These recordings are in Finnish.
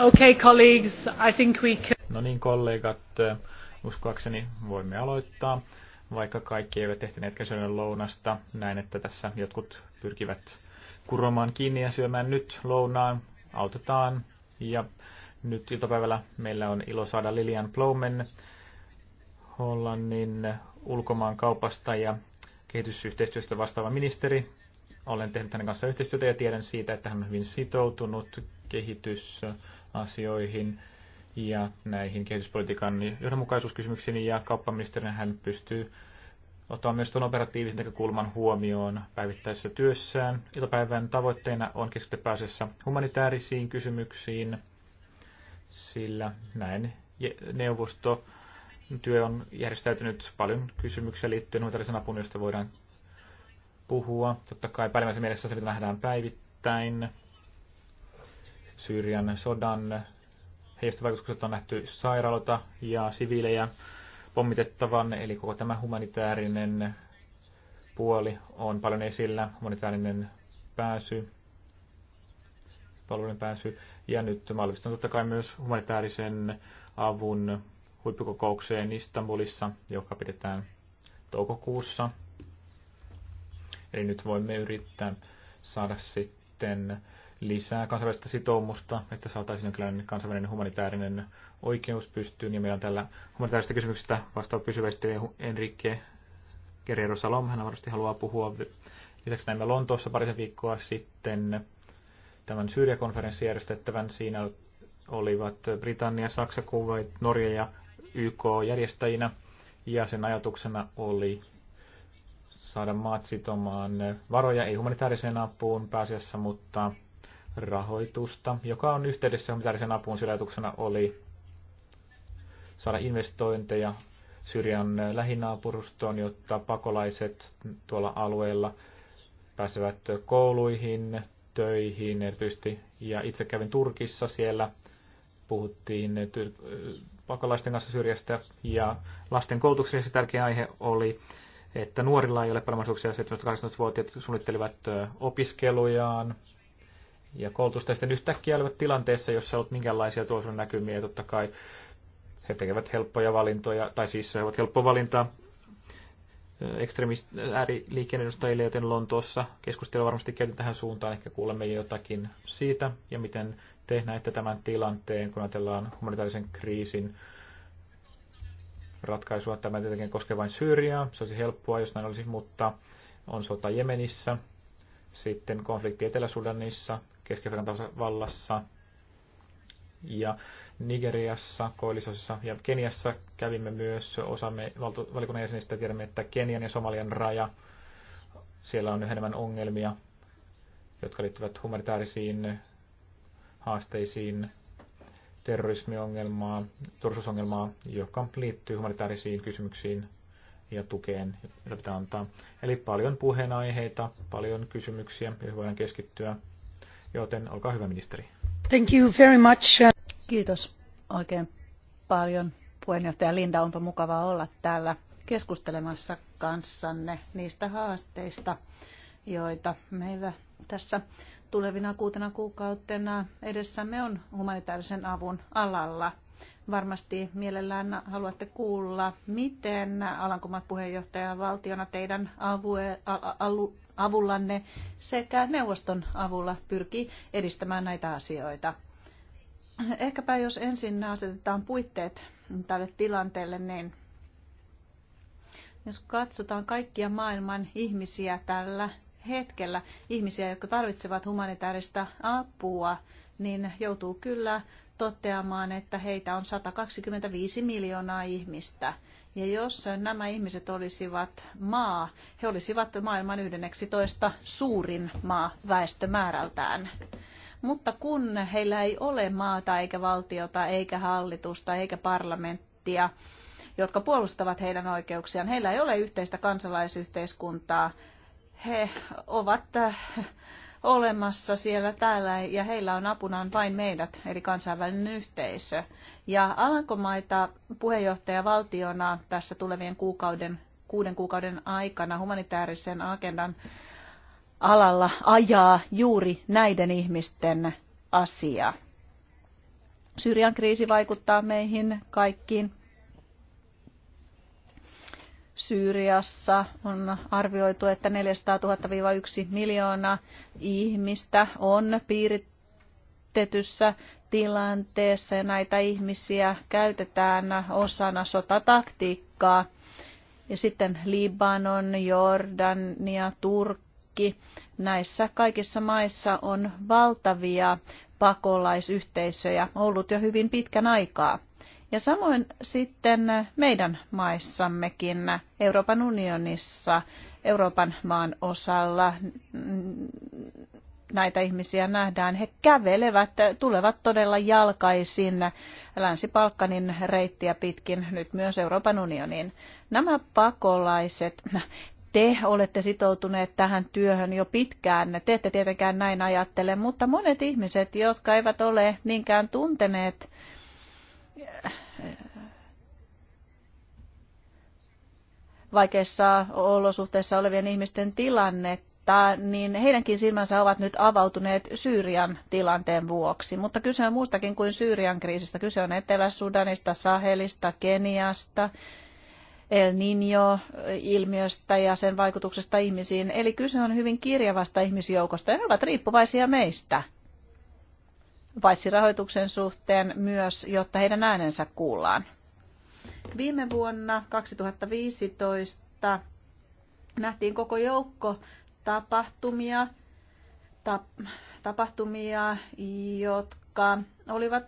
Okay, colleagues, I think we No niin, kollegat, eh, uskoakseni voimme aloittaa. Vaikka kaikki eivät ehtineet syödä lounasta, näin, että tässä jotkut pyrkivät kuromaan kiinni ja syömään nyt lounaan. Autetaan. Ja nyt iltapäivällä meillä on ilo saada Lilian Ploumen Hollannin ulkomaankaupasta ja kehitysyhteistyöstä vastaava ministeri. Olen tehnyt hänen kanssa yhteistyötä ja tiedän siitä, että hän on hyvin sitoutunut kehitys asioihin ja näihin kehityspolitiikan johdonmukaisuuskysymyksiin ja kauppaministerinä hän pystyy ottamaan myös tuon operatiivisen näkökulman huomioon päivittäisessä työssään. Iltapäivän tavoitteena on keskittyä pääasiassa humanitaarisiin kysymyksiin, sillä näin neuvosto työ on järjestäytynyt paljon kysymyksiä liittyen humanitaarisen apuun, josta voidaan puhua. Totta kai päällimmäisen mielessä se, mitä nähdään päivittäin, Syyrian sodan heistä vaikutukset on nähty sairaalota ja siviilejä pommitettavan, eli koko tämä humanitaarinen puoli on paljon esillä, humanitaarinen pääsy, palvelujen pääsy, ja nyt mahdollista on totta kai myös humanitaarisen avun huippukokoukseen Istanbulissa, joka pidetään toukokuussa. Eli nyt voimme yrittää saada sitten lisää kansainvälistä sitoumusta, että saataisiin jonkinlainen kansainvälinen humanitaarinen oikeus pystyyn. Ja meillä on tällä humanitaarista kysymyksistä vastaava pysyvästi Enrique Guerrero Salom, hän varmasti haluaa puhua. Lisäksi näimme Lontoossa parisen viikkoa sitten tämän Syyriakonferenssin järjestettävän. Siinä olivat Britannia, Saksa, Kuwait, Norja ja YK järjestäjinä. Ja sen ajatuksena oli saada maat sitomaan varoja, ei humanitaariseen apuun pääasiassa, mutta rahoitusta, joka on yhteydessä humanitaarisen apuun syrjäytuksena oli saada investointeja Syrian lähinaapurustoon, jotta pakolaiset tuolla alueella pääsevät kouluihin, töihin erityisesti. Ja itse kävin Turkissa siellä, puhuttiin pakolaisten kanssa syrjästä ja lasten koulutuksessa tärkeä aihe oli, että nuorilla ei ole paljon mahdollisuuksia, 17-18-vuotiaat suunnittelivat opiskelujaan, ja koulutusta sitten yhtäkkiä olivat tilanteessa, jossa olet minkälaisia tuossa näkymiä, totta kai he tekevät helppoja valintoja, tai siis he ovat helppo valinta ekstremist- ääriliikkeen edustajille, joten Lontoossa keskustelua varmasti käytiin tähän suuntaan, ehkä kuulemme jotakin siitä, ja miten te näette tämän tilanteen, kun ajatellaan humanitaarisen kriisin ratkaisua. Tämä tietenkin koskee vain Syyriaa, se olisi helppoa, jos näin olisi, mutta on sota Jemenissä, sitten konflikti Etelä-Sudanissa, Keski-Afrikan vallassa ja Nigeriassa, Koillisosissa ja Keniassa kävimme myös osamme valikunnan jäsenistä. Tiedämme, että Kenian ja Somalian raja, siellä on yhä enemmän ongelmia, jotka liittyvät humanitaarisiin haasteisiin, terrorismiongelmaa, turvallisuusongelmaa, joka liittyy humanitaarisiin kysymyksiin ja tukeen, jota pitää antaa. Eli paljon puheenaiheita, paljon kysymyksiä, joihin voidaan keskittyä Joten olkaa hyvä ministeri. Thank you very much. Kiitos oikein paljon. Puheenjohtaja Linda, onpa mukava olla täällä keskustelemassa kanssanne niistä haasteista, joita meillä tässä tulevina kuutena kuukautena edessämme on humanitaarisen avun alalla. Varmasti mielellään haluatte kuulla, miten Alankomaat puheenjohtajavaltiona teidän avue, al, avullanne sekä neuvoston avulla pyrkii edistämään näitä asioita. Ehkäpä jos ensin asetetaan puitteet tälle tilanteelle, niin jos katsotaan kaikkia maailman ihmisiä tällä hetkellä, ihmisiä, jotka tarvitsevat humanitaarista apua, niin joutuu kyllä toteamaan, että heitä on 125 miljoonaa ihmistä. Ja jos nämä ihmiset olisivat maa, he olisivat maailman 11 suurin maa väestömäärältään. Mutta kun heillä ei ole maata eikä valtiota eikä hallitusta eikä parlamenttia, jotka puolustavat heidän oikeuksiaan, heillä ei ole yhteistä kansalaisyhteiskuntaa, he ovat olemassa siellä täällä ja heillä on apunaan vain meidät, eli kansainvälinen yhteisö. Ja Alankomaita puheenjohtajavaltiona tässä tulevien kuukauden, kuuden kuukauden aikana humanitaarisen agendan alalla ajaa juuri näiden ihmisten asiaa. Syyrian kriisi vaikuttaa meihin kaikkiin Syyriassa on arvioitu, että 400 000-1 miljoonaa ihmistä on piiritetyssä tilanteessa ja näitä ihmisiä käytetään osana sotataktiikkaa. Ja sitten Libanon, Jordania, Turkki. Näissä kaikissa maissa on valtavia pakolaisyhteisöjä ollut jo hyvin pitkän aikaa. Ja samoin sitten meidän maissammekin, Euroopan unionissa, Euroopan maan osalla näitä ihmisiä nähdään. He kävelevät, tulevat todella jalkaisin länsi palkkanin reittiä pitkin, nyt myös Euroopan unioniin. Nämä pakolaiset, te olette sitoutuneet tähän työhön jo pitkään. Te ette tietenkään näin ajattele, mutta monet ihmiset, jotka eivät ole niinkään tunteneet vaikeissa olosuhteissa olevien ihmisten tilannetta, niin heidänkin silmänsä ovat nyt avautuneet Syyrian tilanteen vuoksi. Mutta kyse on muustakin kuin Syyrian kriisistä. Kyse on Etelä-Sudanista, Sahelista, Keniasta, El Niño-ilmiöstä ja sen vaikutuksesta ihmisiin. Eli kyse on hyvin kirjavasta ihmisjoukosta ja ne ovat riippuvaisia meistä paitsi rahoituksen suhteen myös, jotta heidän äänensä kuullaan. Viime vuonna 2015 nähtiin koko joukko tapahtumia, tap, tapahtumia jotka olivat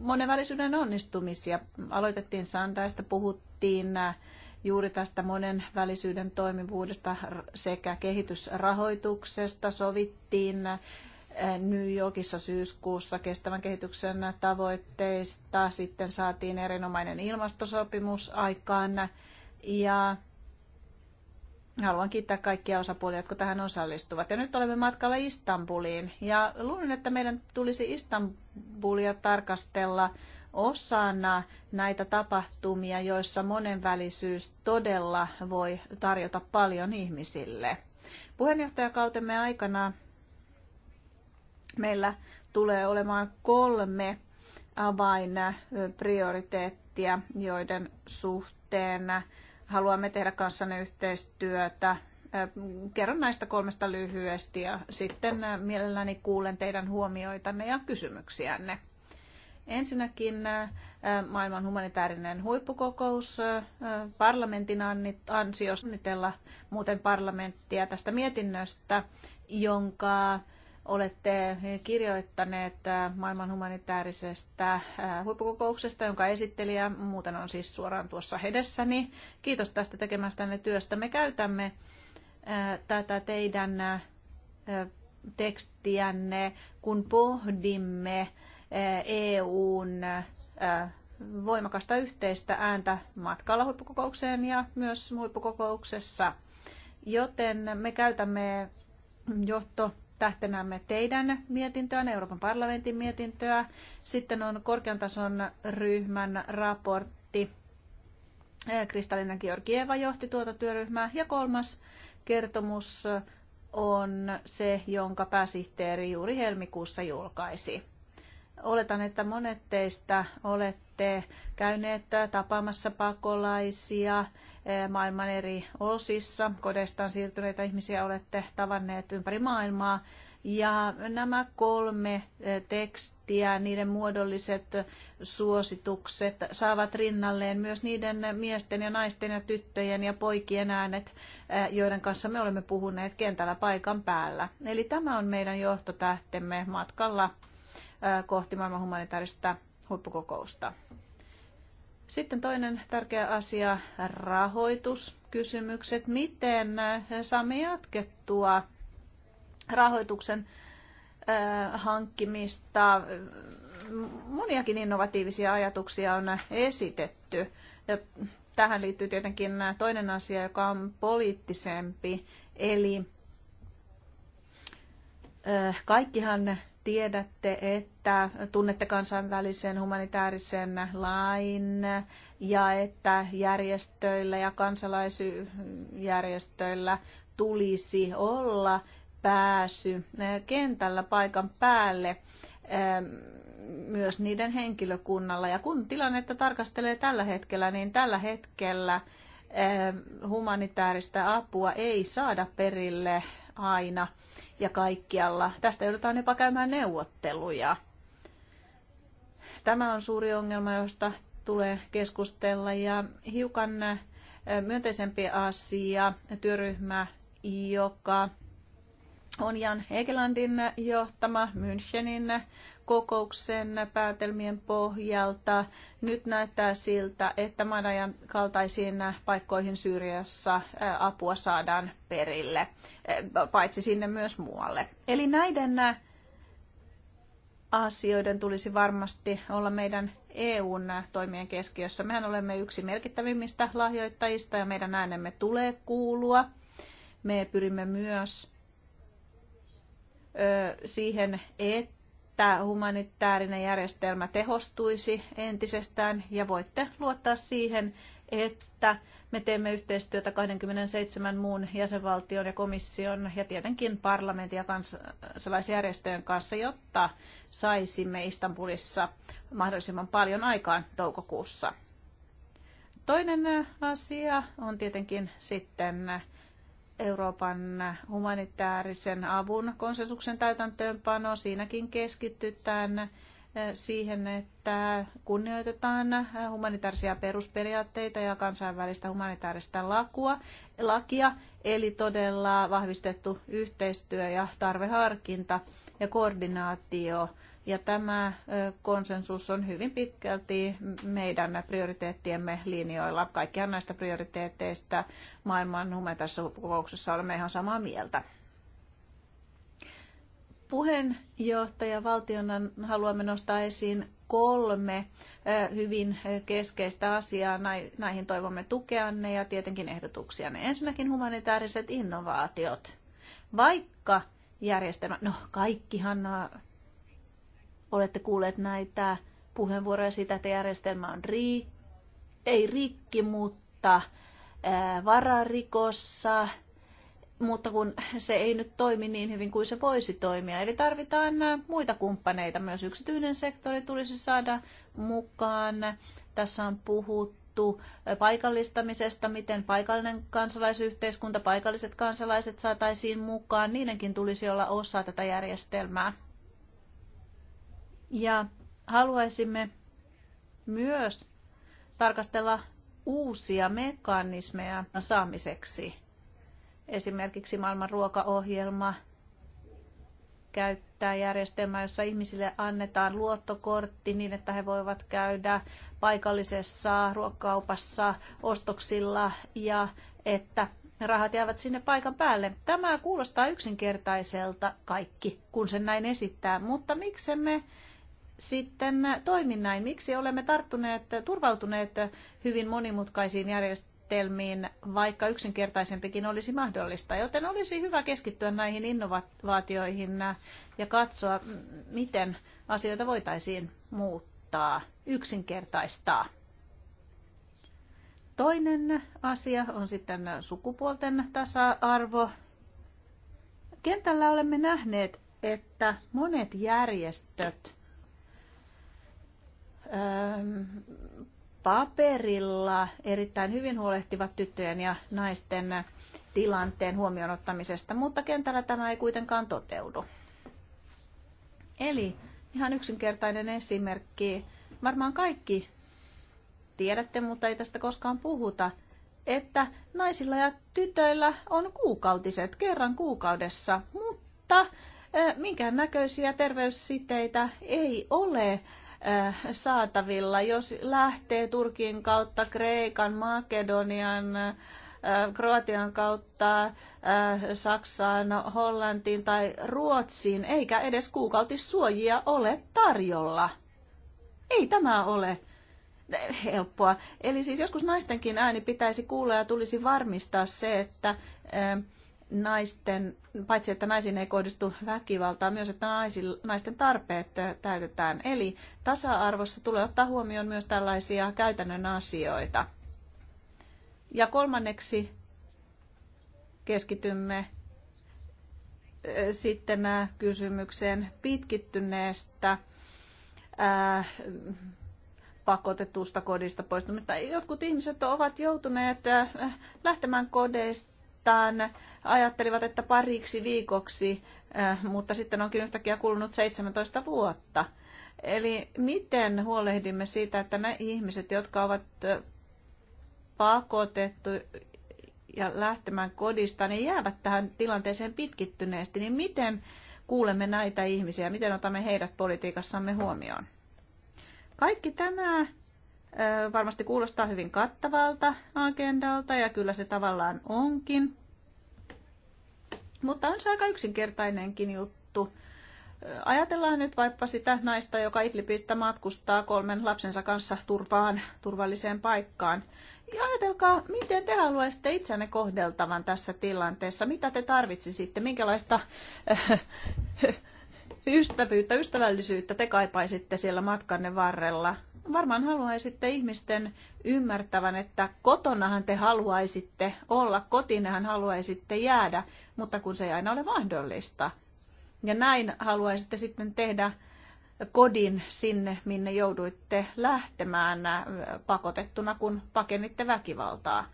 monenvälisyyden onnistumisia. Aloitettiin Sandaista, puhuttiin juuri tästä monenvälisyyden toimivuudesta sekä kehitysrahoituksesta, sovittiin New Yorkissa syyskuussa kestävän kehityksen tavoitteista. Sitten saatiin erinomainen ilmastosopimus aikaan. Ja haluan kiittää kaikkia osapuolia, jotka tähän osallistuvat. Ja nyt olemme matkalla Istanbuliin. Ja luulen, että meidän tulisi Istanbulia tarkastella osana näitä tapahtumia, joissa monenvälisyys todella voi tarjota paljon ihmisille. Puheenjohtajakautemme aikana meillä tulee olemaan kolme avainprioriteettia, joiden suhteen haluamme tehdä kanssanne yhteistyötä. Kerron näistä kolmesta lyhyesti ja sitten mielelläni kuulen teidän huomioitanne ja kysymyksiänne. Ensinnäkin maailman humanitaarinen huippukokous parlamentin ansiosuunnitella muuten parlamenttia tästä mietinnöstä, jonka olette kirjoittaneet äh, maailman humanitaarisesta äh, huippukokouksesta, jonka esittelijä muuten on siis suoraan tuossa edessäni. Kiitos tästä tekemästänne työstä. Me käytämme äh, tätä teidän tekstiänne, kun pohdimme EUn voimakasta yhteistä ääntä matkalla huippukokoukseen ja myös huippukokouksessa. Joten me käytämme johto tähtenämme teidän mietintöä, Euroopan parlamentin mietintöä. Sitten on korkean tason ryhmän raportti. Kristallina Georgieva johti tuota työryhmää. Ja kolmas kertomus on se, jonka pääsihteeri juuri helmikuussa julkaisi. Oletan, että monet teistä olette käyneet tapaamassa pakolaisia eh, maailman eri osissa. Kodestaan siirtyneitä ihmisiä olette tavanneet ympäri maailmaa. Ja nämä kolme eh, tekstiä, niiden muodolliset suositukset saavat rinnalleen myös niiden miesten ja naisten ja tyttöjen ja poikien äänet, eh, joiden kanssa me olemme puhuneet kentällä paikan päällä. Eli tämä on meidän johtotähtemme matkalla kohti maailman humanitaarista huippukokousta. Sitten toinen tärkeä asia, rahoituskysymykset. Miten saamme jatkettua rahoituksen hankkimista? Moniakin innovatiivisia ajatuksia on esitetty. Ja tähän liittyy tietenkin toinen asia, joka on poliittisempi, eli kaikkihan tiedätte, että tunnette kansainvälisen humanitaarisen lain ja että järjestöillä ja kansalaisjärjestöillä tulisi olla pääsy eh, kentällä paikan päälle eh, myös niiden henkilökunnalla. Ja kun tilannetta tarkastelee tällä hetkellä, niin tällä hetkellä eh, humanitaarista apua ei saada perille aina ja kaikkialla. Tästä joudutaan jopa käymään neuvotteluja. Tämä on suuri ongelma, josta tulee keskustella ja hiukan eh, myönteisempi asia työryhmä, joka on Jan Hegelandin johtama Münchenin kokouksen päätelmien pohjalta. Nyt näyttää siltä, että Madajan kaltaisiin paikkoihin Syyriassa apua saadaan perille, paitsi sinne myös muualle. Eli näiden asioiden tulisi varmasti olla meidän EUn toimien keskiössä. Mehän olemme yksi merkittävimmistä lahjoittajista ja meidän äänemme tulee kuulua. Me pyrimme myös siihen, että että humanitaarinen järjestelmä tehostuisi entisestään ja voitte luottaa siihen, että me teemme yhteistyötä 27 muun jäsenvaltion ja komission ja tietenkin parlamentin ja kansalaisjärjestöjen kanssa, jotta saisimme Istanbulissa mahdollisimman paljon aikaan toukokuussa. Toinen asia on tietenkin sitten Euroopan humanitaarisen avun konsensuksen täytäntöönpano. Siinäkin keskitytään eh, siihen, että kunnioitetaan humanitaarisia perusperiaatteita ja kansainvälistä humanitaarista lakua, lakia, eli todella vahvistettu yhteistyö ja tarveharkinta ja koordinaatio ja tämä konsensus on hyvin pitkälti meidän prioriteettiemme linjoilla. Kaikkihan näistä prioriteetteista maailman tässä kokouksessa olemme ihan samaa mieltä. Puheenjohtaja valtiona haluamme nostaa esiin kolme hyvin keskeistä asiaa. Näihin toivomme tukeanne ja tietenkin ehdotuksia. Ensinnäkin humanitaariset innovaatiot. Vaikka järjestelmä, no kaikkihan olette kuulleet näitä puheenvuoroja siitä, että järjestelmä on ri, ei rikki, mutta ää, vararikossa, mutta kun se ei nyt toimi niin hyvin kuin se voisi toimia. Eli tarvitaan muita kumppaneita, myös yksityinen sektori tulisi saada mukaan. Tässä on puhuttu paikallistamisesta, miten paikallinen kansalaisyhteiskunta, paikalliset kansalaiset saataisiin mukaan. Niidenkin tulisi olla osa tätä järjestelmää. Ja haluaisimme myös tarkastella uusia mekanismeja saamiseksi. Esimerkiksi maailman ruokaohjelma käyttää järjestelmää, jossa ihmisille annetaan luottokortti niin, että he voivat käydä paikallisessa ruokakaupassa ostoksilla ja että rahat jäävät sinne paikan päälle. Tämä kuulostaa yksinkertaiselta kaikki, kun sen näin esittää, mutta miksemme sitten toimi näin? Miksi olemme tarttuneet, turvautuneet hyvin monimutkaisiin järjestelmiin, vaikka yksinkertaisempikin olisi mahdollista? Joten olisi hyvä keskittyä näihin innovaatioihin ja katsoa, miten asioita voitaisiin muuttaa, yksinkertaistaa. Toinen asia on sitten sukupuolten tasa-arvo. Kentällä olemme nähneet, että monet järjestöt paperilla erittäin hyvin huolehtivat tyttöjen ja naisten tilanteen huomioon ottamisesta, mutta kentällä tämä ei kuitenkaan toteudu. Eli ihan yksinkertainen esimerkki. Varmaan kaikki tiedätte, mutta ei tästä koskaan puhuta, että naisilla ja tytöillä on kuukautiset kerran kuukaudessa, mutta minkään näköisiä terveyssiteitä ei ole Äh, saatavilla. Jos lähtee Turkin kautta, Kreikan, Makedonian, äh, Kroatian kautta äh, Saksaan, Hollantiin tai Ruotsiin, eikä edes kuukautissuojia ole tarjolla. Ei tämä ole helppoa. Eli siis joskus naistenkin ääni pitäisi kuulla ja tulisi varmistaa se, että naisten, paitsi että naisiin ei kohdistu väkivaltaa, myös että naisil, naisten tarpeet täytetään. Eli tasa-arvossa tulee ottaa huomioon myös tällaisia käytännön asioita. Ja kolmanneksi keskitymme sitten kysymykseen pitkittyneestä pakotetusta kodista poistumista. Jotkut ihmiset ovat joutuneet lähtemään kodeista vastaan ajattelivat, että pariksi viikoksi, äh, mutta sitten onkin yhtäkkiä kulunut 17 vuotta. Eli miten huolehdimme siitä, että ne ihmiset, jotka ovat äh, pakotettu ja lähtemään kodista, niin jäävät tähän tilanteeseen pitkittyneesti, niin miten kuulemme näitä ihmisiä, miten otamme heidät politiikassamme huomioon? Kaikki tämä varmasti kuulostaa hyvin kattavalta agendalta ja kyllä se tavallaan onkin. Mutta on se aika yksinkertainenkin juttu. Ajatellaan nyt vaikka sitä naista, joka Idlibistä matkustaa kolmen lapsensa kanssa turvaan, turvalliseen paikkaan. Ja ajatelkaa, miten te haluaisitte itsenne kohdeltavan tässä tilanteessa, mitä te tarvitsisitte, minkälaista ystävyyttä, ystävällisyyttä te kaipaisitte siellä matkanne varrella varmaan haluaisitte ihmisten ymmärtävän, että kotonahan te haluaisitte olla, kotinehan haluaisitte jäädä, mutta kun se ei aina ole mahdollista. Ja näin haluaisitte sitten tehdä kodin sinne, minne jouduitte lähtemään äh, pakotettuna, kun pakenitte väkivaltaa.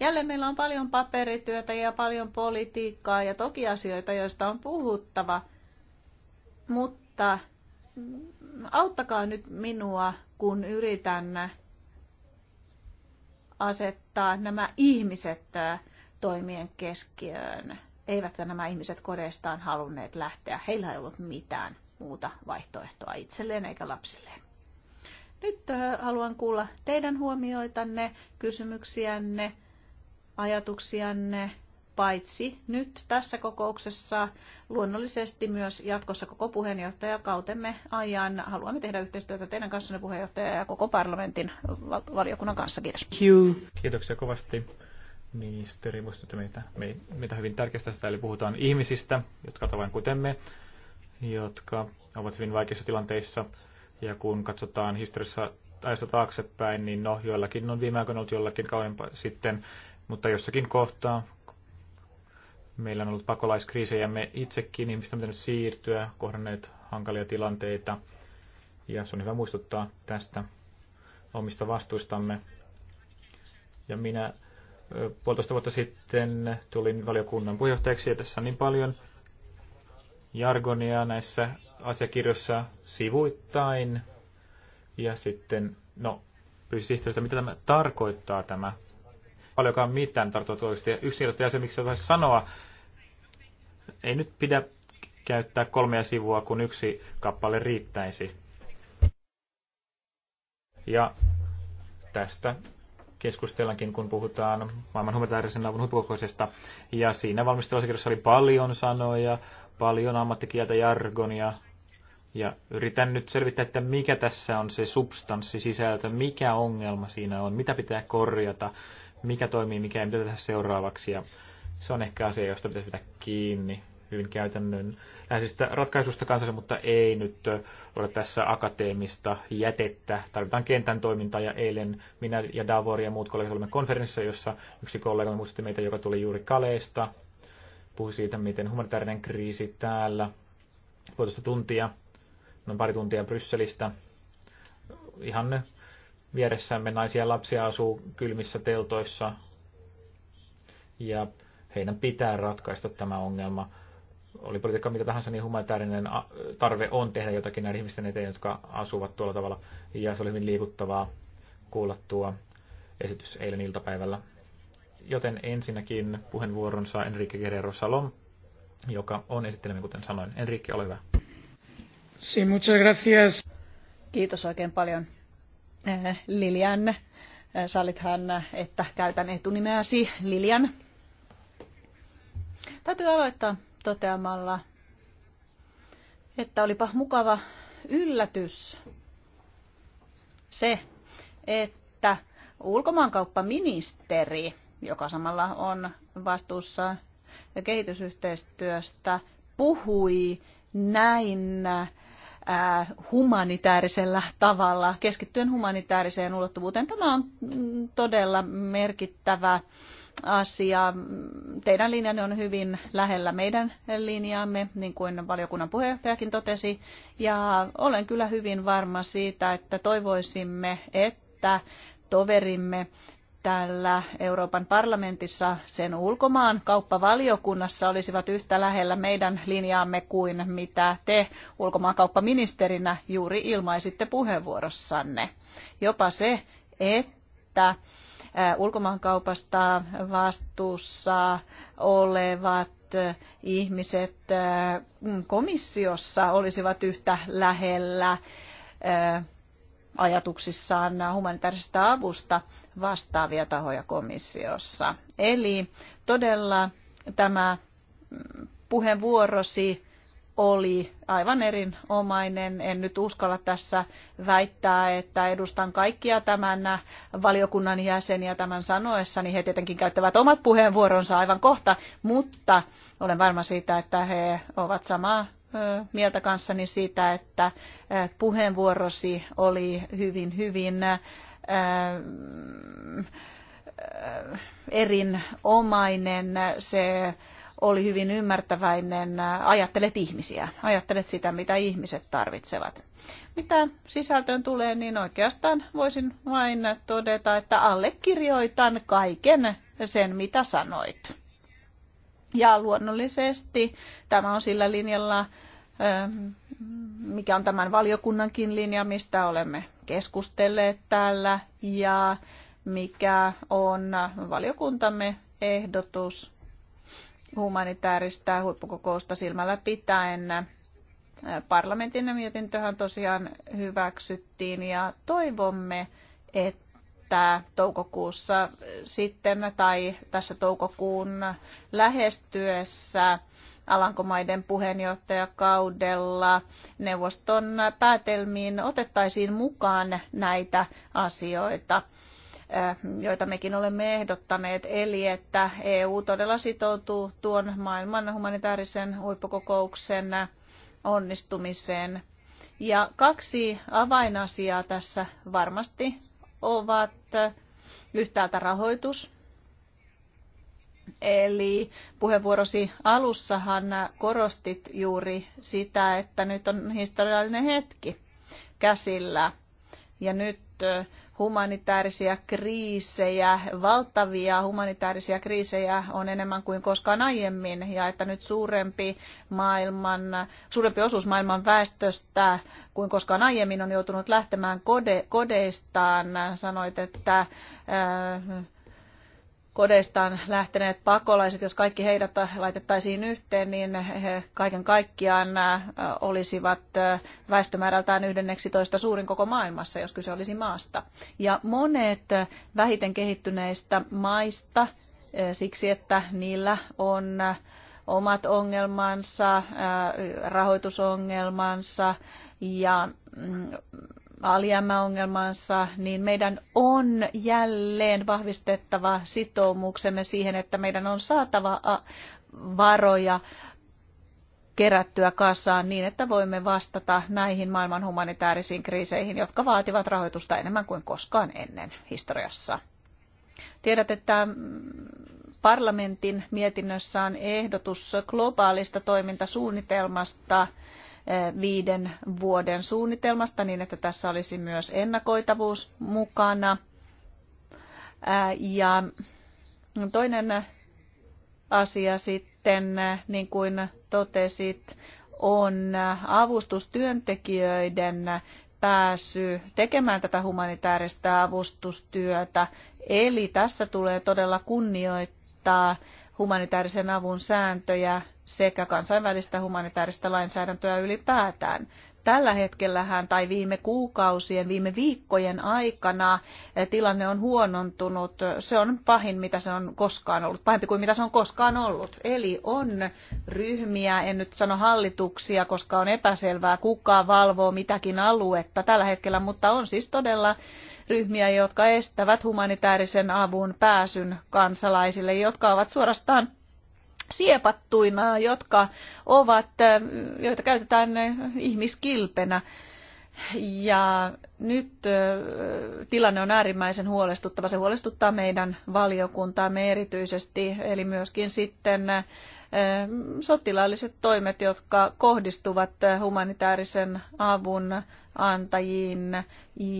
Jälleen meillä on paljon paperityötä ja paljon politiikkaa ja toki asioita, joista on puhuttava, mutta auttakaa nyt minua kun yritän asettaa nämä ihmiset äh, toimien keskiöön. eivät nämä ihmiset kodeistaan halunneet lähteä. Heillä ei ollut mitään muuta vaihtoehtoa itselleen eikä lapsilleen. Nyt äh, haluan kuulla teidän huomioitanne, kysymyksiänne, ajatuksianne paitsi nyt tässä kokouksessa, luonnollisesti myös jatkossa koko puheenjohtajakautemme ajan. Haluamme tehdä yhteistyötä teidän kanssanne puheenjohtaja ja koko parlamentin valiokunnan kanssa. Kiitos. Kiitoksia kovasti ministeri muistutti meitä, meitä hyvin tärkeästä sitä, eli puhutaan ihmisistä, jotka ovat vain kuten me, jotka ovat hyvin vaikeissa tilanteissa. Ja kun katsotaan historiassa ajasta taaksepäin, niin no, joillakin on viime aikoina ollut jollakin kauempaa sitten, mutta jossakin kohtaa Meillä on ollut pakolaiskriisejä, me itsekin ihmistä on pitänyt siirtyä, kohdanneet hankalia tilanteita. Ja se on hyvä muistuttaa tästä omista vastuistamme. Ja minä puolitoista vuotta sitten tulin valiokunnan puheenjohtajaksi ja tässä on niin paljon jargonia näissä asiakirjoissa sivuittain. Ja sitten, no, pyysihteeristä, mitä tämä tarkoittaa tämä paljonkaan mitään tarkoittaa Yksi asia, miksi se voisi sanoa, ei nyt pidä käyttää kolmea sivua, kun yksi kappale riittäisi. Ja tästä keskustellaankin, kun puhutaan maailman humanitaarisen avun huippukokoisesta. Ja siinä valmisteluasiakirjassa oli paljon sanoja, paljon ammattikieltä, jargonia. Ja yritän nyt selvittää, että mikä tässä on se substanssi sisältö, mikä ongelma siinä on, mitä pitää korjata, mikä toimii, mikä ei, mitä tehdä seuraavaksi. Ja se on ehkä asia, josta pitäisi pitää kiinni hyvin käytännön läheisistä ratkaisusta kanssa, mutta ei nyt ole tässä akateemista jätettä. Tarvitaan kentän toimintaa ja eilen minä ja Davor ja muut kollegat olimme konferenssissa, jossa yksi kollega muistutti meitä, joka tuli juuri Kaleesta. Puhui siitä, miten humanitaarinen kriisi täällä puolitoista tuntia, noin pari tuntia Brysselistä. Ihan vieressämme naisia ja lapsia asuu kylmissä teltoissa. Ja heidän pitää ratkaista tämä ongelma oli politiikka mitä tahansa, niin humanitaarinen äh, tarve on tehdä jotakin näiden ihmisten eteen, jotka asuvat tuolla tavalla. Ja se oli hyvin liikuttavaa kuulla tuo esitys eilen iltapäivällä. Joten ensinnäkin puheenvuoronsa Enrique Guerrero Salom, joka on esittelemme, kuten sanoin. Enrique, ole hyvä. Sí, muchas gracias. Kiitos oikein paljon eh, Lilian. Eh, sallithan, että käytän etunimeäsi Lilian. Täytyy aloittaa toteamalla, että olipa mukava yllätys se, että ulkomaankauppaministeri, joka samalla on vastuussa kehitysyhteistyöstä, puhui näin äh, humanitaarisella tavalla, keskittyen humanitaariseen ulottuvuuteen. Tämä on mm, todella merkittävä asia. Teidän linjanne on hyvin lähellä meidän linjaamme, niin kuin valiokunnan puheenjohtajakin totesi. Ja olen kyllä hyvin varma siitä, että toivoisimme, että toverimme täällä Euroopan parlamentissa sen ulkomaan kauppavaliokunnassa olisivat yhtä lähellä meidän linjaamme kuin mitä te ulkomaan kauppaministerinä juuri ilmaisitte puheenvuorossanne. Jopa se, että Äh, ulkomaankaupasta vastuussa olevat äh, ihmiset äh, komissiossa olisivat yhtä lähellä ajatuksissaan humanitaarisesta avusta vastaavia tahoja komissiossa. Eli todella tämä mm, puheenvuorosi oli aivan erinomainen. En nyt uskalla tässä väittää, että edustan kaikkia tämän valiokunnan jäseniä tämän sanoessani. He tietenkin käyttävät omat puheenvuoronsa aivan kohta, mutta olen varma siitä, että he ovat samaa mieltä kanssani siitä, että puheenvuorosi oli hyvin, hyvin erinomainen. Se oli hyvin ymmärtäväinen, ajattelet ihmisiä, ajattelet sitä, mitä ihmiset tarvitsevat. Mitä sisältöön tulee, niin oikeastaan voisin vain todeta, että allekirjoitan kaiken sen, mitä sanoit. Ja luonnollisesti tämä on sillä linjalla, mikä on tämän valiokunnankin linja, mistä olemme keskustelleet täällä, ja mikä on valiokuntamme ehdotus humanitaarista huippukokousta silmällä pitäen. Parlamentin mietintöhän tosiaan hyväksyttiin ja toivomme, että toukokuussa sitten tai tässä toukokuun lähestyessä Alankomaiden puheenjohtajakaudella neuvoston päätelmiin otettaisiin mukaan näitä asioita. Eh, joita mekin olemme ehdottaneet, eli että EU todella sitoutuu tuon maailman humanitaarisen huippukokouksen onnistumiseen. Ja kaksi avainasiaa tässä varmasti ovat yhtäältä rahoitus, Eli puheenvuorosi alussahan korostit juuri sitä, että nyt on historiallinen hetki käsillä. Ja nyt eh, humanitaarisia kriisejä, valtavia humanitaarisia kriisejä on enemmän kuin koskaan aiemmin ja että nyt suurempi, maailman, suurempi osuus maailman väestöstä kuin koskaan aiemmin on joutunut lähtemään kode, kodeistaan. Sanoit, että äh, kodeistaan lähteneet pakolaiset, jos kaikki heidät laitettaisiin yhteen, niin he kaiken kaikkiaan olisivat väestömäärältään 11 suurin koko maailmassa, jos kyse olisi maasta. Ja monet vähiten kehittyneistä maista, siksi että niillä on omat ongelmansa, rahoitusongelmansa ja mm, alijäämäongelmansa, niin meidän on jälleen vahvistettava sitoumuksemme siihen, että meidän on saatava varoja kerättyä kassaan niin, että voimme vastata näihin maailman humanitaarisiin kriiseihin, jotka vaativat rahoitusta enemmän kuin koskaan ennen historiassa. Tiedät, että mm, parlamentin mietinnössä on ehdotus globaalista toimintasuunnitelmasta viiden vuoden suunnitelmasta niin, että tässä olisi myös ennakoitavuus mukana. Ja toinen asia sitten, niin kuin totesit, on avustustyöntekijöiden pääsy tekemään tätä humanitaarista avustustyötä. Eli tässä tulee todella kunnioittaa humanitaarisen avun sääntöjä sekä kansainvälistä humanitaarista lainsäädäntöä ylipäätään. Tällä hetkellähän tai viime kuukausien, viime viikkojen aikana eh, tilanne on huonontunut. Se on pahin, mitä se on koskaan ollut, pahempi kuin mitä se on koskaan ollut. Eli on ryhmiä, en nyt sano hallituksia, koska on epäselvää, kuka valvoo mitäkin aluetta tällä hetkellä, mutta on siis todella ryhmiä, jotka estävät humanitaarisen avun pääsyn kansalaisille, jotka ovat suorastaan siepattuina, jotka ovat, joita käytetään ihmiskilpenä. Ja nyt tilanne on äärimmäisen huolestuttava. Se huolestuttaa meidän valiokuntaamme erityisesti, eli myöskin sitten sotilaalliset toimet, jotka kohdistuvat eh, humanitaarisen avun antajiin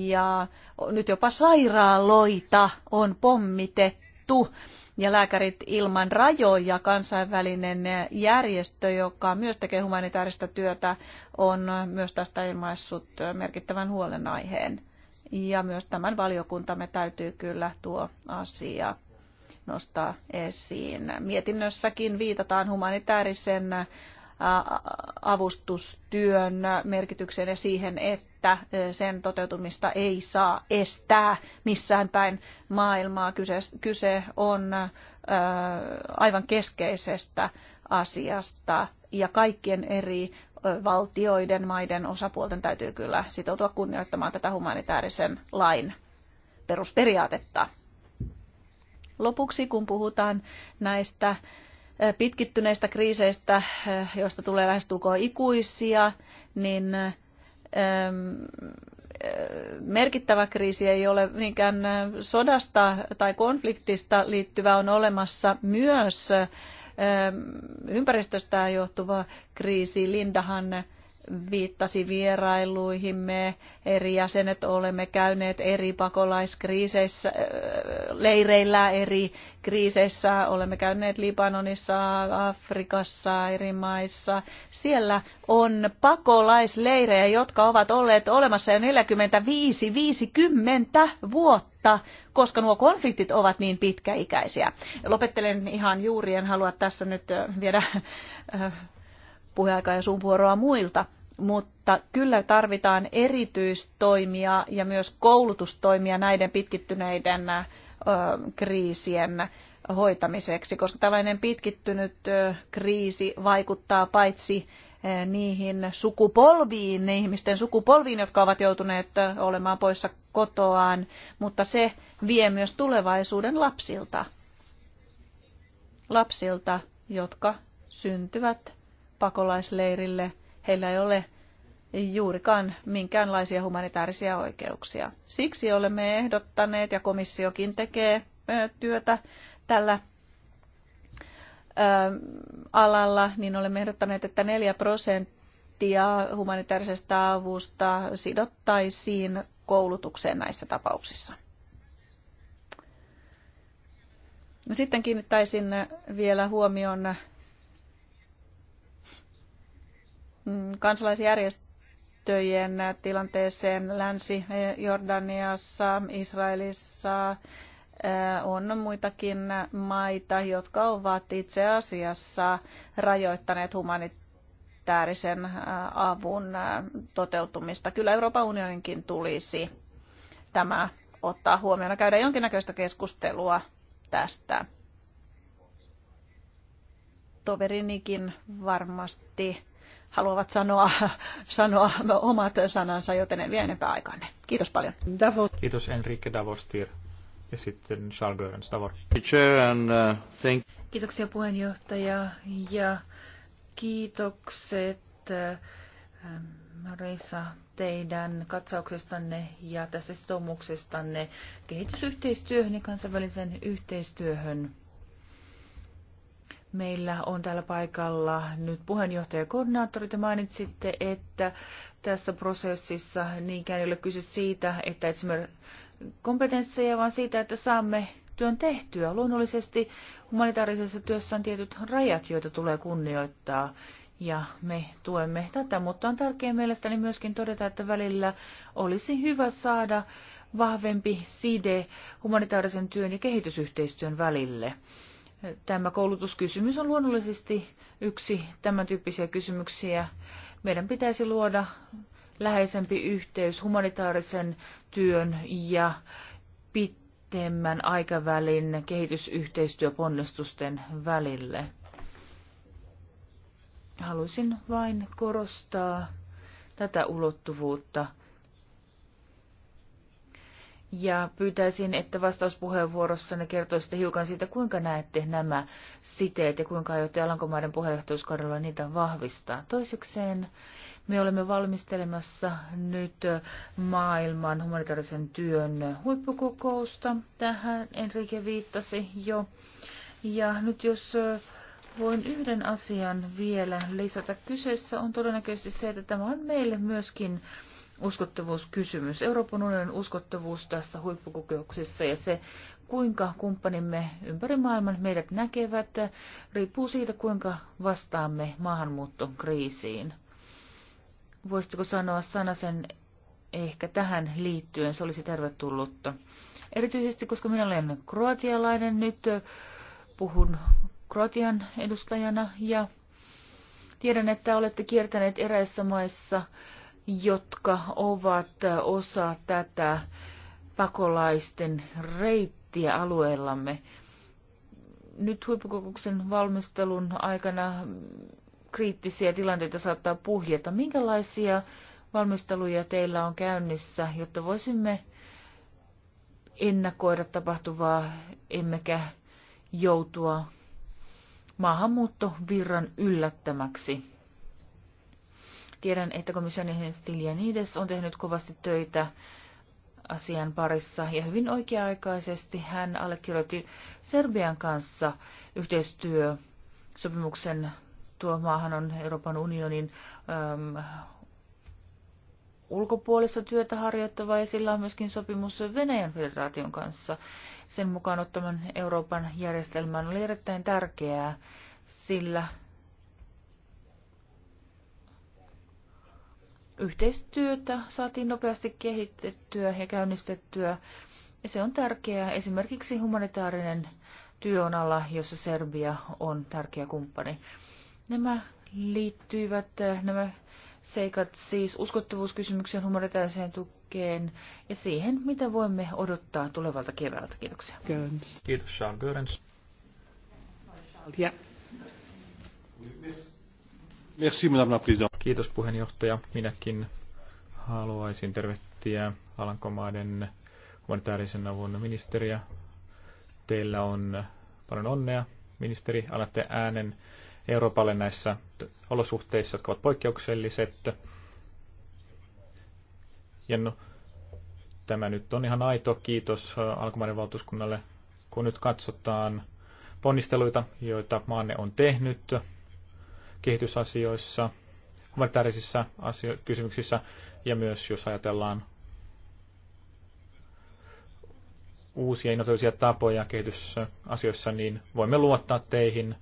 ja nyt jopa sairaaloita on pommitettu ja lääkärit ilman rajoja, kansainvälinen järjestö, joka myös tekee humanitaarista työtä, on myös tästä ilmaissut merkittävän huolenaiheen. Ja myös tämän valiokuntamme täytyy kyllä tuo asia nostaa esiin. Mietinnössäkin viitataan humanitaarisen avustustyön merkitykseen ja siihen, että sen toteutumista ei saa estää missään päin maailmaa. Kyse, on aivan keskeisestä asiasta ja kaikkien eri valtioiden, maiden, osapuolten täytyy kyllä sitoutua kunnioittamaan tätä humanitaarisen lain perusperiaatetta. Lopuksi, kun puhutaan näistä pitkittyneistä kriiseistä, joista tulee lähestulkoon ikuisia, niin merkittävä kriisi ei ole niinkään sodasta tai konfliktista liittyvä on olemassa myös ympäristöstä johtuva kriisi. Lindahan viittasi vierailuihimme. Eri jäsenet olemme käyneet eri pakolaiskriiseissä, äh, leireillä eri kriiseissä. Olemme käyneet Libanonissa, Afrikassa, eri maissa. Siellä on pakolaisleirejä, jotka ovat olleet olemassa jo 45-50 vuotta koska nuo konfliktit ovat niin pitkäikäisiä. Lopettelen ihan juuri, en halua tässä nyt äh, viedä äh, puheaikaa ja sun vuoroa muilta mutta kyllä tarvitaan erityistoimia ja myös koulutustoimia näiden pitkittyneiden kriisien hoitamiseksi, koska tällainen pitkittynyt kriisi vaikuttaa paitsi niihin sukupolviin, ne ihmisten sukupolviin, jotka ovat joutuneet olemaan poissa kotoaan, mutta se vie myös tulevaisuuden lapsilta. Lapsilta, jotka syntyvät pakolaisleirille – heillä ei ole juurikaan minkäänlaisia humanitaarisia oikeuksia. Siksi olemme ehdottaneet, ja komissiokin tekee työtä tällä alalla, niin olemme ehdottaneet, että 4 prosenttia humanitaarisesta avusta sidottaisiin koulutukseen näissä tapauksissa. Sitten kiinnittäisin vielä huomion Mm, kansalaisjärjestöjen tilanteeseen Länsi-Jordaniassa, Israelissa, äh, on muitakin maita, jotka ovat itse asiassa rajoittaneet humanitaarisen äh, avun äh, toteutumista. Kyllä Euroopan unioninkin tulisi tämä ottaa huomioon ja käydä jonkinnäköistä keskustelua tästä. Toverinikin varmasti haluavat sanoa, sanoa omat sanansa, joten en vie enempää aikaanne. Kiitos paljon. Davos. Kiitos Enrique Davostir ja sitten Charles Görens Davor. Uh, Kiitoksia puheenjohtaja ja kiitokset uh, Marisa teidän katsauksestanne ja tästä sitoumuksestanne kehitysyhteistyöhön ja kansainväliseen yhteistyöhön. Meillä on täällä paikalla nyt puheenjohtaja ja koordinaattori. Te mainitsitte, että tässä prosessissa niinkään ei ole kyse siitä, että etsimme kompetensseja, vaan siitä, että saamme työn tehtyä. Luonnollisesti humanitaarisessa työssä on tietyt rajat, joita tulee kunnioittaa, ja me tuemme tätä, mutta on tärkeää mielestäni myöskin todeta, että välillä olisi hyvä saada vahvempi side humanitaarisen työn ja kehitysyhteistyön välille. Tämä koulutuskysymys on luonnollisesti yksi tämän tyyppisiä kysymyksiä. Meidän pitäisi luoda läheisempi yhteys humanitaarisen työn ja pitemmän aikavälin kehitysyhteistyöponnistusten välille. Haluaisin vain korostaa tätä ulottuvuutta – ja pyytäisin, että vastauspuheenvuorossanne kertoisitte hiukan siitä, kuinka näette nämä siteet ja kuinka aiotte Alankomaiden puheenjohtajuuskaudella niitä vahvistaa. Toisekseen me olemme valmistelemassa nyt maailman humanitaarisen työn huippukokousta. Tähän Enrique viittasi jo. Ja nyt jos voin yhden asian vielä lisätä. Kyseessä on todennäköisesti se, että tämä on meille myöskin uskottavuuskysymys. Euroopan unionin uskottavuus tässä huippukokouksessa ja se, kuinka kumppanimme ympäri maailman meidät näkevät, riippuu siitä, kuinka vastaamme maahanmuuttokriisiin. Voisitko sanoa sanasen ehkä tähän liittyen? Se olisi tervetullutta. Erityisesti, koska minä olen kroatialainen nyt, puhun kroatian edustajana ja tiedän, että olette kiertäneet eräissä maissa – jotka ovat osa tätä pakolaisten reittiä alueellamme. Nyt huippukokouksen valmistelun aikana kriittisiä tilanteita saattaa puhjeta. Minkälaisia valmisteluja teillä on käynnissä, jotta voisimme ennakoida tapahtuvaa, emmekä joutua maahanmuuttovirran yllättämäksi? Tiedän, että komission Stiljanides on tehnyt kovasti töitä asian parissa ja hyvin oikea-aikaisesti hän allekirjoitti Serbian kanssa yhteistyösopimuksen. Tuo maahan on Euroopan unionin äm, ulkopuolista työtä harjoittava ja sillä on myöskin sopimus Venäjän federaation kanssa. Sen mukaan ottaman Euroopan järjestelmän oli erittäin tärkeää, sillä Yhteistyötä saatiin nopeasti kehitettyä ja käynnistettyä. Ja se on tärkeää. Esimerkiksi humanitaarinen työ on ala, jossa Serbia on tärkeä kumppani. Nämä liittyvät, eh, nämä seikat siis uskottavuuskysymyksen humanitaariseen tukeen ja siihen, mitä voimme odottaa tulevalta keväältä. Kiitoksia. Görens. Kiitos, Charles Görens. Ja. Merci, madame la Kiitos puheenjohtaja. Minäkin haluaisin tervehtiä Alankomaiden humanitaarisen avun ministeriä. Teillä on paljon onnea, ministeri. Annatte äänen Euroopalle näissä olosuhteissa, jotka ovat poikkeukselliset. Ja no, tämä nyt on ihan aito kiitos Alankomaiden valtuuskunnalle, kun nyt katsotaan ponnisteluita, joita maanne on tehnyt kehitysasioissa – humanitaarisissa asio- kysymyksissä ja myös jos ajatellaan uusia innovatiivisia tapoja kehitysasioissa, niin voimme luottaa teihin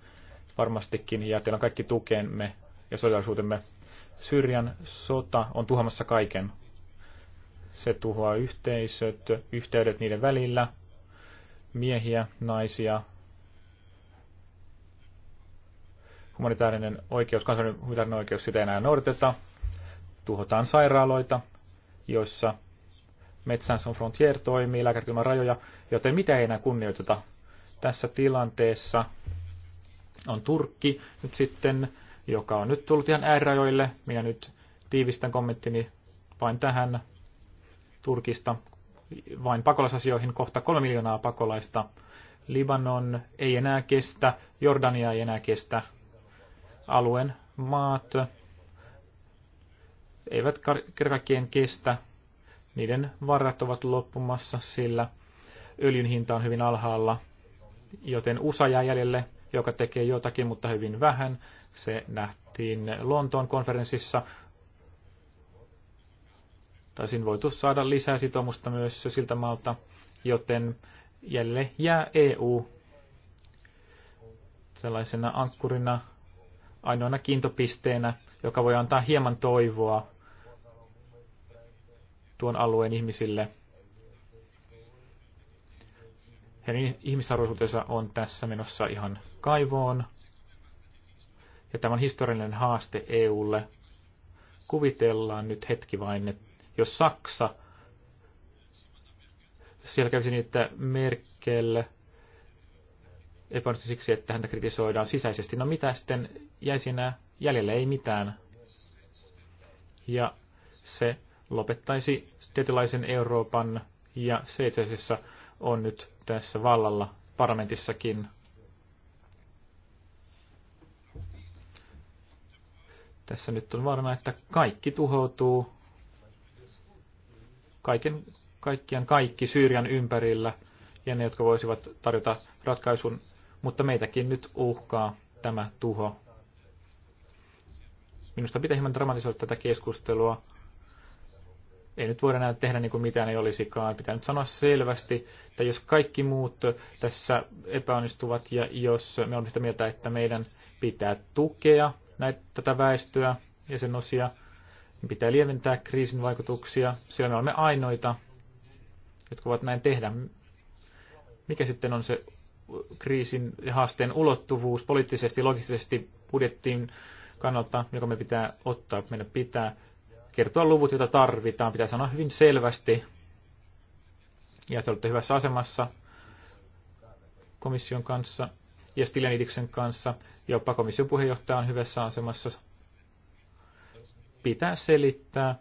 varmastikin ja teillä on kaikki tukemme ja solidaarisuutemme. Syyrian sota on tuhamassa kaiken. Se tuhoaa yhteisöt, yhteydet niiden välillä, miehiä, naisia, humanitaarinen oikeus, kansainvälinen humanitaarinen oikeus, sitä ei enää noudateta. Tuhotaan sairaaloita, joissa Metsän on Frontier toimii, lääkärit ilman rajoja, joten mitä ei enää kunnioiteta. Tässä tilanteessa on Turkki nyt sitten, joka on nyt tullut ihan äärirajoille. Minä nyt tiivistän kommenttini vain tähän Turkista, vain pakolaisasioihin kohta kolme miljoonaa pakolaista. Libanon ei enää kestä, Jordania ei enää kestä, alueen maat eivät kerkakien kestä. Niiden varat ovat loppumassa, sillä öljyn hinta on hyvin alhaalla, joten USA jää jäljelle, joka tekee jotakin, mutta hyvin vähän. Se nähtiin Lontoon konferenssissa. Taisin voitu saada lisää sitoumusta myös siltä maalta, joten jälle jää EU tällaisena ankkurina ainoana kiintopisteenä, joka voi antaa hieman toivoa tuon alueen ihmisille. Heidän ihmisarvoisuutensa on tässä menossa ihan kaivoon. Ja tämä on historiallinen haaste EUlle. Kuvitellaan nyt hetki vain, että jos Saksa, siellä kävisi niin, että Merkel epäonnistui siksi, että häntä kritisoidaan sisäisesti. No mitä sitten jäi siinä jäljelle ei mitään. Ja se lopettaisi tietynlaisen Euroopan, ja se itse asiassa on nyt tässä vallalla parlamentissakin. Tässä nyt on varma, että kaikki tuhoutuu. Kaiken, kaikkiaan kaikki Syyrian ympärillä ja ne, jotka voisivat tarjota ratkaisun, mutta meitäkin nyt uhkaa tämä tuho. Minusta pitää hieman dramatisoida tätä keskustelua. Ei nyt voida enää tehdä niin kuin mitään ei olisikaan. Pitää nyt sanoa selvästi, että jos kaikki muut tässä epäonnistuvat ja jos me olemme sitä mieltä, että meidän pitää tukea näitä, tätä väestöä ja sen osia, niin pitää lieventää kriisin vaikutuksia, sillä me olemme ainoita, jotka voivat näin tehdä. Mikä sitten on se kriisin ja haasteen ulottuvuus poliittisesti, logisesti budjettiin kannalta, joka me pitää ottaa. Meidän pitää kertoa luvut, joita tarvitaan. Pitää sanoa hyvin selvästi. Ja te olette hyvässä asemassa komission kanssa ja Stilenidiksen kanssa. Jopa komission puheenjohtaja on hyvässä asemassa. Pitää selittää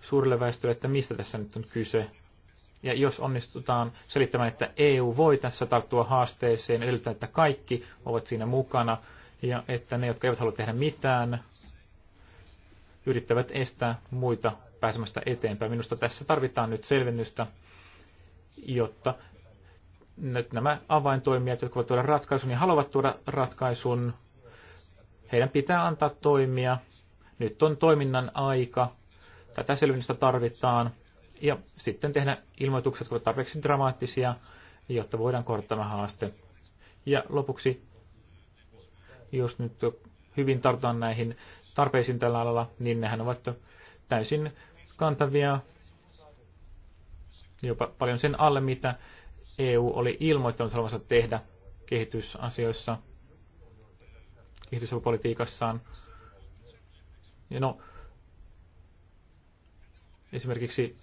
suurelle väestölle, että mistä tässä nyt on kyse. Ja jos onnistutaan selittämään, että EU voi tässä tarttua haasteeseen, edellyttää, että kaikki ovat siinä mukana, ja että ne, jotka eivät halua tehdä mitään, yrittävät estää muita pääsemästä eteenpäin. Minusta tässä tarvitaan nyt selvennystä, jotta nyt nämä avaintoimijat, jotka voivat tuoda ratkaisun ja haluavat tuoda ratkaisun, heidän pitää antaa toimia. Nyt on toiminnan aika. Tätä selvennystä tarvitaan. Ja sitten tehdä ilmoitukset, jotka ovat tarpeeksi dramaattisia, jotta voidaan korottaa haaste. Ja lopuksi jos nyt hyvin tartutaan näihin tarpeisiin tällä alalla, niin nehän ovat täysin kantavia jopa paljon sen alle, mitä EU oli ilmoittanut haluavansa tehdä kehitysasioissa, kehitysapupolitiikassaan. Ja no, esimerkiksi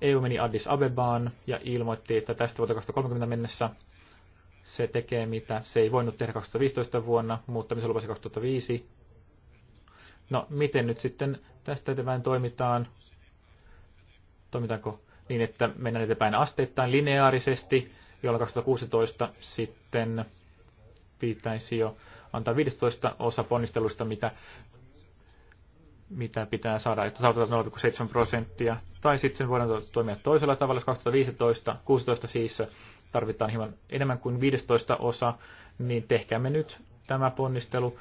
EU meni Addis Abebaan ja ilmoitti, että tästä vuoteen 2030 mennessä se tekee mitä se ei voinut tehdä 2015 vuonna, mutta se lupasi 2005. No, miten nyt sitten tästä eteenpäin toimitaan? Toimitaanko niin, että mennään eteenpäin asteittain lineaarisesti, jolloin 2016 sitten pitäisi jo antaa 15 osa ponnistelusta, mitä, mitä pitää saada, että saavutetaan 0,7 prosenttia. Tai sitten voidaan toimia toisella tavalla, 2015, 16 siis tarvitaan hieman enemmän kuin 15 osa, niin tehkäämme nyt tämä ponnistelu,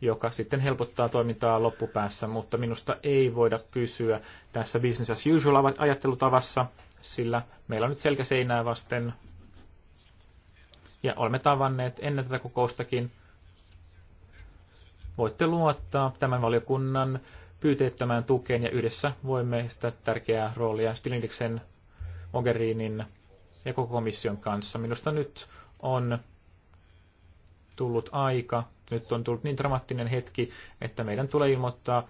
joka sitten helpottaa toimintaa loppupäässä, mutta minusta ei voida pysyä tässä business as usual ajattelutavassa, sillä meillä on nyt selkä seinää vasten ja olemme tavanneet ennen tätä kokoustakin. Voitte luottaa tämän valiokunnan pyyteettömään tukeen ja yhdessä voimme sitä tärkeää roolia Stilindiksen, Mogherinin ja koko komission kanssa. Minusta nyt on tullut aika, nyt on tullut niin dramaattinen hetki, että meidän tulee ilmoittaa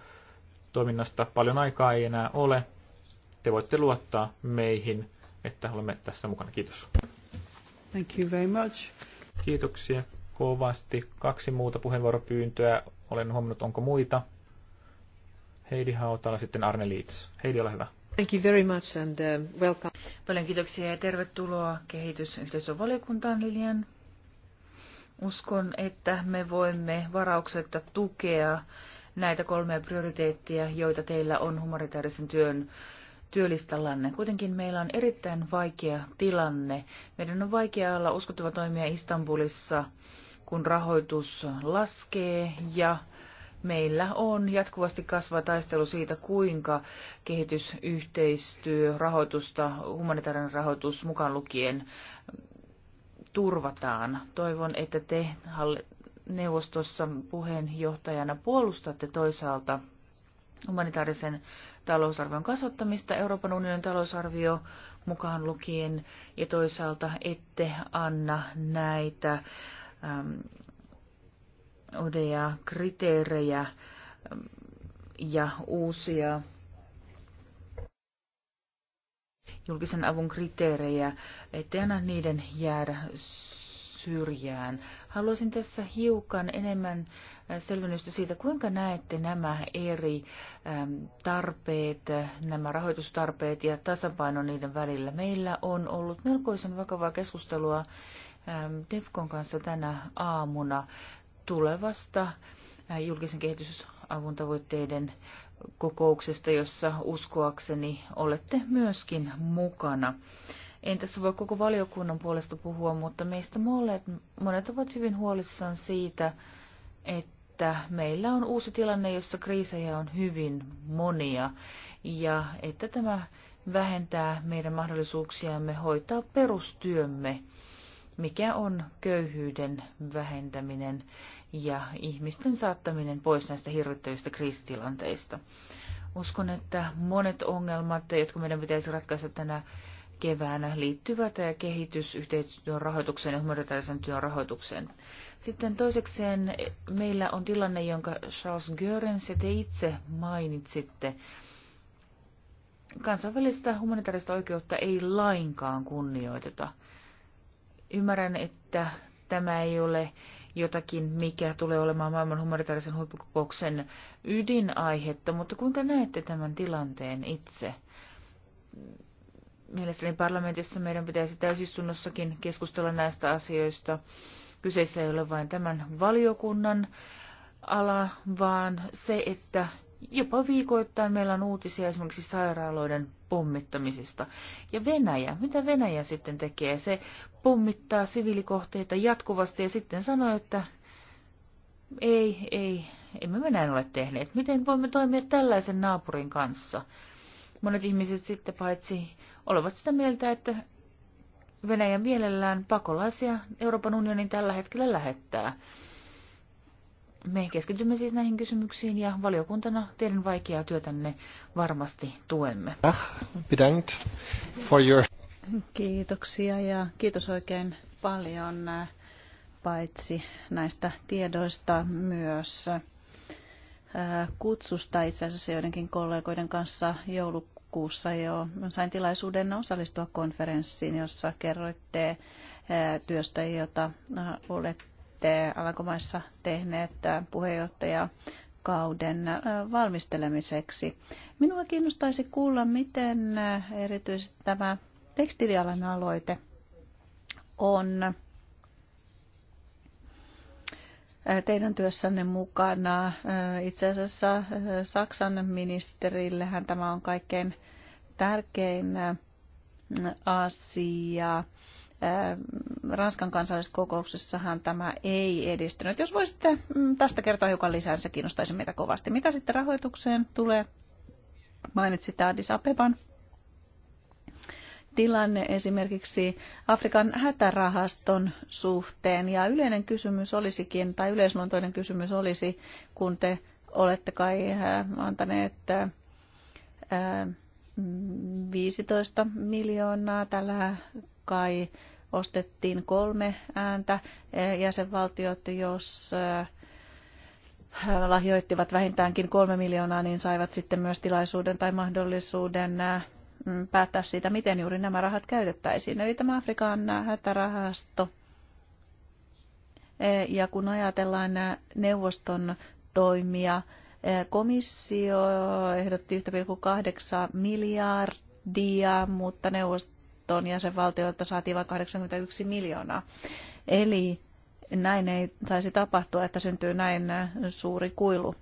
toiminnasta. Paljon aikaa ei enää ole. Te voitte luottaa meihin, että olemme tässä mukana. Kiitos. Thank you very much. Kiitoksia kovasti. Kaksi muuta puheenvuoropyyntöä. Olen huomannut, onko muita. Heidi Hautala, sitten Arne Liits. Heidi, ole hyvä. Uh, Paljon kiitoksia ja tervetuloa kehitysyhteisövaliokuntaan, Lilian. Uskon, että me voimme varauksetta tukea näitä kolmea prioriteettia, joita teillä on humanitaarisen työn työlistallanne. Kuitenkin meillä on erittäin vaikea tilanne. Meidän on vaikea olla uskottava toimija Istanbulissa, kun rahoitus laskee ja meillä on jatkuvasti kasvava taistelu siitä, kuinka kehitysyhteistyö, rahoitusta, humanitaarinen rahoitus mukaan lukien turvataan. Toivon, että te neuvostossa puheenjohtajana puolustatte toisaalta humanitaarisen talousarvion kasvattamista, Euroopan unionin talousarvio mukaan lukien, ja toisaalta ette anna näitä odeja, kriteerejä mm, ja uusia julkisen avun kriteerejä, ettei anna niiden jäädä syrjään. Haluaisin tässä hiukan enemmän äh, selvennystä siitä, kuinka näette nämä eri ähm, tarpeet, nämä rahoitustarpeet ja tasapaino niiden välillä. Meillä on ollut melkoisen vakavaa keskustelua ähm, DEFCON kanssa tänä aamuna tulevasta äh, julkisen kehitysavun tavoitteiden kokouksesta, jossa uskoakseni olette myöskin mukana. En tässä voi koko valiokunnan puolesta puhua, mutta meistä molemmat, monet ovat hyvin huolissaan siitä, että meillä on uusi tilanne, jossa kriisejä on hyvin monia ja että tämä vähentää meidän mahdollisuuksiamme hoitaa perustyömme, mikä on köyhyyden vähentäminen ja ihmisten saattaminen pois näistä hirvittävistä kriisitilanteista. Uskon, että monet ongelmat, jotka meidän pitäisi ratkaista tänä keväänä, liittyvät kehitysyhteistyön rahoitukseen ja humanitaarisen työn rahoitukseen. Sitten toisekseen meillä on tilanne, jonka Charles Görens ja te itse mainitsitte. Kansainvälistä humanitaarista oikeutta ei lainkaan kunnioiteta. Ymmärrän, että tämä ei ole jotakin, mikä tulee olemaan maailman humanitaarisen huippukokouksen ydinaihetta, mutta kuinka näette tämän tilanteen itse? Mielestäni parlamentissa meidän pitäisi täysistunnossakin keskustella näistä asioista. Kyseessä ei ole vain tämän valiokunnan ala, vaan se, että Jopa viikoittain meillä on uutisia esimerkiksi sairaaloiden pommittamisesta. Ja Venäjä, mitä Venäjä sitten tekee? Se pommittaa siviilikohteita jatkuvasti ja sitten sanoo, että ei, ei, emme me näin ole tehneet. Miten voimme toimia tällaisen naapurin kanssa? Monet ihmiset sitten paitsi olevat sitä mieltä, että Venäjä mielellään pakolaisia Euroopan unionin tällä hetkellä lähettää. Me keskitymme siis näihin kysymyksiin ja valiokuntana teidän vaikeaa työtänne varmasti tuemme. Kiitoksia ja kiitos oikein paljon paitsi näistä tiedoista myös äh, kutsusta itse asiassa joidenkin kollegoiden kanssa joulukuussa jo. Sain tilaisuuden osallistua konferenssiin, jossa kerroitte äh, työstä, jota äh, olette olette Alankomaissa tehneet äh, puheenjohtajakauden kauden äh, valmistelemiseksi. Minua kiinnostaisi kuulla, miten äh, erityisesti tämä tekstilialan aloite on teidän työssänne mukana. Itse asiassa Saksan ministerillähän tämä on kaikkein tärkein asia. Äh, Ranskan kansallisessa kokouksessahan tämä ei edistynyt. Jos voisitte mm, tästä kertoa hiukan lisää, se kiinnostaisi meitä kovasti. Mitä sitten rahoitukseen tulee? Mainitsit Addis Abeban tilanne esimerkiksi Afrikan hätärahaston suhteen. Ja yleinen kysymys olisikin, tai yleisluontoinen kysymys olisi, kun te olette kai äh, antaneet 15 äh, mm, miljoonaa tällä kai ostettiin kolme ääntä eh, jäsenvaltiot, jos eh, lahjoittivat vähintäänkin kolme miljoonaa, niin saivat sitten myös tilaisuuden tai mahdollisuuden eh, mm, päättää siitä, miten juuri nämä rahat käytettäisiin. Eli tämä Afrikan hätärahasto. Ja kun ajatellaan neuvoston toimia, komissio ehdotti 1,8 miljardia, mutta neuvosto kattoon jäsenvaltioilta saatiin vain 81 miljoonaa. Eli näin ei saisi tapahtua, että syntyy näin suuri kuilu.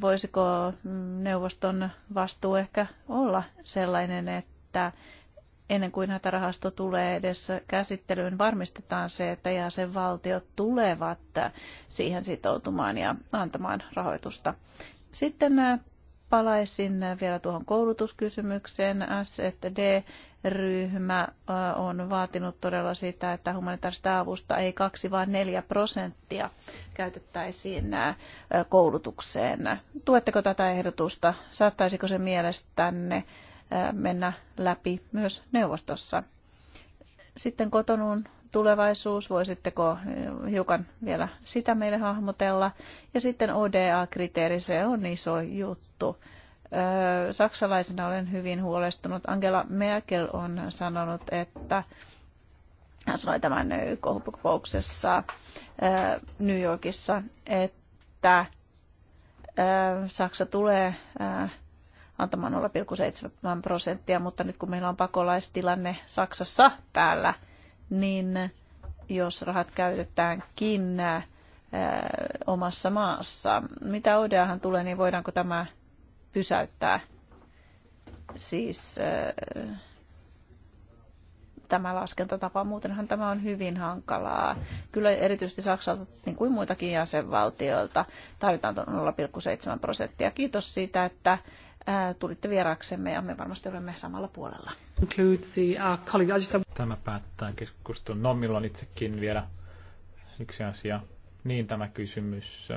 Voisiko neuvoston vastuu ehkä olla sellainen, että ennen kuin hätärahasto tulee edes käsittelyyn, varmistetaan se, että jäsenvaltiot tulevat siihen sitoutumaan ja antamaan rahoitusta. Sitten palaisin vielä tuohon koulutuskysymykseen. S&D ryhmä on vaatinut todella sitä, että humanitaarista avusta ei kaksi vaan neljä prosenttia käytettäisiin koulutukseen. Tuetteko tätä ehdotusta? Saattaisiko se mielestänne mennä läpi myös neuvostossa? Sitten kotonuun tulevaisuus, voisitteko hiukan vielä sitä meille hahmotella. Ja sitten ODA-kriteeri, se on iso juttu saksalaisena olen hyvin huolestunut. Angela Merkel on sanonut, että hän sanoi tämän kokouksessa New Yorkissa, että Saksa tulee antamaan 0,7 prosenttia, mutta nyt kun meillä on pakolaistilanne Saksassa päällä, niin jos rahat käytetäänkin omassa maassa, mitä odeahan tulee, niin voidaanko tämä pysäyttää siis äh, tämä laskentatapa. Muutenhan tämä on hyvin hankalaa. Kyllä erityisesti Saksalta, niin kuin muitakin jäsenvaltioilta, tarvitaan 0,7 prosenttia. Kiitos siitä, että äh, tulitte vieraksemme ja me varmasti olemme samalla puolella. Uh, tämä päättää keskustelun. No, milloin itsekin vielä yksi asia. Niin tämä kysymys,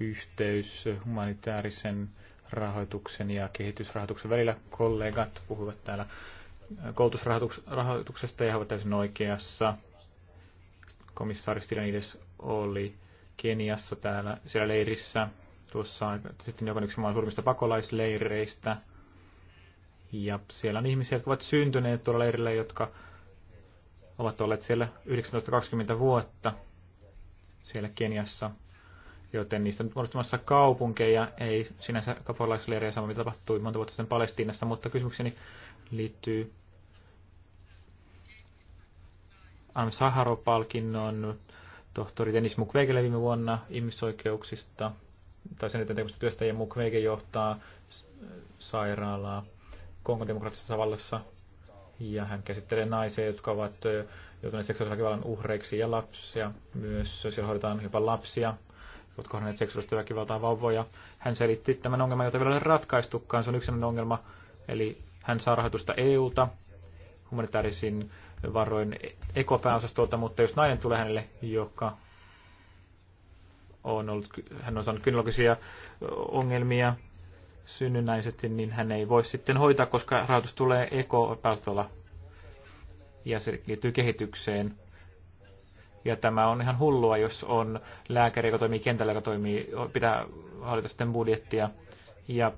yhteys humanitaarisen rahoituksen ja kehitysrahoituksen välillä. Kollegat puhuvat täällä äh, koulutusrahoituksesta ja he ovat täysin oikeassa. Komissaari Stilanides oli Keniassa täällä siellä leirissä. Tuossa sitten joka yksi maan suurimmista pakolaisleireistä. Ja siellä on ihmisiä, jotka ovat syntyneet tuolla leirillä, jotka ovat olleet siellä 19-20 vuotta siellä Keniassa joten niistä on muodostumassa kaupunkeja, ei sinänsä kapolaisleirejä sama, mitä tapahtui monta vuotta sitten Palestiinassa, mutta kysymykseni liittyy Am Saharo-palkinnon tohtori Denis Mukwegelle viime vuonna ihmisoikeuksista, tai sen eteen tekemistä työstä, ja Mukwege johtaa sairaalaa Kongon demokraattisessa vallassa, ja hän käsittelee naisia, jotka ovat joutuneet seksuaalisen uhreiksi, ja lapsia myös, siellä hoidetaan jopa lapsia, ovat kohdanneet seksuaalista väkivaltaa vauvoja. Hän selitti tämän ongelman, jota vielä ei ole ratkaistukaan. Se on yksi ongelma. Eli hän saa rahoitusta EU-ta humanitaarisin varoin ekopääosastolta, mutta jos nainen tulee hänelle, joka on ollut, hän on saanut kynologisia ongelmia synnynnäisesti, niin hän ei voi sitten hoitaa, koska rahoitus tulee ekopäästöllä ja se liittyy kehitykseen. Ja tämä on ihan hullua, jos on lääkäri, joka toimii kentällä, joka toimii, pitää hallita sitten budjettia. Ja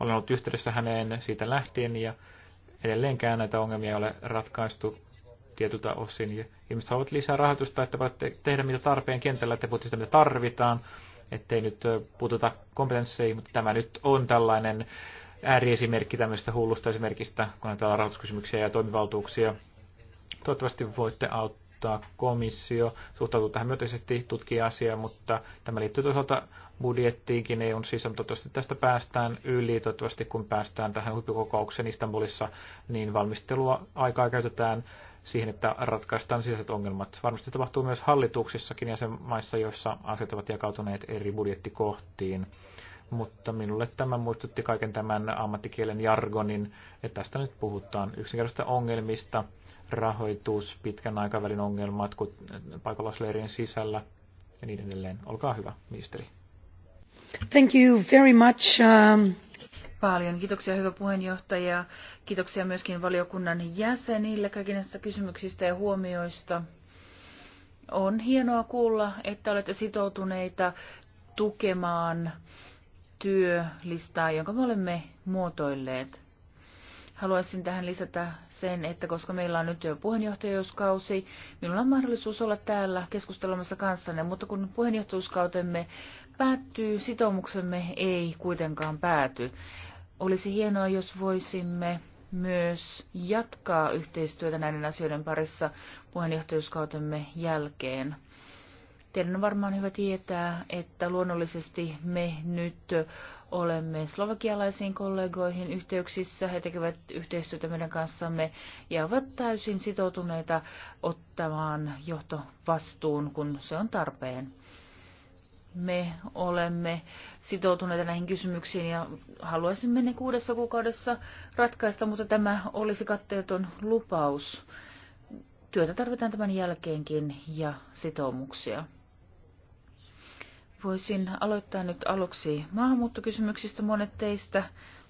olen ollut yhteydessä häneen siitä lähtien ja edelleenkään näitä ongelmia ei ole ratkaistu tietyltä osin. Ja ihmiset haluavat lisää rahoitusta, että voivat tehdä mitä tarpeen kentällä, että puhutte sitä mitä tarvitaan, ettei nyt puututa kompetensseihin, mutta tämä nyt on tällainen ääriesimerkki tämmöistä hullusta esimerkistä, kun näitä rahoituskysymyksiä ja toimivaltuuksia. Toivottavasti voitte auttaa tota, komissio suhtautuu tähän myönteisesti, tutkii asiaa, mutta tämä liittyy toisaalta budjettiinkin ei on sisällä. Toivottavasti tästä päästään yli, toivottavasti kun päästään tähän huippukokoukseen Istanbulissa, niin valmistelua aikaa käytetään siihen, että ratkaistaan sisäiset ongelmat. Varmasti tapahtuu myös hallituksissakin jäsenmaissa, joissa asiat ovat jakautuneet eri budjettikohtiin. Mutta minulle tämä muistutti kaiken tämän ammattikielen jargonin, että tästä nyt puhutaan yksinkertaisista ongelmista, rahoitus, pitkän aikavälin ongelmat paikallisleirien sisällä ja niin edelleen. Olkaa hyvä, ministeri. Thank you very much. Um... Paljon. Kiitoksia hyvä puheenjohtaja. Kiitoksia myöskin valiokunnan jäsenille kaikista kysymyksistä ja huomioista. On hienoa kuulla, että olette sitoutuneita tukemaan työlistaa, jonka me olemme muotoilleet. Haluaisin tähän lisätä sen, että koska meillä on nyt jo puheenjohtajuuskausi, minulla on mahdollisuus olla täällä keskustelemassa kanssanne, mutta kun puheenjohtajuuskautemme päättyy, sitoumuksemme ei kuitenkaan pääty. Olisi hienoa, jos voisimme myös jatkaa yhteistyötä näiden asioiden parissa puheenjohtajuuskautemme jälkeen. Teidän on varmaan hyvä tietää, että luonnollisesti me nyt olemme slovakialaisiin kollegoihin yhteyksissä. He tekevät yhteistyötä meidän kanssamme ja ovat täysin sitoutuneita ottamaan johtovastuun, kun se on tarpeen. Me olemme sitoutuneita näihin kysymyksiin ja haluaisimme ne kuudessa kuukaudessa ratkaista, mutta tämä olisi katteeton lupaus. Työtä tarvitaan tämän jälkeenkin ja sitoumuksia. Voisin aloittaa nyt aluksi maahanmuuttokysymyksistä. Monet teistä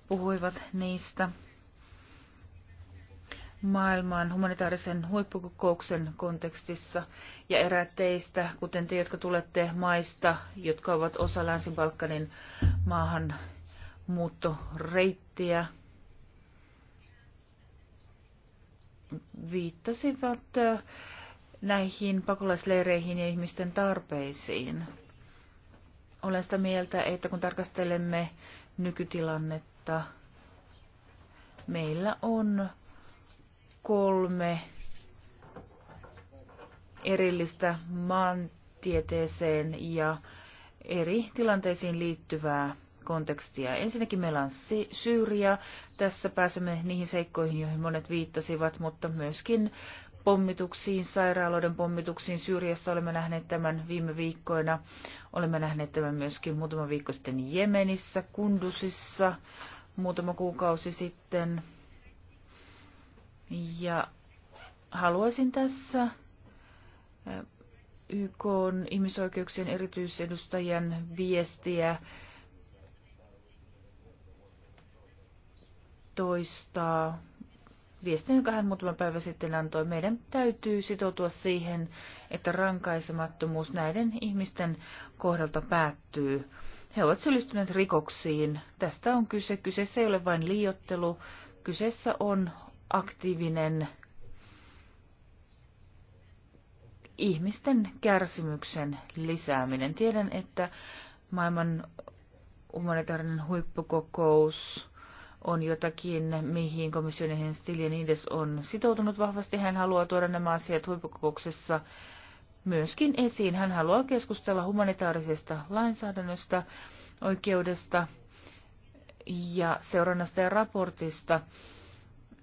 puhuivat niistä maailman humanitaarisen huippukokouksen kontekstissa ja eräät teistä, kuten te, jotka tulette maista, jotka ovat osa Länsi-Balkanin maahanmuuttoreittiä, viittasivat näihin pakolaisleireihin ja ihmisten tarpeisiin olen sitä mieltä, että kun tarkastelemme nykytilannetta, meillä on kolme erillistä maantieteeseen ja eri tilanteisiin liittyvää kontekstia. Ensinnäkin meillä on Syyria. Tässä pääsemme niihin seikkoihin, joihin monet viittasivat, mutta myöskin pommituksiin, sairaaloiden pommituksiin. Syyriassa olemme nähneet tämän viime viikkoina. Olemme nähneet tämän myöskin muutama viikko sitten Jemenissä, Kundusissa, muutama kuukausi sitten. Ja haluaisin tässä eh, YK on ihmisoikeuksien erityisedustajan viestiä toistaa viestin, jonka hän muutama päivä sitten antoi. Meidän täytyy sitoutua siihen, että rankaisemattomuus näiden ihmisten kohdalta päättyy. He ovat syyllistyneet rikoksiin. Tästä on kyse. Kyseessä ei ole vain liiottelu. Kyseessä on aktiivinen ihmisten kärsimyksen lisääminen. Tiedän, että maailman humanitaarinen huippukokous on jotakin, mihin komission jäsen Stylianides on sitoutunut vahvasti. Hän haluaa tuoda nämä asiat huippukokouksessa myöskin esiin. Hän haluaa keskustella humanitaarisesta lainsäädännöstä, oikeudesta ja seurannasta ja raportista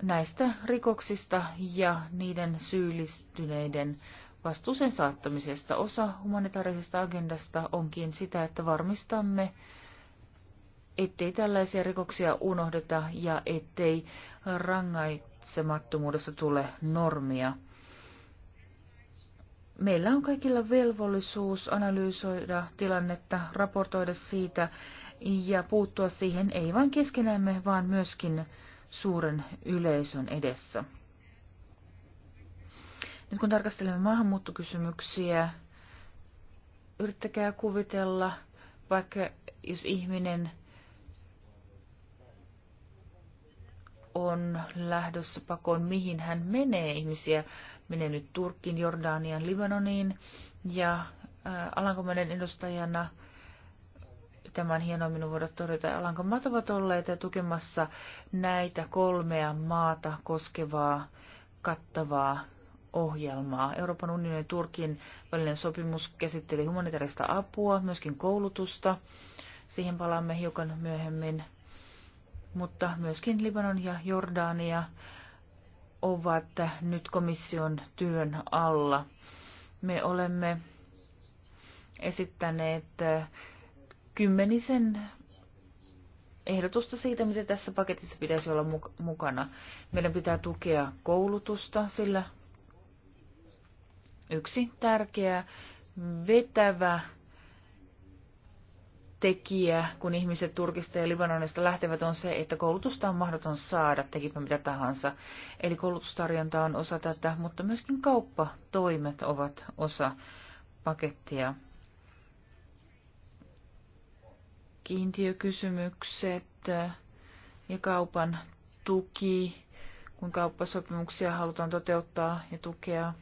näistä rikoksista ja niiden syyllistyneiden vastuuseen saattamisesta. Osa humanitaarisesta agendasta onkin sitä, että varmistamme, ettei tällaisia rikoksia unohdeta ja ettei rangaitsemattomuudessa tule normia. Meillä on kaikilla velvollisuus analysoida tilannetta, raportoida siitä ja puuttua siihen ei vain keskenämme, vaan myöskin suuren yleisön edessä. Nyt kun tarkastelemme maahanmuuttokysymyksiä, yrittäkää kuvitella, vaikka jos ihminen on lähdössä pakoon, mihin hän menee. Ihmisiä menee nyt Turkkiin, Jordanian, Libanoniin ja Alankomaiden edustajana tämän hienoa minun voida todeta. Alankomaat ovat olleet tukemassa näitä kolmea maata koskevaa kattavaa ohjelmaa. Euroopan unionin ja Turkin välinen sopimus käsitteli humanitaarista apua, myöskin koulutusta. Siihen palaamme hiukan myöhemmin mutta myöskin Libanon ja Jordania ovat nyt komission työn alla. Me olemme esittäneet kymmenisen ehdotusta siitä, mitä tässä paketissa pitäisi olla mukana. Meidän pitää tukea koulutusta, sillä yksi tärkeä vetävä tekijä, kun ihmiset Turkista ja Libanonista lähtevät, on se, että koulutusta on mahdoton saada, tekipä mitä tahansa. Eli koulutustarjonta on osa tätä, mutta myöskin kauppatoimet ovat osa pakettia. Kiintiökysymykset ja kaupan tuki, kun kauppasopimuksia halutaan toteuttaa ja tukea.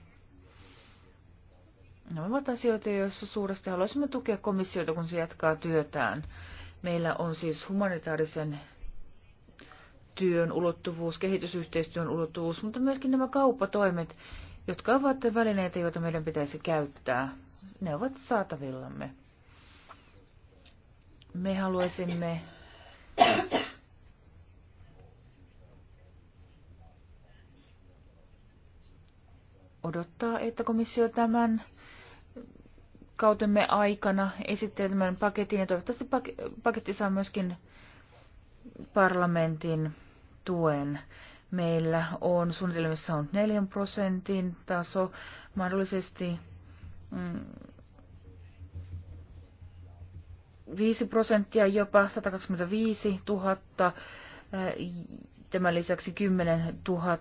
Nämä ovat asioita, joissa suuresti haluaisimme tukea komissiota, kun se jatkaa työtään. Meillä on siis humanitaarisen työn ulottuvuus, kehitysyhteistyön ulottuvuus, mutta myöskin nämä kauppatoimet, jotka ovat välineitä, joita meidän pitäisi käyttää. Ne ovat saatavillamme. Me haluaisimme odottaa, että komissio tämän kautemme aikana tämän paketin ja toivottavasti paketti saa myöskin parlamentin tuen. Meillä on suunnitelmissa on 4 prosentin taso, mahdollisesti 5 mm, prosenttia, jopa 125 000, tämän lisäksi 10 000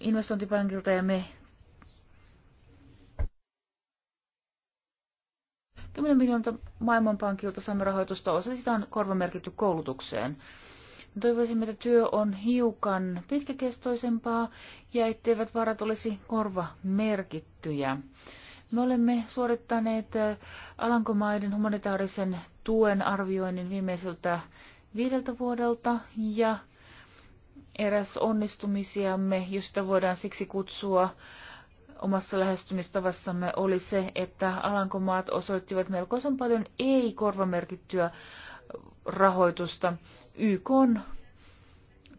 investointipankilta ja me 10 miljoonaa maailmanpankilta saamme rahoitusta, osa sitä on korvamerkitty koulutukseen. Toivoisimme, että työ on hiukan pitkäkestoisempaa ja etteivät varat olisi korvamerkittyjä. Me olemme suorittaneet äh, Alankomaiden humanitaarisen tuen arvioinnin viimeiseltä viideltä vuodelta ja eräs onnistumisiamme, josta voidaan siksi kutsua omassa lähestymistavassamme oli se, että Alankomaat osoittivat melkoisen paljon ei-korvamerkittyä rahoitusta YK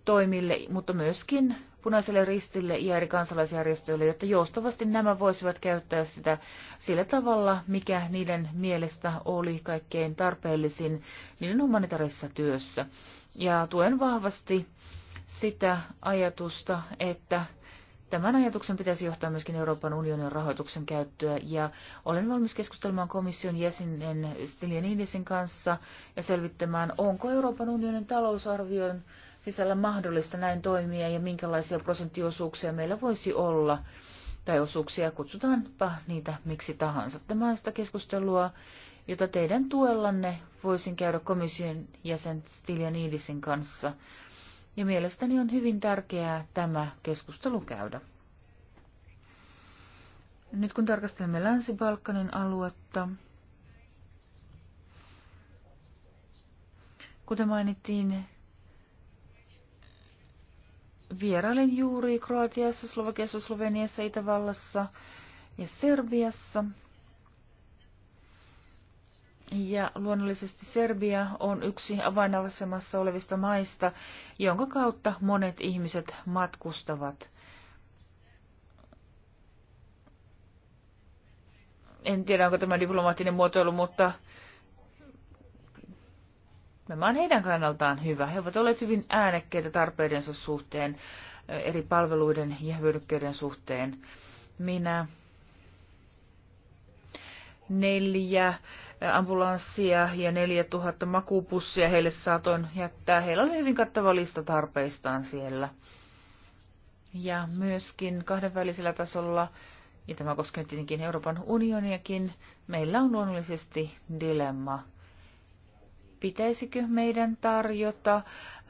toimille, mutta myöskin punaiselle ristille ja eri kansalaisjärjestöille, jotta joustavasti nämä voisivat käyttää sitä sillä tavalla, mikä niiden mielestä oli kaikkein tarpeellisin niiden humanitaarisessa työssä. Ja tuen vahvasti sitä ajatusta, että Tämän ajatuksen pitäisi johtaa myöskin Euroopan unionin rahoituksen käyttöä ja olen valmis keskustelemaan komission jäsenen Stylianidesin kanssa ja selvittämään, onko Euroopan unionin talousarvion sisällä mahdollista näin toimia ja minkälaisia prosenttiosuuksia meillä voisi olla tai osuuksia, kutsutaanpa niitä miksi tahansa. Tämä on sitä keskustelua, jota teidän tuellanne voisin käydä komission jäsen Stylianidesin kanssa. Ja mielestäni on hyvin tärkeää tämä keskustelu käydä. Nyt kun tarkastelemme Länsi-Balkanin aluetta, kuten mainittiin, vierailin juuri Kroatiassa, Slovakiassa, Sloveniassa, Itävallassa ja Serbiassa – ja luonnollisesti Serbia on yksi avainasemassa olevista maista, jonka kautta monet ihmiset matkustavat. En tiedä, onko tämä diplomaattinen muotoilu, mutta tämä on heidän kannaltaan hyvä. He ovat olleet hyvin äänekkeitä tarpeidensa suhteen, eri palveluiden ja hyödykkeiden suhteen. Minä neljä ambulanssia ja 4000 makupussia heille saatoin jättää. Heillä oli hyvin kattava lista tarpeistaan siellä. Ja myöskin kahdenvälisellä tasolla, ja tämä koskee tietenkin Euroopan unioniakin, meillä on luonnollisesti dilemma. Pitäisikö meidän tarjota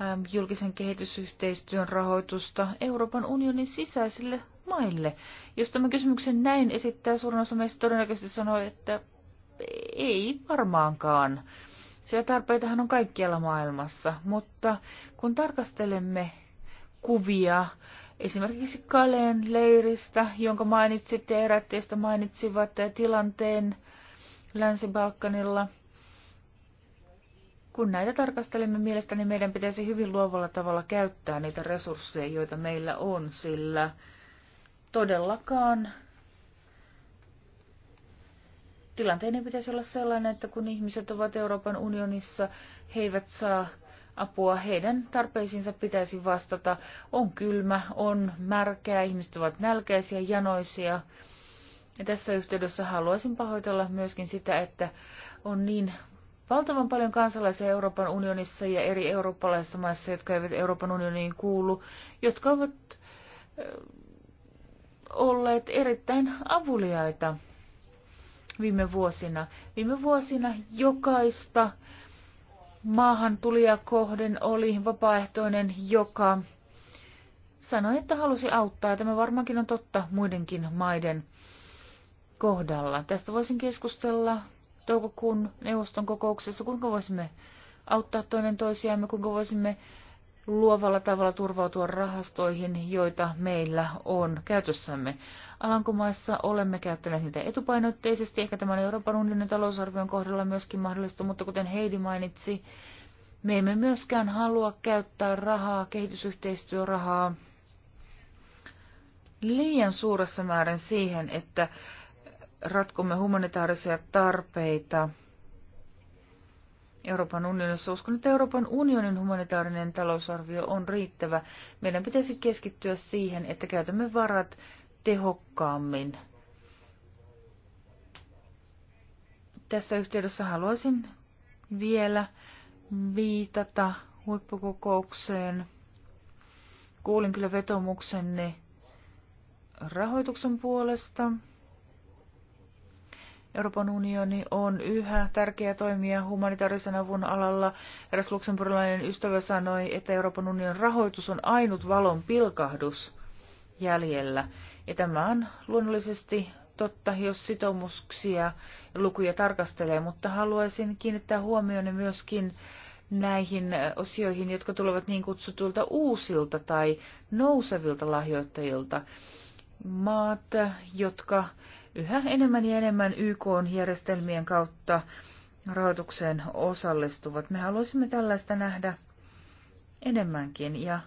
ähm, julkisen kehitysyhteistyön rahoitusta Euroopan unionin sisäisille maille? Jos tämän kysymyksen näin esittää, suurin osa meistä todennäköisesti sanoo, että ei varmaankaan. Sillä tarpeitahan on kaikkialla maailmassa, mutta kun tarkastelemme kuvia esimerkiksi Kaleen leiristä, jonka ja erät teistä mainitsivat tilanteen Länsi-Balkanilla, kun näitä tarkastelemme, mielestäni meidän pitäisi hyvin luovalla tavalla käyttää niitä resursseja, joita meillä on, sillä todellakaan tilanteen pitäisi olla sellainen, että kun ihmiset ovat Euroopan unionissa, he eivät saa apua. Heidän tarpeisiinsa pitäisi vastata. On kylmä, on märkää, ihmiset ovat nälkäisiä, janoisia. Ja tässä yhteydessä haluaisin pahoitella myöskin sitä, että on niin valtavan paljon kansalaisia Euroopan unionissa ja eri eurooppalaisissa maissa, jotka eivät Euroopan unioniin kuulu, jotka ovat olleet erittäin avuliaita viime vuosina. Viime vuosina jokaista maahan kohden oli vapaaehtoinen, joka sanoi, että halusi auttaa. Ja tämä varmaankin on totta muidenkin maiden kohdalla. Tästä voisin keskustella toukokuun neuvoston kokouksessa, kuinka voisimme auttaa toinen toisiamme, kuinka voisimme luovalla tavalla turvautua rahastoihin, joita meillä on käytössämme. Alankomaissa olemme käyttäneet niitä etupainotteisesti, ehkä tämän Euroopan unionin talousarvion kohdalla myöskin mahdollista, mutta kuten Heidi mainitsi, me emme myöskään halua käyttää rahaa, kehitysyhteistyörahaa liian suuressa määrin siihen, että ratkomme humanitaarisia tarpeita – Euroopan unionissa. Uskon, että Euroopan unionin humanitaarinen talousarvio on riittävä. Meidän pitäisi keskittyä siihen, että käytämme varat tehokkaammin. Tässä yhteydessä haluaisin vielä viitata huippukokoukseen. Kuulin kyllä vetomuksenne rahoituksen puolesta. Euroopan unioni on yhä tärkeä toimija humanitaarisen avun alalla. Eräs luksemburilainen ystävä sanoi, että Euroopan unionin rahoitus on ainut valon pilkahdus jäljellä. Ja tämä on luonnollisesti totta, jos sitoumuksia ja lukuja tarkastelee, mutta haluaisin kiinnittää huomioon myöskin näihin osioihin, jotka tulevat niin kutsutuilta uusilta tai nousevilta lahjoittajilta. Maat, jotka yhä enemmän ja enemmän YK-järjestelmien kautta rahoitukseen osallistuvat. Me haluaisimme tällaista nähdä enemmänkin ja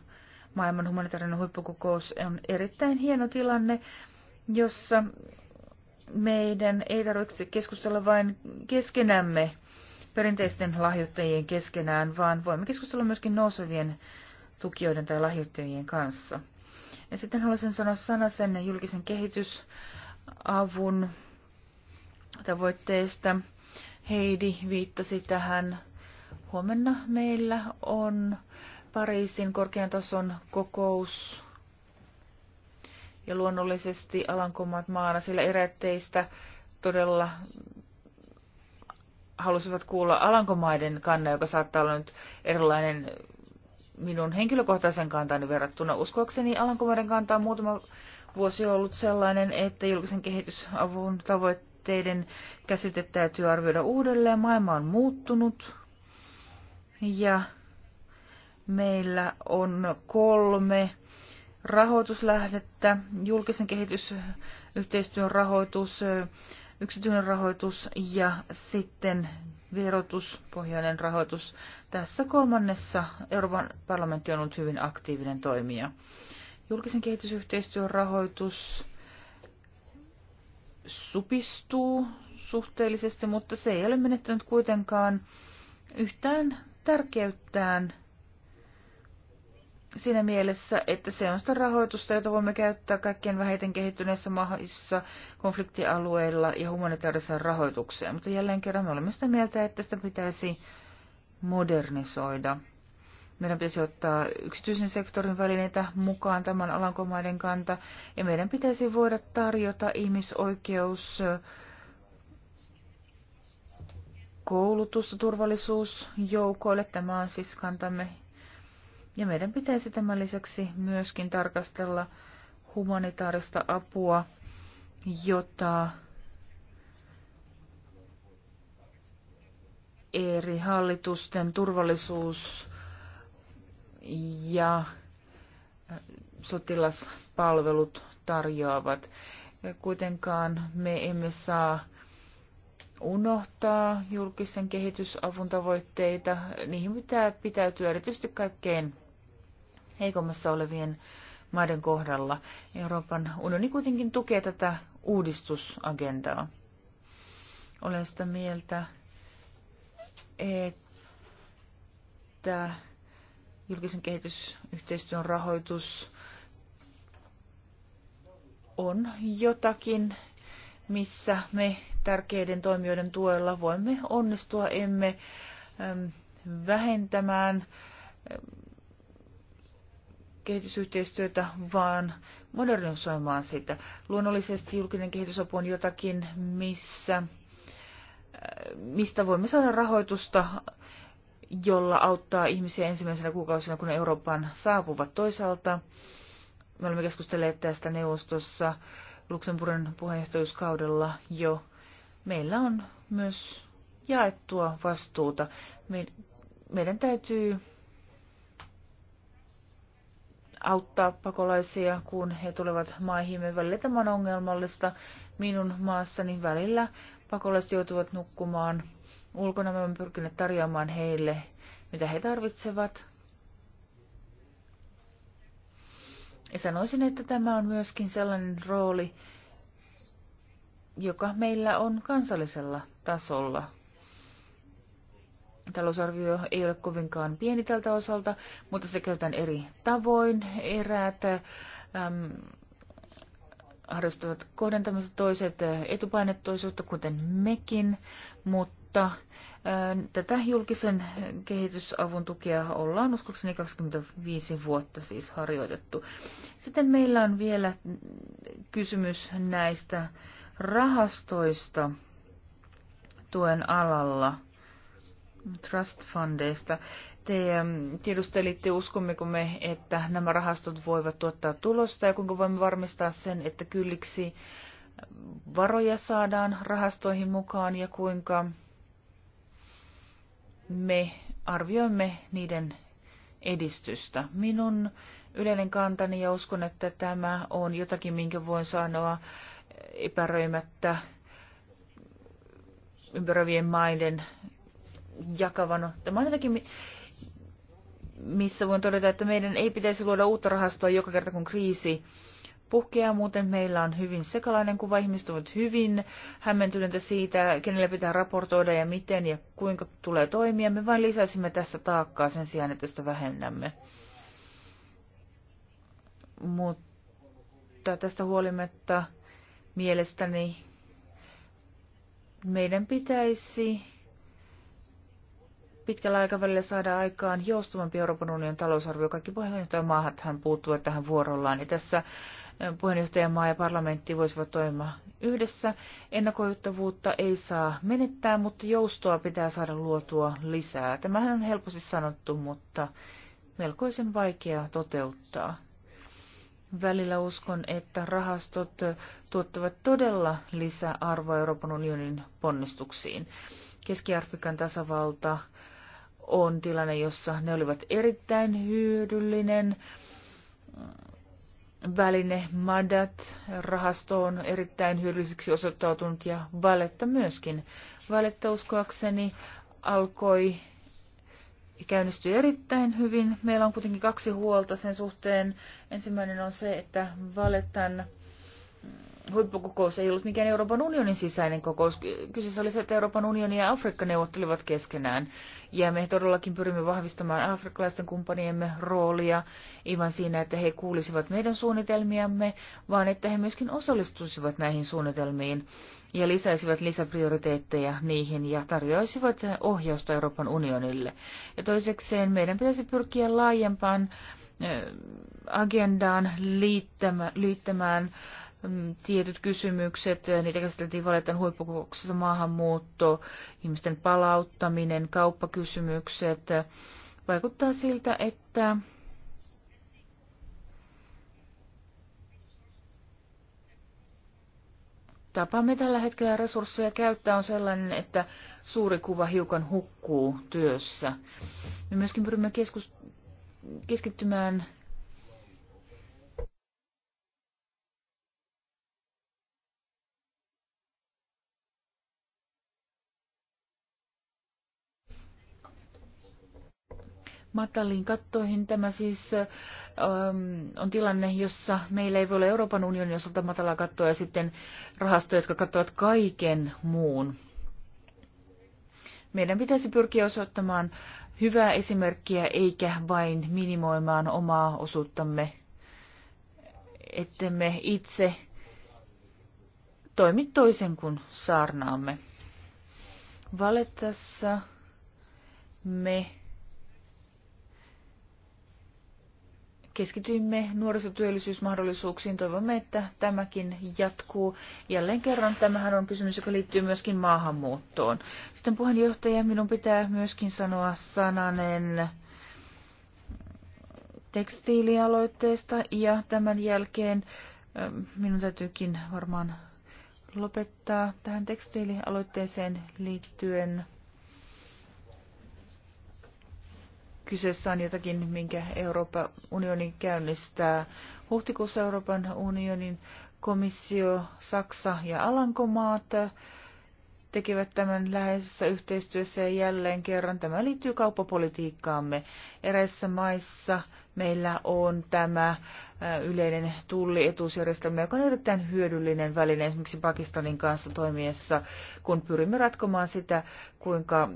maailman humanitaarinen huippukokous on erittäin hieno tilanne, jossa meidän ei tarvitse keskustella vain keskenämme, perinteisten lahjoittajien keskenään, vaan voimme keskustella myöskin nousevien tukijoiden tai lahjoittajien kanssa. Ja sitten haluaisin sanoa sana sen julkisen kehitys avun tavoitteista. Heidi viittasi tähän. Huomenna meillä on Pariisin korkean tason kokous ja luonnollisesti Alankomaat maana, sillä eräät teistä todella halusivat kuulla Alankomaiden kannan, joka saattaa olla nyt erilainen minun henkilökohtaisen kantani verrattuna. Uskoakseni Alankomaiden kantaa muutama vuosi on ollut sellainen, että julkisen kehitysavun tavoitteiden käsite täytyy arvioida uudelleen. Maailma on muuttunut ja meillä on kolme rahoituslähdettä, julkisen kehitysyhteistyön rahoitus, yksityinen rahoitus ja sitten verotuspohjainen rahoitus. Tässä kolmannessa Euroopan parlamentti on ollut hyvin aktiivinen toimija julkisen kehitysyhteistyön rahoitus supistuu suhteellisesti, mutta se ei ole menettänyt kuitenkaan yhtään tärkeyttään siinä mielessä, että se on sitä rahoitusta, jota voimme käyttää kaikkien vähiten kehittyneissä maissa, konfliktialueilla ja humanitaariseen rahoitukseen. Mutta jälleen kerran me olemme sitä mieltä, että sitä pitäisi modernisoida. Meidän pitäisi ottaa yksityisen sektorin välineitä mukaan tämän alankomaiden kanta, ja meidän pitäisi voida tarjota ihmisoikeus koulutusta joukoille. Tämä on siis kantamme. Ja meidän pitäisi tämän lisäksi myöskin tarkastella humanitaarista apua, jota eri hallitusten turvallisuus ja äh, sotilaspalvelut tarjoavat. Kuitenkaan me emme saa unohtaa julkisen kehitysavun tavoitteita. Niihin pitää pitäytyä erityisesti kaikkein heikommassa olevien maiden kohdalla. Euroopan unioni kuitenkin tukee tätä uudistusagendaa. Olen sitä mieltä, että julkisen kehitysyhteistyön rahoitus on jotakin, missä me tärkeiden toimijoiden tuella voimme onnistua, emme vähentämään kehitysyhteistyötä, vaan modernisoimaan sitä. Luonnollisesti julkinen kehitysapu on jotakin, missä, mistä voimme saada rahoitusta jolla auttaa ihmisiä ensimmäisenä kuukausina, kun Euroopan Eurooppaan saapuvat toisaalta. Me olemme keskustelleet tästä neuvostossa Luxemburgin puheenjohtajuuskaudella jo. Meillä on myös jaettua vastuuta. Me, meidän täytyy auttaa pakolaisia, kun he tulevat maihimme. Välillä tämä on ongelmallista minun maassani. Välillä pakolaiset joutuvat nukkumaan ulkona. Me olemme pyrkineet tarjoamaan heille, mitä he tarvitsevat. Ja sanoisin, että tämä on myöskin sellainen rooli, joka meillä on kansallisella tasolla. Talousarvio ei ole kovinkaan pieni tältä osalta, mutta se käytetään eri tavoin. Eräät äm, harrastavat kohdentamista toiset etupainettoisuutta, kuten mekin, mutta mutta tätä julkisen kehitysavun tukea ollaan uskokseni 25 vuotta siis harjoitettu. Sitten meillä on vielä kysymys näistä rahastoista tuen alalla, trust fundeista. Te tiedustelitte, uskommeko me, että nämä rahastot voivat tuottaa tulosta ja kuinka voimme varmistaa sen, että kylliksi varoja saadaan rahastoihin mukaan ja kuinka me arvioimme niiden edistystä. Minun yleinen kantani ja uskon, että tämä on jotakin, minkä voin sanoa epäröimättä ympäröivien maiden jakavan. Tämä on jotakin, missä voin todeta, että meidän ei pitäisi luoda uutta rahastoa joka kerta, kun kriisi puhkeaa, muuten meillä on hyvin sekalainen kuva. Ihmiset ovat hyvin hämmentyneitä siitä, kenelle pitää raportoida ja miten ja kuinka tulee toimia. Me vain lisäsimme tässä taakkaa sen sijaan, että sitä vähennämme. Mutta tästä huolimatta mielestäni meidän pitäisi pitkällä aikavälillä saada aikaan joustavampi Euroopan unionin talousarvio. Kaikki hän puuttuvat tähän vuorollaan. Ja tässä puheenjohtajamaa ja parlamentti voisivat toimia yhdessä. Ennakoittavuutta ei saa menettää, mutta joustoa pitää saada luotua lisää. Tämähän on helposti sanottu, mutta melkoisen vaikea toteuttaa. Välillä uskon, että rahastot tuottavat todella lisäarvoa Euroopan unionin ponnistuksiin. Keski-Afrikan tasavalta on tilanne, jossa ne olivat erittäin hyödyllinen väline Madat rahasto on erittäin hyödylliseksi osoittautunut ja Valetta myöskin. Valetta uskoakseni alkoi käynnistyä erittäin hyvin. Meillä on kuitenkin kaksi huolta sen suhteen. Ensimmäinen on se, että Valettan huippukokous ei ollut mikään Euroopan unionin sisäinen kokous. Kyseessä oli se, että Euroopan unioni ja Afrikka neuvottelivat keskenään. Ja me todellakin pyrimme vahvistamaan afrikkalaisten kumppaniemme roolia, ihan siinä, että he kuulisivat meidän suunnitelmiamme, vaan että he myöskin osallistuisivat näihin suunnitelmiin ja lisäisivät lisäprioriteetteja niihin ja tarjoaisivat ohjausta Euroopan unionille. Ja toisekseen meidän pitäisi pyrkiä laajempaan agendaan liittämään Mm, tietyt kysymykset, niitä käsiteltiin valitan huippukokouksessa maahanmuutto, ihmisten palauttaminen, kauppakysymykset. Vaikuttaa siltä, että tapamme tällä hetkellä resursseja käyttää on sellainen, että suuri kuva hiukan hukkuu työssä. Me myöskin pyrimme keskus- keskittymään mataliin kattoihin. Tämä siis äm, on tilanne, jossa meillä ei voi olla Euroopan unionin osalta matalaa kattoa ja sitten rahastoja, jotka kattavat kaiken muun. Meidän pitäisi pyrkiä osoittamaan hyvää esimerkkiä eikä vain minimoimaan omaa osuuttamme, ettemme itse toimi toisen kuin saarnaamme. Valettassa me keskityimme nuorisotyöllisyysmahdollisuuksiin. Toivomme, että tämäkin jatkuu. Jälleen kerran tämähän on kysymys, joka liittyy myöskin maahanmuuttoon. Sitten puheenjohtaja, minun pitää myöskin sanoa sananen tekstiilialoitteesta ja tämän jälkeen ähm, minun täytyykin varmaan lopettaa tähän tekstiilialoitteeseen liittyen. kyseessä on jotakin, minkä Euroopan unioni käynnistää. Huhtikuussa Euroopan unionin komissio, Saksa ja Alankomaat tekevät tämän läheisessä yhteistyössä ja jälleen kerran tämä liittyy kauppapolitiikkaamme. Eräissä maissa meillä on tämä yleinen tullietuusjärjestelmä, joka on erittäin hyödyllinen väline esimerkiksi Pakistanin kanssa toimiessa, kun pyrimme ratkomaan sitä, kuinka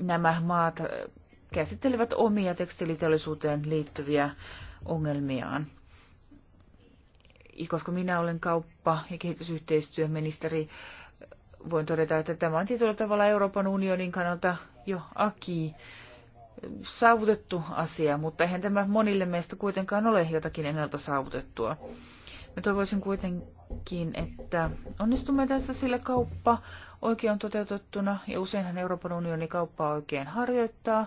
nämä maat käsittelevät omia tekstiliteollisuuteen liittyviä ongelmiaan. Koska minä olen kauppa- ja kehitysyhteistyöministeri, voin todeta, että tämä on tietyllä tavalla Euroopan unionin kannalta jo aki saavutettu asia, mutta eihän tämä monille meistä kuitenkaan ole jotakin ennalta saavutettua. Me toivoisin kuitenkin, että onnistumme tässä sillä kauppa oikein toteutettuna, ja useinhan Euroopan unioni kauppaa oikein harjoittaa,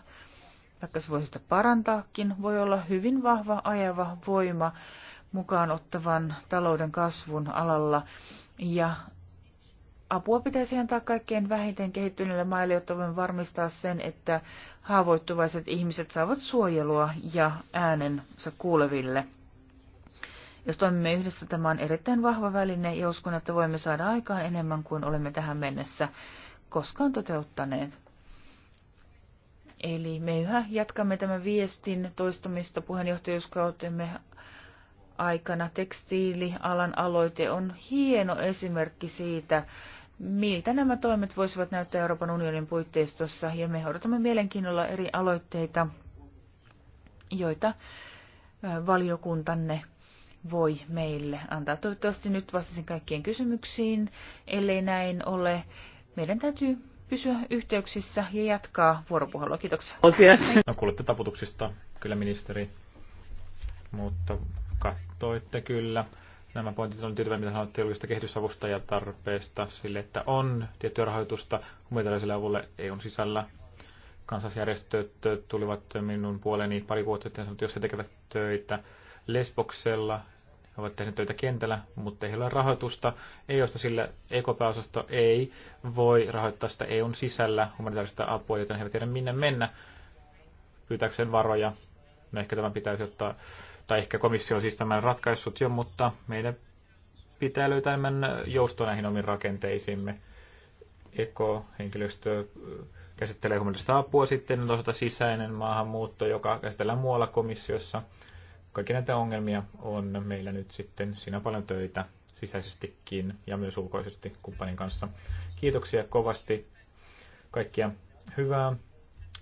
vaikka se voi sitä parantaakin, voi olla hyvin vahva ajava voima mukaan ottavan talouden kasvun alalla. Ja apua pitäisi antaa kaikkein vähiten kehittyneille maille, jotta voimme varmistaa sen, että haavoittuvaiset ihmiset saavat suojelua ja äänensä kuuleville. Jos toimimme yhdessä, tämä on erittäin vahva väline ja uskon, että voimme saada aikaan enemmän kuin olemme tähän mennessä koskaan toteuttaneet. Eli me yhä jatkamme tämän viestin toistamista puheenjohtajuuskautemme aikana. Tekstiilialan aloite on hieno esimerkki siitä, miltä nämä toimet voisivat näyttää Euroopan unionin puitteistossa, ja me odotamme mielenkiinnolla eri aloitteita, joita valiokuntanne voi meille antaa. Toivottavasti nyt vastasin kaikkien kysymyksiin. Ellei näin ole, meidän täytyy pysyä yhteyksissä ja jatkaa vuoropuhelua. Kiitoksia. No kuulette taputuksista, kyllä ministeri, mutta katsoitte kyllä. Nämä pointit on tyytyväinen, mitä sanoitte julkisesta kehitysavusta ja tarpeesta sille, että on tiettyä rahoitusta humanitaariselle avulle EUn sisällä. Kansalaisjärjestöt tulivat minun puoleeni pari vuotta sitten että jos he tekevät töitä Lesboksella, he ovat tehneet töitä kentällä, mutta ei ole rahoitusta. Ei josta sillä ekopääosasto ei voi rahoittaa sitä EUn sisällä humanitaarista apua, joten he eivät tiedä minne mennä pyytäkseen varoja. No ehkä tämä pitäisi ottaa, tai ehkä komissio on siis tämän ratkaissut jo, mutta meidän pitää löytää enemmän joustoa näihin omiin rakenteisiimme. Eko-henkilöstö äh, käsittelee humanitaarista apua, sitten on sisäinen maahanmuutto, joka käsitellään muualla komissiossa – kaikki näitä ongelmia on meillä nyt sitten siinä paljon töitä sisäisestikin ja myös ulkoisesti kumppanin kanssa. Kiitoksia kovasti. Kaikkia hyvää.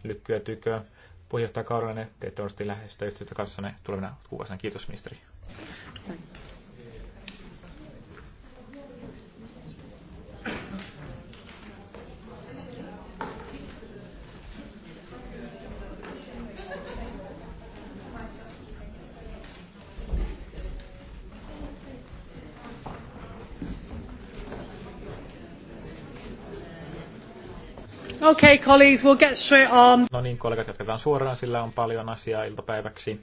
Lykkyä tyköä. Puheenjohtaja Kaurainen, teette varmasti läheistä yhteyttä kanssanne tulevina kuukausina. Kiitos ministeri. Thank Okay, colleagues, we'll get straight on. No niin, kollegat, jatketaan suoraan, sillä on paljon asiaa iltapäiväksi.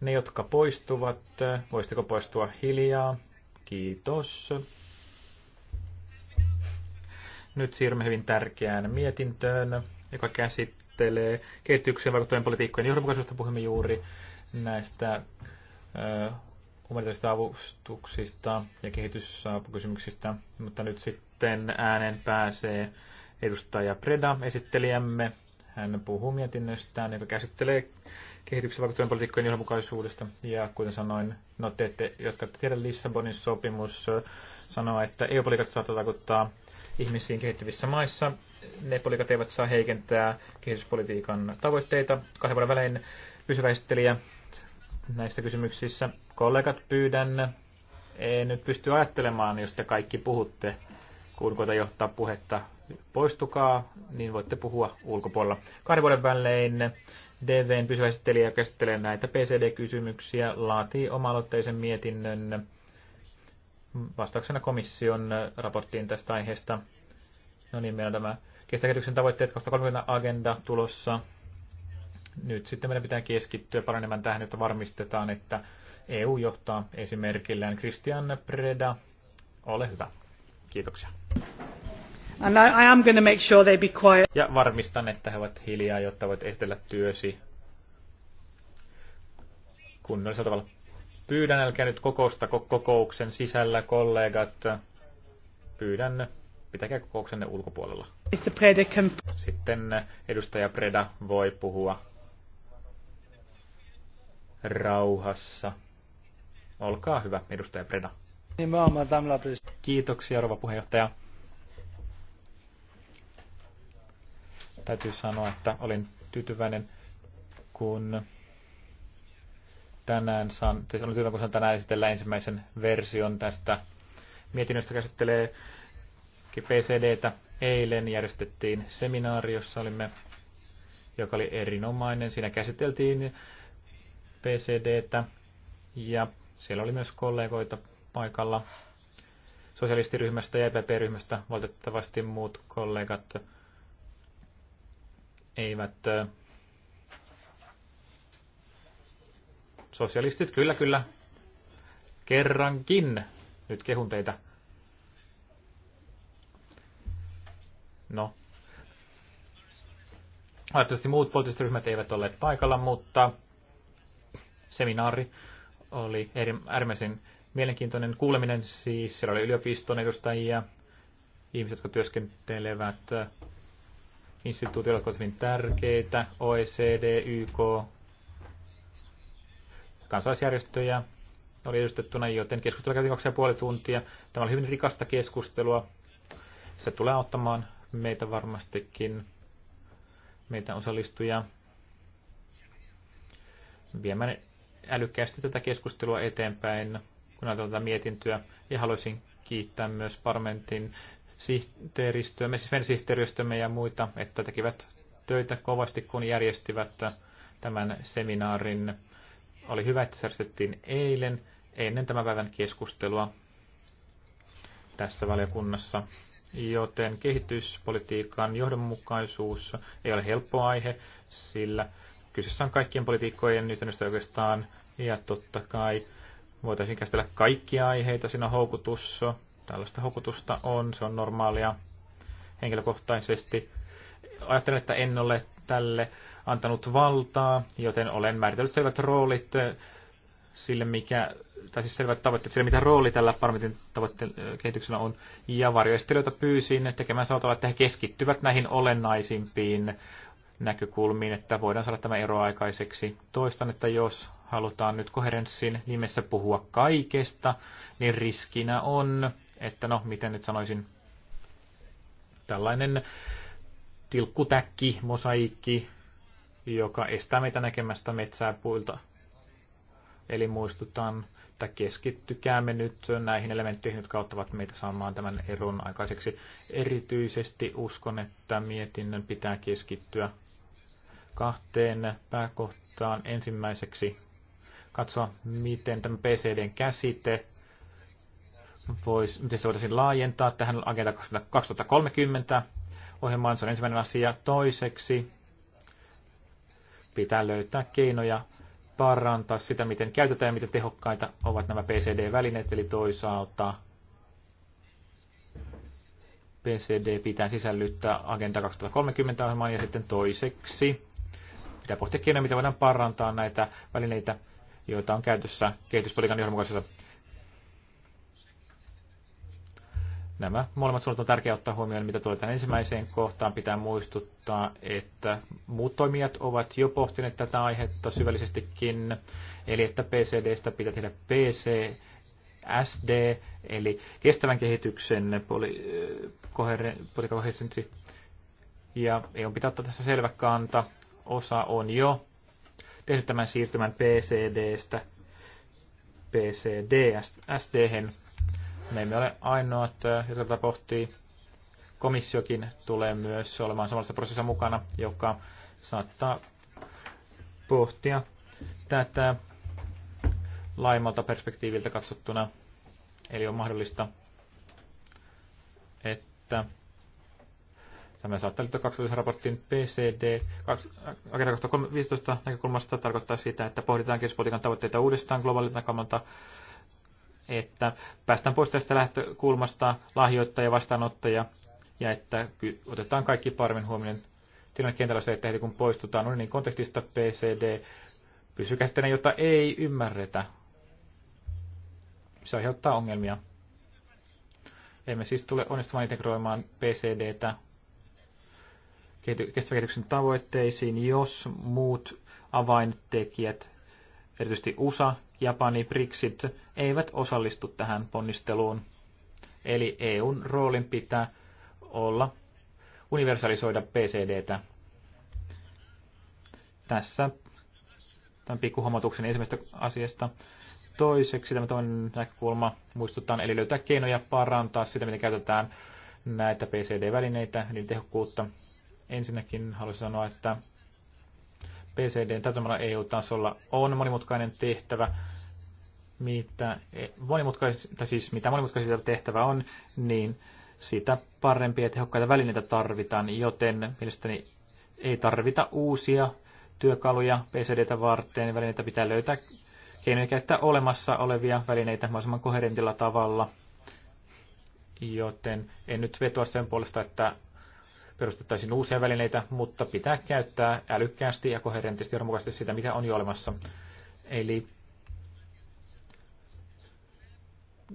Ne, jotka poistuvat, voisitteko poistua hiljaa? Kiitos. Nyt siirrymme hyvin tärkeään mietintöön, joka käsittelee kehitykseen vaikuttavien politiikkojen johdonmukaisuutta. Puhumme juuri näistä humanitaarisista avustuksista ja kehitysapukysymyksistä, mutta nyt sitten sitten äänen pääsee edustaja Preda, esittelijämme. Hän puhuu mietinnöstään, joka käsittelee kehityksen vaikuttavien politiikkojen johdonmukaisuudesta. Ja kuten sanoin, no te te jotka ette tiedä, Lissabonin sopimus sanoo, että EU-politiikat saattavat vaikuttaa ihmisiin kehittyvissä maissa. Ne politiikat eivät saa heikentää kehityspolitiikan tavoitteita. Kahden vuoden välein pysyvä esittelijä näistä kysymyksissä. Kollegat pyydän, ei nyt pysty ajattelemaan, jos te kaikki puhutte kun koita johtaa puhetta, poistukaa, niin voitte puhua ulkopuolella. Kahden vuoden välein DVn pysyvä esittelijä käsittelee näitä PCD-kysymyksiä, laatii oma-aloitteisen mietinnön vastauksena komission raporttiin tästä aiheesta. No niin, meillä on tämä kestäkehityksen tavoitteet 2030 agenda tulossa. Nyt sitten meidän pitää keskittyä paranemään tähän, että varmistetaan, että EU johtaa esimerkillään. Christian Preda, ole hyvä. Kiitoksia. And I, I am going to make sure they be quiet. Ja varmistan, että he ovat hiljaa, jotta voit estellä työsi kunnollisella tavalla. Pyydän, älkää nyt kokousta kokouksen sisällä, kollegat. Pyydän, pitäkää kokouksenne ulkopuolella. Sitten edustaja Preda voi puhua rauhassa. Olkaa hyvä, edustaja Preda. Kiitoksia, rouva puheenjohtaja. Täytyy sanoa, että olin tyytyväinen, kun tänään saan, siis olin tyytyväinen, kun saan tänään esitellä ensimmäisen version tästä mietinnöstä käsittelee PCDtä. Eilen järjestettiin seminaari, jossa olimme, joka oli erinomainen. Siinä käsiteltiin PCDtä ja siellä oli myös kollegoita paikalla sosialistiryhmästä ja EPP-ryhmästä. Valitettavasti muut kollegat eivät. Sosialistit, kyllä, kyllä. Kerrankin. Nyt kehun teitä. No. Valitettavasti muut poliittiset ryhmät eivät olleet paikalla, mutta seminaari oli äärimmäisen Mielenkiintoinen kuuleminen siis. Siellä oli yliopiston edustajia, ihmiset, jotka työskentelevät äh, instituutioilla, jotka ovat hyvin tärkeitä, OECD, YK, kansalaisjärjestöjä oli edustettuna, joten keskustelu käytiin kaksi ja puoli tuntia. Tämä oli hyvin rikasta keskustelua. Se tulee auttamaan meitä varmastikin, meitä osallistujia, viemään älykkäästi tätä keskustelua eteenpäin kun ajatellaan tätä mietintöä. Ja haluaisin kiittää myös parlamentin sihteeristöämme, siis sihteeristömme ja muita, että tekivät töitä kovasti, kun järjestivät tämän seminaarin. Oli hyvä, että se järjestettiin eilen ennen tämän päivän keskustelua tässä valiokunnassa, joten kehityspolitiikan johdonmukaisuus ei ole helppo aihe, sillä kyseessä on kaikkien politiikkojen yhteydessä oikeastaan, ja totta kai Voitaisiin käsitellä kaikkia aiheita siinä houkutussa. Tällaista houkutusta on, se on normaalia henkilökohtaisesti. Ajattelen, että en ole tälle antanut valtaa, joten olen määritellyt selvät roolit eh, sille, mikä, tai siis selvät tavoitteet sille, mitä rooli tällä parlamentin tavoitteen eh, kehityksellä on. Ja varjoistelijoita pyysin tekemään sillä että he keskittyvät näihin olennaisimpiin näkökulmiin, että voidaan saada tämä ero aikaiseksi. Toistan, että jos halutaan nyt koherenssin nimessä puhua kaikesta, niin riskinä on, että no, miten nyt sanoisin, tällainen tilkkutäkki, mosaikki, joka estää meitä näkemästä metsää puilta. Eli muistutan, että keskittykäämme nyt näihin elementteihin, jotka auttavat meitä saamaan tämän eron aikaiseksi. Erityisesti uskon, että mietinnön pitää keskittyä kahteen pääkohtaan. Ensimmäiseksi katsoa, miten tämä PCDn käsite voisi, miten se voitaisiin laajentaa tähän Agenda 2030 ohjelmaan. Se on ensimmäinen asia. Toiseksi pitää löytää keinoja parantaa sitä, miten käytetään ja miten tehokkaita ovat nämä PCD-välineet, eli toisaalta PCD pitää sisällyttää Agenda 2030 ohjelmaan ja sitten toiseksi pitää pohtia keinoja, miten voidaan parantaa näitä välineitä joita on käytössä kehityspolitiikan johdonmukaisessa. Nämä molemmat suunnat on tärkeää ottaa huomioon, mitä tulee tähän ensimmäiseen kohtaan. Pitää muistuttaa, että muut toimijat ovat jo pohtineet tätä aihetta syvällisestikin, eli että PCDstä pitää tehdä PCSD, eli kestävän kehityksen poli, koherenssi. Ja EU pitää ottaa tässä selvä kanta. Osa on jo tehnyt tämän siirtymän PCDstä PCD SDhen. Me emme ole ainoat, äh, jotka tätä pohtii. Komissiokin tulee myös olemaan samassa prosessissa mukana, joka saattaa pohtia tätä laimalta perspektiiviltä katsottuna. Eli on mahdollista, että Tämä saattaa liittyä kaksoisraporttiin PCD. Agenda 2015 näkökulmasta tarkoittaa sitä, että pohditaan kehityspolitiikan tavoitteita uudestaan globaalilta kannalta, että päästään pois tästä lähtökulmasta lahjoittaja, vastaanottaja, ja että otetaan kaikki paremmin huomioon tilanne kentällä se, että heti kun poistutaan unionin kontekstista PCD, pysyy käsitteenä, jota ei ymmärretä. Se aiheuttaa ongelmia. Emme siis tule onnistumaan integroimaan PCDtä kestävän kehityksen tavoitteisiin, jos muut avaintekijät, erityisesti USA, Japani, Brexit, eivät osallistu tähän ponnisteluun. Eli EUn roolin pitää olla universalisoida PCDtä. Tässä tämän pikkuhomotuksen ensimmäisestä asiasta. Toiseksi tämä toinen näkökulma muistuttaa eli löytää keinoja parantaa sitä, miten käytetään näitä PCD-välineitä, niin tehokkuutta Ensinnäkin haluaisin sanoa, että PCDn täytämällä EU-tasolla on monimutkainen tehtävä, mitä, e, monimutkaista, siis mitä monimutkaisista tehtävä on, niin sitä parempia ja tehokkaita välineitä tarvitaan, joten mielestäni ei tarvita uusia työkaluja PCDtä varten. Välineitä pitää löytää keinoja käyttää olemassa olevia välineitä mahdollisimman koherentilla tavalla, joten en nyt vetoa sen puolesta, että perustettaisiin uusia välineitä, mutta pitää käyttää älykkäästi ja koherentisti ja sitä, mitä on jo olemassa. Eli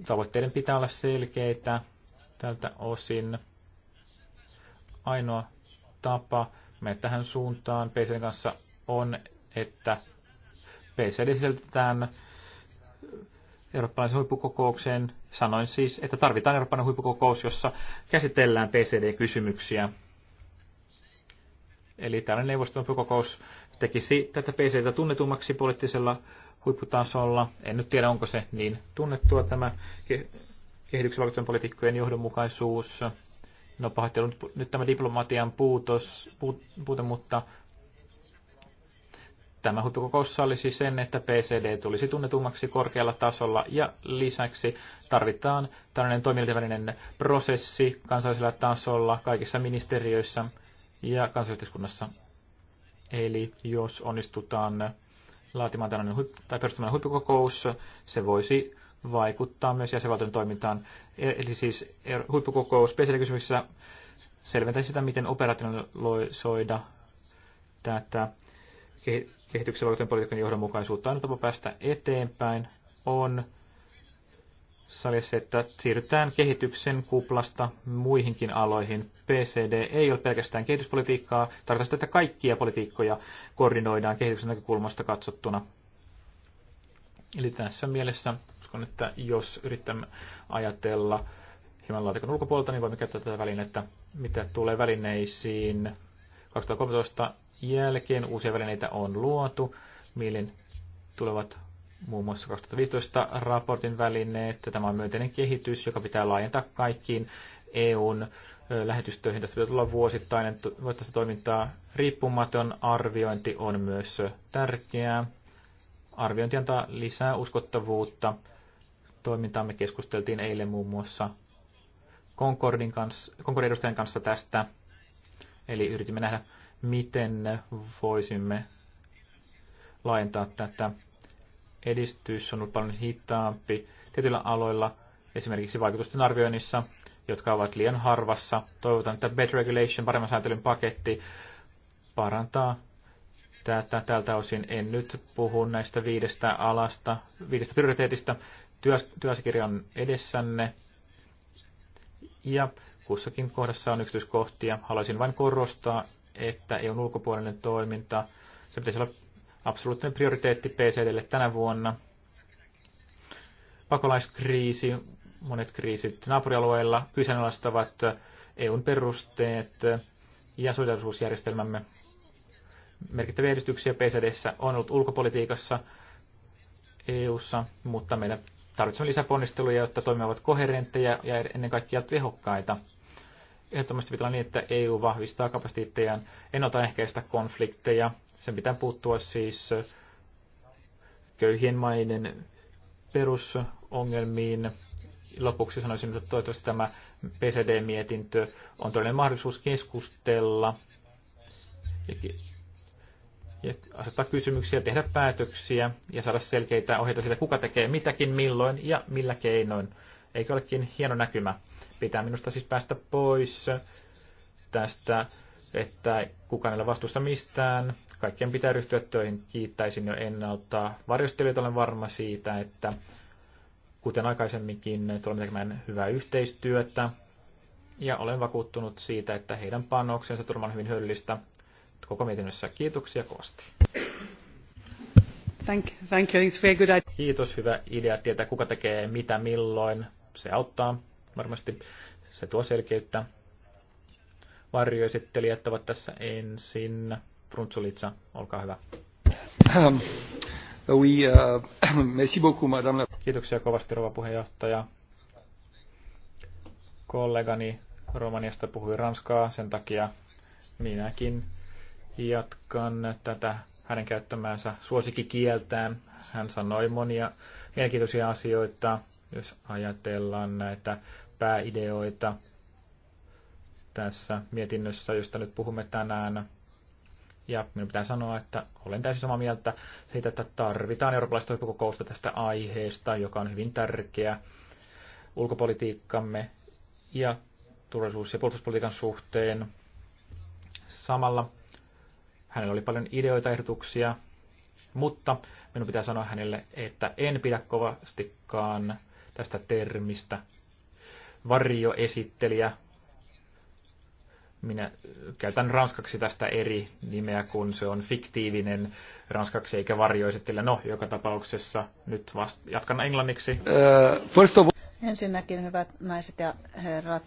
tavoitteiden pitää olla selkeitä tältä osin. Ainoa tapa mennä tähän suuntaan PCDn kanssa on, että PCD sisältetään eurooppalaisen huippukokoukseen. Sanoin siis, että tarvitaan eurooppalainen huippukokous, jossa käsitellään PCD-kysymyksiä. Eli tällainen neuvoston kokous tekisi tätä PCtä tunnetummaksi poliittisella huipputasolla. En nyt tiedä, onko se niin tunnettua tämä kehityksen politiikkojen johdonmukaisuus. No pahoittelut nyt, nyt tämä diplomatian puutos, puute, mutta tämä huippukokous sallisi sen, että PCD tulisi tunnetummaksi korkealla tasolla ja lisäksi tarvitaan tällainen toimintavälinen prosessi kansallisella tasolla kaikissa ministeriöissä ja kansayhteiskunnassa. Eli jos onnistutaan laatimaan tällainen huip- tai perustamaan huippukokous, se vaikuttaa myös jäsenvaltion toimintaan. E, eli siis er, huippukokous PCL-kysymyksessä selventäisi sitä, miten operationalisoida tätä kehityksen vaikutuksen politiikan johdonmukaisuutta. Ainoa tapa päästä eteenpäin on salissa, että siirrytään kehityksen kuplasta muihinkin aloihin. PCD ei ole pelkästään kehityspolitiikkaa, tarkoittaa että kaikkia politiikkoja koordinoidaan kehityksen näkökulmasta katsottuna. Eli tässä mielessä uskon, että jos yritämme ajatella hieman laatikon ulkopuolelta, niin voimme käyttää tätä välinettä, mitä tulee välineisiin. 2013 jälkeen uusia välineitä on luotu, mielin tulevat muun muassa 2015 raportin että Tämä on myönteinen kehitys, joka pitää laajentaa kaikkiin EUn lähetystöihin. Tässä pitää tulla vuosittainen vuosittaista toimintaa. Riippumaton arviointi on myös tärkeää. Arviointi antaa lisää uskottavuutta. Toimintaa me keskusteltiin eilen muun muassa Concordin, kanssa, Concordin edustajan kanssa tästä. Eli yritimme nähdä, miten voisimme laajentaa tätä edistys on ollut paljon hitaampi tietyillä aloilla, esimerkiksi vaikutusten arvioinnissa, jotka ovat liian harvassa. Toivotan, että Better Regulation, paremman sääntelyn paketti, parantaa tätä, tältä osin. En nyt puhu näistä viidestä alasta, viidestä prioriteetista. Työs, työsikirja on edessänne. Ja kussakin kohdassa on yksityiskohtia. Haluaisin vain korostaa, että EUn ulkopuolinen toiminta, se pitäisi olla absoluuttinen prioriteetti PCDlle tänä vuonna. Pakolaiskriisi, monet kriisit naapurialueilla kyseenalaistavat EUn perusteet ja solidarisuusjärjestelmämme. Merkittäviä edistyksiä PCDssä on ollut ulkopolitiikassa EUssa, mutta meidän tarvitsemme lisäponnisteluja, jotta toimivat koherentteja ja ennen kaikkea tehokkaita. Ehdottomasti pitää olla niin, että EU vahvistaa kapasiteettejaan ennaltaehkäistä konflikteja sen pitää puuttua siis köyhien maiden perusongelmiin. Lopuksi sanoisin, että toivottavasti tämä PCD-mietintö on todellinen mahdollisuus keskustella ja asettaa kysymyksiä, tehdä päätöksiä ja saada selkeitä ohjeita siitä, kuka tekee mitäkin, milloin ja millä keinoin. Eikö olekin hieno näkymä? Pitää minusta siis päästä pois tästä että kukaan ei ole vastuussa mistään. Kaikkien pitää ryhtyä töihin. Kiittäisin jo ennalta. Varjostelijat olen varma siitä, että kuten aikaisemminkin, tulemme tekemään hyvää yhteistyötä. Ja olen vakuuttunut siitä, että heidän panoksensa turman hyvin höllistä. koko mietinnössä. Kiitoksia kovasti. Thank, thank you. It's very good idea. Kiitos, hyvä idea tietää, kuka tekee mitä milloin. Se auttaa varmasti. Se tuo selkeyttä varjoesittelijät ovat tässä ensin. Brunzulitsa, olkaa hyvä. Um, oui, uh, merci beaucoup, madame. Kiitoksia kovasti, rouva puheenjohtaja. Kollegani Romaniasta puhui ranskaa, sen takia minäkin jatkan tätä hänen käyttämäänsä suosikikieltään. Hän sanoi monia mielenkiintoisia asioita, jos ajatellaan näitä pääideoita, tässä mietinnössä, josta nyt puhumme tänään. Ja minun pitää sanoa, että olen täysin samaa mieltä siitä, että tarvitaan eurooppalaista huippukokousta tästä aiheesta, joka on hyvin tärkeä ulkopolitiikkamme ja turvallisuus- ja puolustuspolitiikan suhteen. Samalla hänellä oli paljon ideoita, ja ehdotuksia, mutta minun pitää sanoa hänelle, että en pidä kovastikaan tästä termistä varjoesittelijä, minä käytän ranskaksi tästä eri nimeä, kun se on fiktiivinen ranskaksi eikä varjoesittelijä. No, joka tapauksessa nyt vast... jatkan englanniksi. Uh, first of... Ensinnäkin, hyvät naiset ja herrat,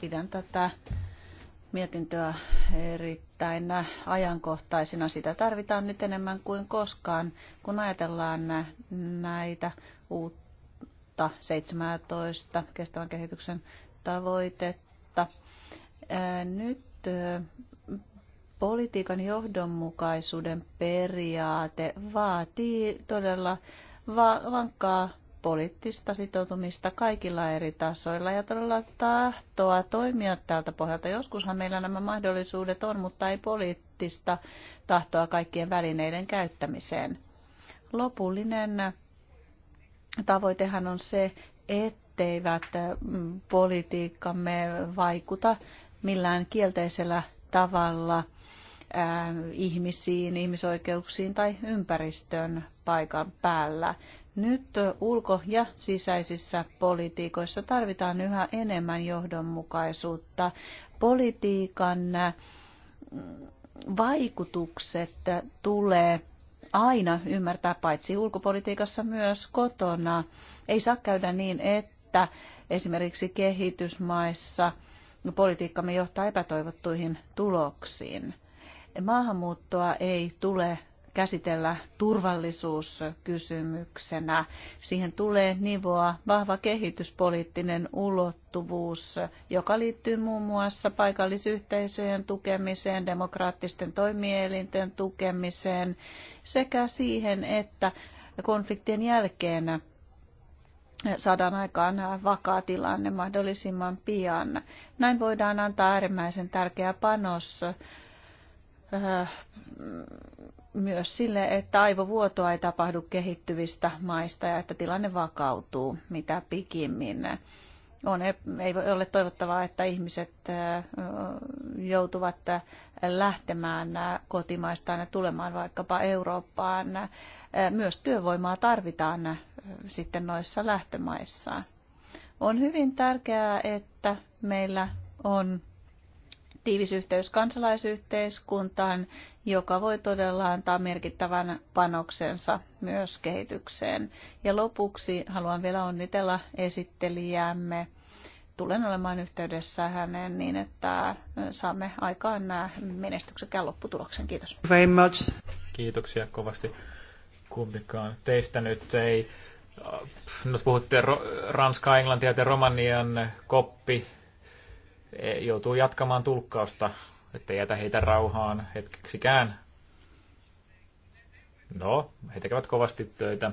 pidän tätä mietintöä erittäin ajankohtaisena. Sitä tarvitaan nyt enemmän kuin koskaan, kun ajatellaan näitä uutta 17 kestävän kehityksen tavoitetta nyt politiikan johdonmukaisuuden periaate vaatii todella va- vankkaa poliittista sitoutumista kaikilla eri tasoilla ja todella tahtoa toimia tältä pohjalta. Joskushan meillä nämä mahdollisuudet on, mutta ei poliittista tahtoa kaikkien välineiden käyttämiseen. Lopullinen tavoitehan on se, etteivät politiikkamme vaikuta millään kielteisellä tavalla äh, ihmisiin, ihmisoikeuksiin tai ympäristön paikan päällä. Nyt ulko- ja sisäisissä politiikoissa tarvitaan yhä enemmän johdonmukaisuutta. Politiikan äh, vaikutukset tulee aina ymmärtää paitsi ulkopolitiikassa myös kotona. Ei saa käydä niin, että esimerkiksi kehitysmaissa – No, politiikkamme johtaa epätoivottuihin tuloksiin. Maahanmuuttoa ei tule käsitellä turvallisuuskysymyksenä. Siihen tulee nivoa vahva kehityspoliittinen ulottuvuus, joka liittyy muun muassa paikallisyhteisöjen tukemiseen, demokraattisten toimielinten tukemiseen sekä siihen, että konfliktien jälkeen saadaan aikaan vakaa tilanne mahdollisimman pian. Näin voidaan antaa äärimmäisen tärkeä panos eh, myös sille, että aivovuotoa ei tapahdu kehittyvistä maista ja että tilanne vakautuu mitä pikimmin on, ei ole toivottavaa, että ihmiset joutuvat lähtemään kotimaistaan ja tulemaan vaikkapa Eurooppaan. Myös työvoimaa tarvitaan sitten noissa lähtömaissa. On hyvin tärkeää, että meillä on tiivis yhteys kansalaisyhteiskuntaan, joka voi todella antaa merkittävän panoksensa myös kehitykseen. Ja lopuksi haluan vielä onnitella esittelijäämme. Tulen olemaan yhteydessä häneen niin, että saamme aikaan nämä menestyksekään lopputuloksen. Kiitos. Very much. Kiitoksia kovasti kumpikaan. Teistä nyt ei... No, puhutte ranska Englantia ja Romanian koppi E, joutuu jatkamaan tulkkausta, ettei jätä heitä rauhaan hetkeksikään. No, he tekevät kovasti töitä,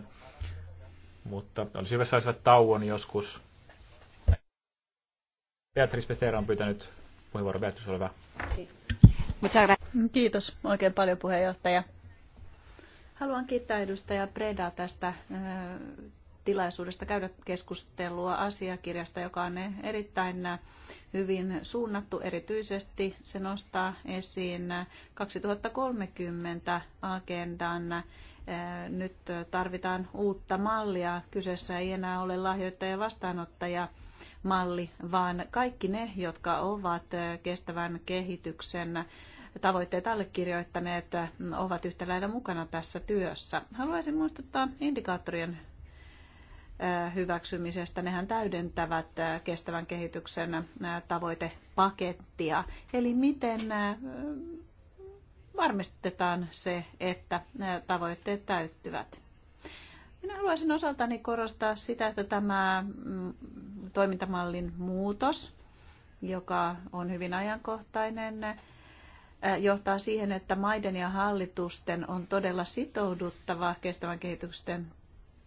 mutta olisi hyvä saisivat tauon joskus. Beatrice Petera on pyytänyt puheenvuoron. Beatrice, ole hyvä. Kiitos oikein paljon puheenjohtaja. Haluan kiittää edustaja Preda tästä tilaisuudesta käydä keskustelua asiakirjasta, joka on erittäin hyvin suunnattu. Erityisesti se nostaa esiin 2030 agendan. Nyt tarvitaan uutta mallia. Kyseessä ei enää ole lahjoittaja vastaanottaja malli, vaan kaikki ne, jotka ovat kestävän kehityksen tavoitteet allekirjoittaneet ovat yhtä lailla mukana tässä työssä. Haluaisin muistuttaa indikaattorien hyväksymisestä. Nehän täydentävät kestävän kehityksen tavoitepakettia. Eli miten varmistetaan se, että tavoitteet täyttyvät? Minä haluaisin osaltani korostaa sitä, että tämä mm, toimintamallin muutos, joka on hyvin ajankohtainen, johtaa siihen, että maiden ja hallitusten on todella sitouduttava kestävän kehityksen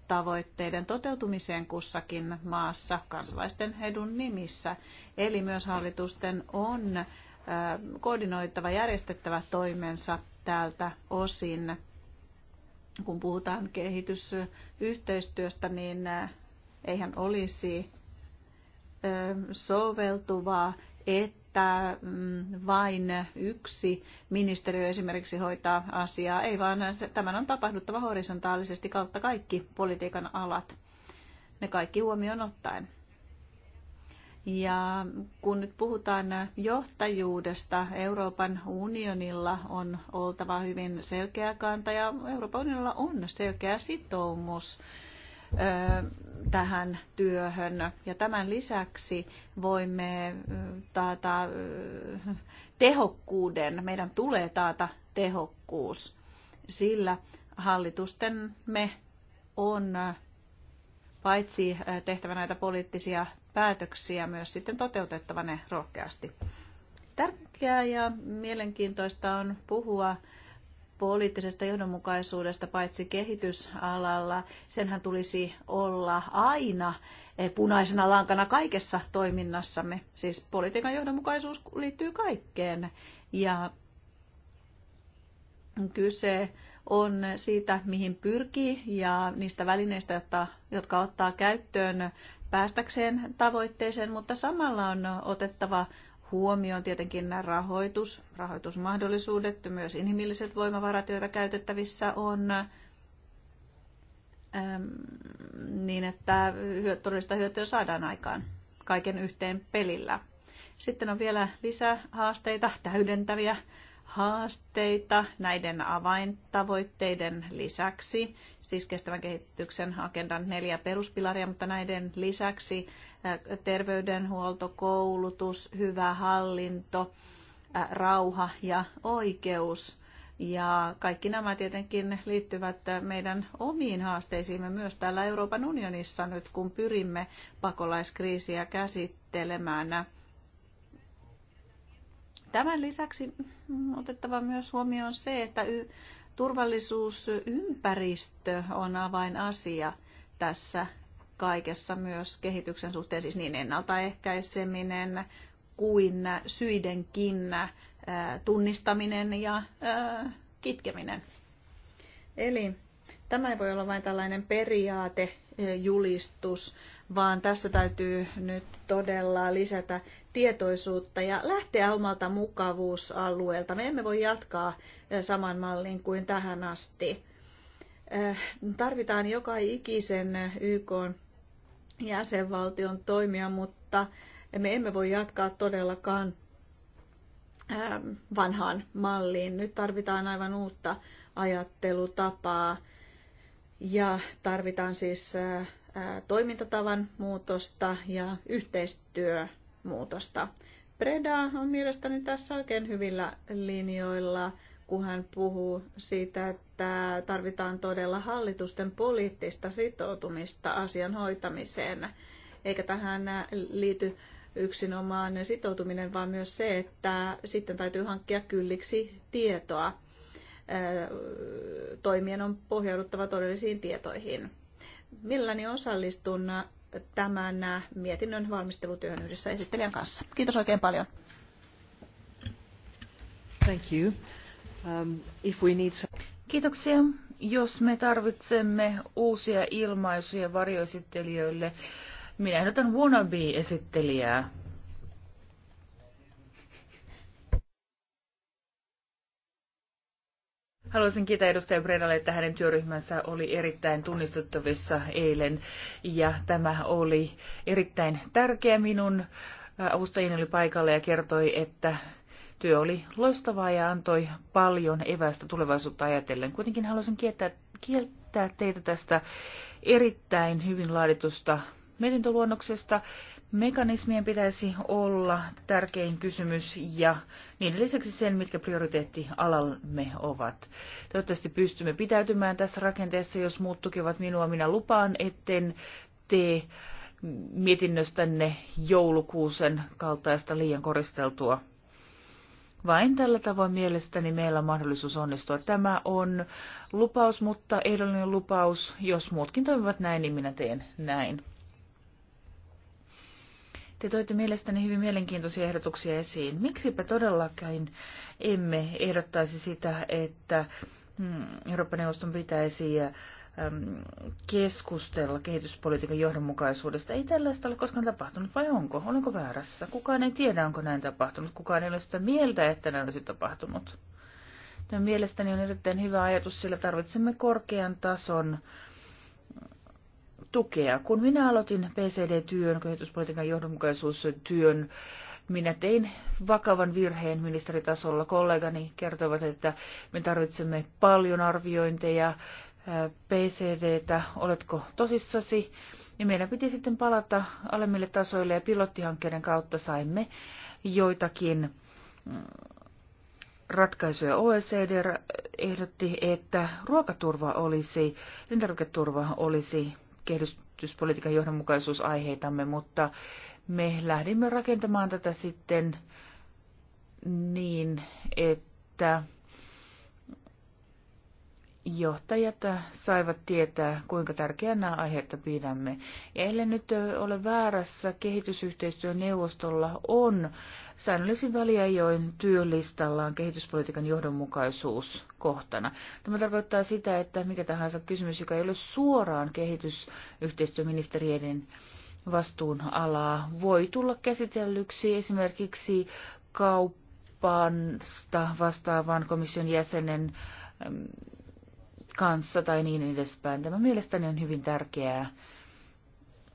tavoitteiden toteutumiseen kussakin maassa kansalaisten edun nimissä. Eli myös hallitusten on koordinoitava, järjestettävä toimensa täältä osin. Kun puhutaan kehitysyhteistyöstä, niin eihän olisi soveltuvaa, että että mm, vain yksi ministeriö esimerkiksi hoitaa asiaa. Ei vaan tämän on tapahduttava horisontaalisesti kautta kaikki politiikan alat, ne kaikki huomioon ottaen. Ja kun nyt puhutaan johtajuudesta, Euroopan unionilla on oltava hyvin selkeä kanta ja Euroopan unionilla on selkeä sitoumus tähän työhön. Ja tämän lisäksi voimme taata tehokkuuden, meidän tulee taata tehokkuus, sillä hallitusten me on paitsi tehtävä näitä poliittisia päätöksiä, myös sitten toteutettava ne rohkeasti. Tärkeää ja mielenkiintoista on puhua poliittisesta johdonmukaisuudesta paitsi kehitysalalla, senhän tulisi olla aina eh, punaisena lankana kaikessa toiminnassamme. Siis politiikan johdonmukaisuus liittyy kaikkeen ja kyse on siitä, mihin pyrkii ja niistä välineistä, jotka, jotka ottaa käyttöön päästäkseen tavoitteeseen, mutta samalla on otettava huomioon tietenkin nämä rahoitus, rahoitusmahdollisuudet, myös inhimilliset voimavarat, joita käytettävissä on, niin että todellista hyötyä saadaan aikaan kaiken yhteen pelillä. Sitten on vielä lisähaasteita, täydentäviä haasteita näiden avaintavoitteiden lisäksi siis kestävän kehityksen agendan neljä peruspilaria, mutta näiden lisäksi terveydenhuolto, koulutus, hyvä hallinto, rauha ja oikeus. Ja kaikki nämä tietenkin liittyvät meidän omiin haasteisiimme myös täällä Euroopan unionissa nyt, kun pyrimme pakolaiskriisiä käsittelemään. Tämän lisäksi otettava myös huomioon se, että turvallisuusympäristö on avainasia tässä kaikessa myös kehityksen suhteen, siis niin ennaltaehkäiseminen kuin syidenkin äh, tunnistaminen ja äh, kitkeminen. Eli tämä ei voi olla vain tällainen periaatejulistus, äh, vaan tässä täytyy nyt todella lisätä tietoisuutta ja lähteä omalta mukavuusalueelta. Me emme voi jatkaa eh, saman mallin kuin tähän asti. Eh, tarvitaan joka ikisen YK jäsenvaltion toimia, mutta me emme voi jatkaa todellakaan eh, vanhaan malliin. Nyt tarvitaan aivan uutta ajattelutapaa ja tarvitaan siis toimintatavan muutosta ja yhteistyömuutosta. Preda on mielestäni tässä oikein hyvillä linjoilla, kun hän puhuu siitä, että tarvitaan todella hallitusten poliittista sitoutumista asian hoitamiseen. Eikä tähän liity yksinomaan sitoutuminen, vaan myös se, että sitten täytyy hankkia kylliksi tietoa. Toimien on pohjauduttava todellisiin tietoihin mielelläni osallistun tämän mietinnön valmistelutyön yhdessä esittelijän kanssa. Kiitos oikein paljon. Thank you. Um, if we need... Kiitoksia. Jos me tarvitsemme uusia ilmaisuja varjoesittelijöille, minä ehdotan wannabe-esittelijää. Haluaisin kiittää edustaja Bredalle, että hänen työryhmänsä oli erittäin tunnistettavissa eilen ja tämä oli erittäin tärkeä minun. Avustajini oli paikalla ja kertoi, että työ oli loistavaa ja antoi paljon evästä tulevaisuutta ajatellen. Kuitenkin haluaisin kiittää, kiittää teitä tästä erittäin hyvin laaditusta mietintöluonnoksesta mekanismien pitäisi olla tärkein kysymys ja niiden lisäksi sen, mitkä prioriteettialamme ovat. Toivottavasti pystymme pitäytymään tässä rakenteessa, jos muut tukevat minua. Minä lupaan, etten tee mietinnöstänne joulukuusen kaltaista liian koristeltua. Vain tällä tavoin mielestäni meillä on mahdollisuus onnistua. Tämä on lupaus, mutta ehdollinen lupaus. Jos muutkin toimivat näin, niin minä teen näin. Te toitte mielestäni hyvin mielenkiintoisia ehdotuksia esiin. Miksipä todellakin emme ehdottaisi sitä, että mm, Euroopan neuvoston pitäisi mm, keskustella kehityspolitiikan johdonmukaisuudesta. Ei tällaista ole koskaan tapahtunut, vai onko? Olenko väärässä? Kukaan ei tiedä, onko näin tapahtunut. Kukaan ei ole sitä mieltä, että näin olisi tapahtunut. Tämä mielestäni on erittäin hyvä ajatus, sillä tarvitsemme korkean tason tukea. Kun minä aloitin PCD-työn, kehityspolitiikan johdonmukaisuustyön, minä tein vakavan virheen ministeritasolla. Kollegani kertovat, että me tarvitsemme paljon arviointeja, PCDtä, oletko tosissasi? Ja meidän piti sitten palata alemmille tasoille ja pilottihankkeiden kautta saimme joitakin mm, ratkaisuja. OECD ehdotti, että ruokaturva olisi, elintarviketurva olisi kehityspolitiikan johdonmukaisuusaiheitamme, mutta me lähdimme rakentamaan tätä sitten niin, että johtajat saivat tietää, kuinka tärkeänä nämä aiheita pidämme. Ja ellei nyt ole väärässä, kehitysyhteistyön neuvostolla on säännöllisin väliajoin työlistallaan kehityspolitiikan johdonmukaisuus kohtana. Tämä tarkoittaa sitä, että mikä tahansa kysymys, joka ei ole suoraan kehitysyhteistyöministeriöiden vastuunalaa, voi tulla käsitellyksi esimerkiksi kauppaan vastaavan komission jäsenen kanssa tai niin edespäin. Tämä mielestäni on hyvin tärkeää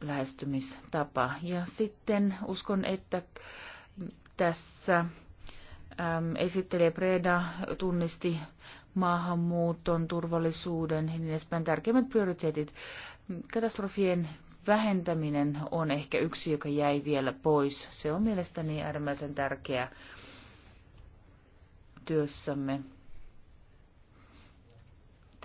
lähestymistapa. Ja sitten uskon, että tässä äm, esittelee Preda tunnisti maahanmuuton, turvallisuuden ja niin edespäin tärkeimmät prioriteetit. Katastrofien vähentäminen on ehkä yksi, joka jäi vielä pois. Se on mielestäni äärimmäisen tärkeä työssämme.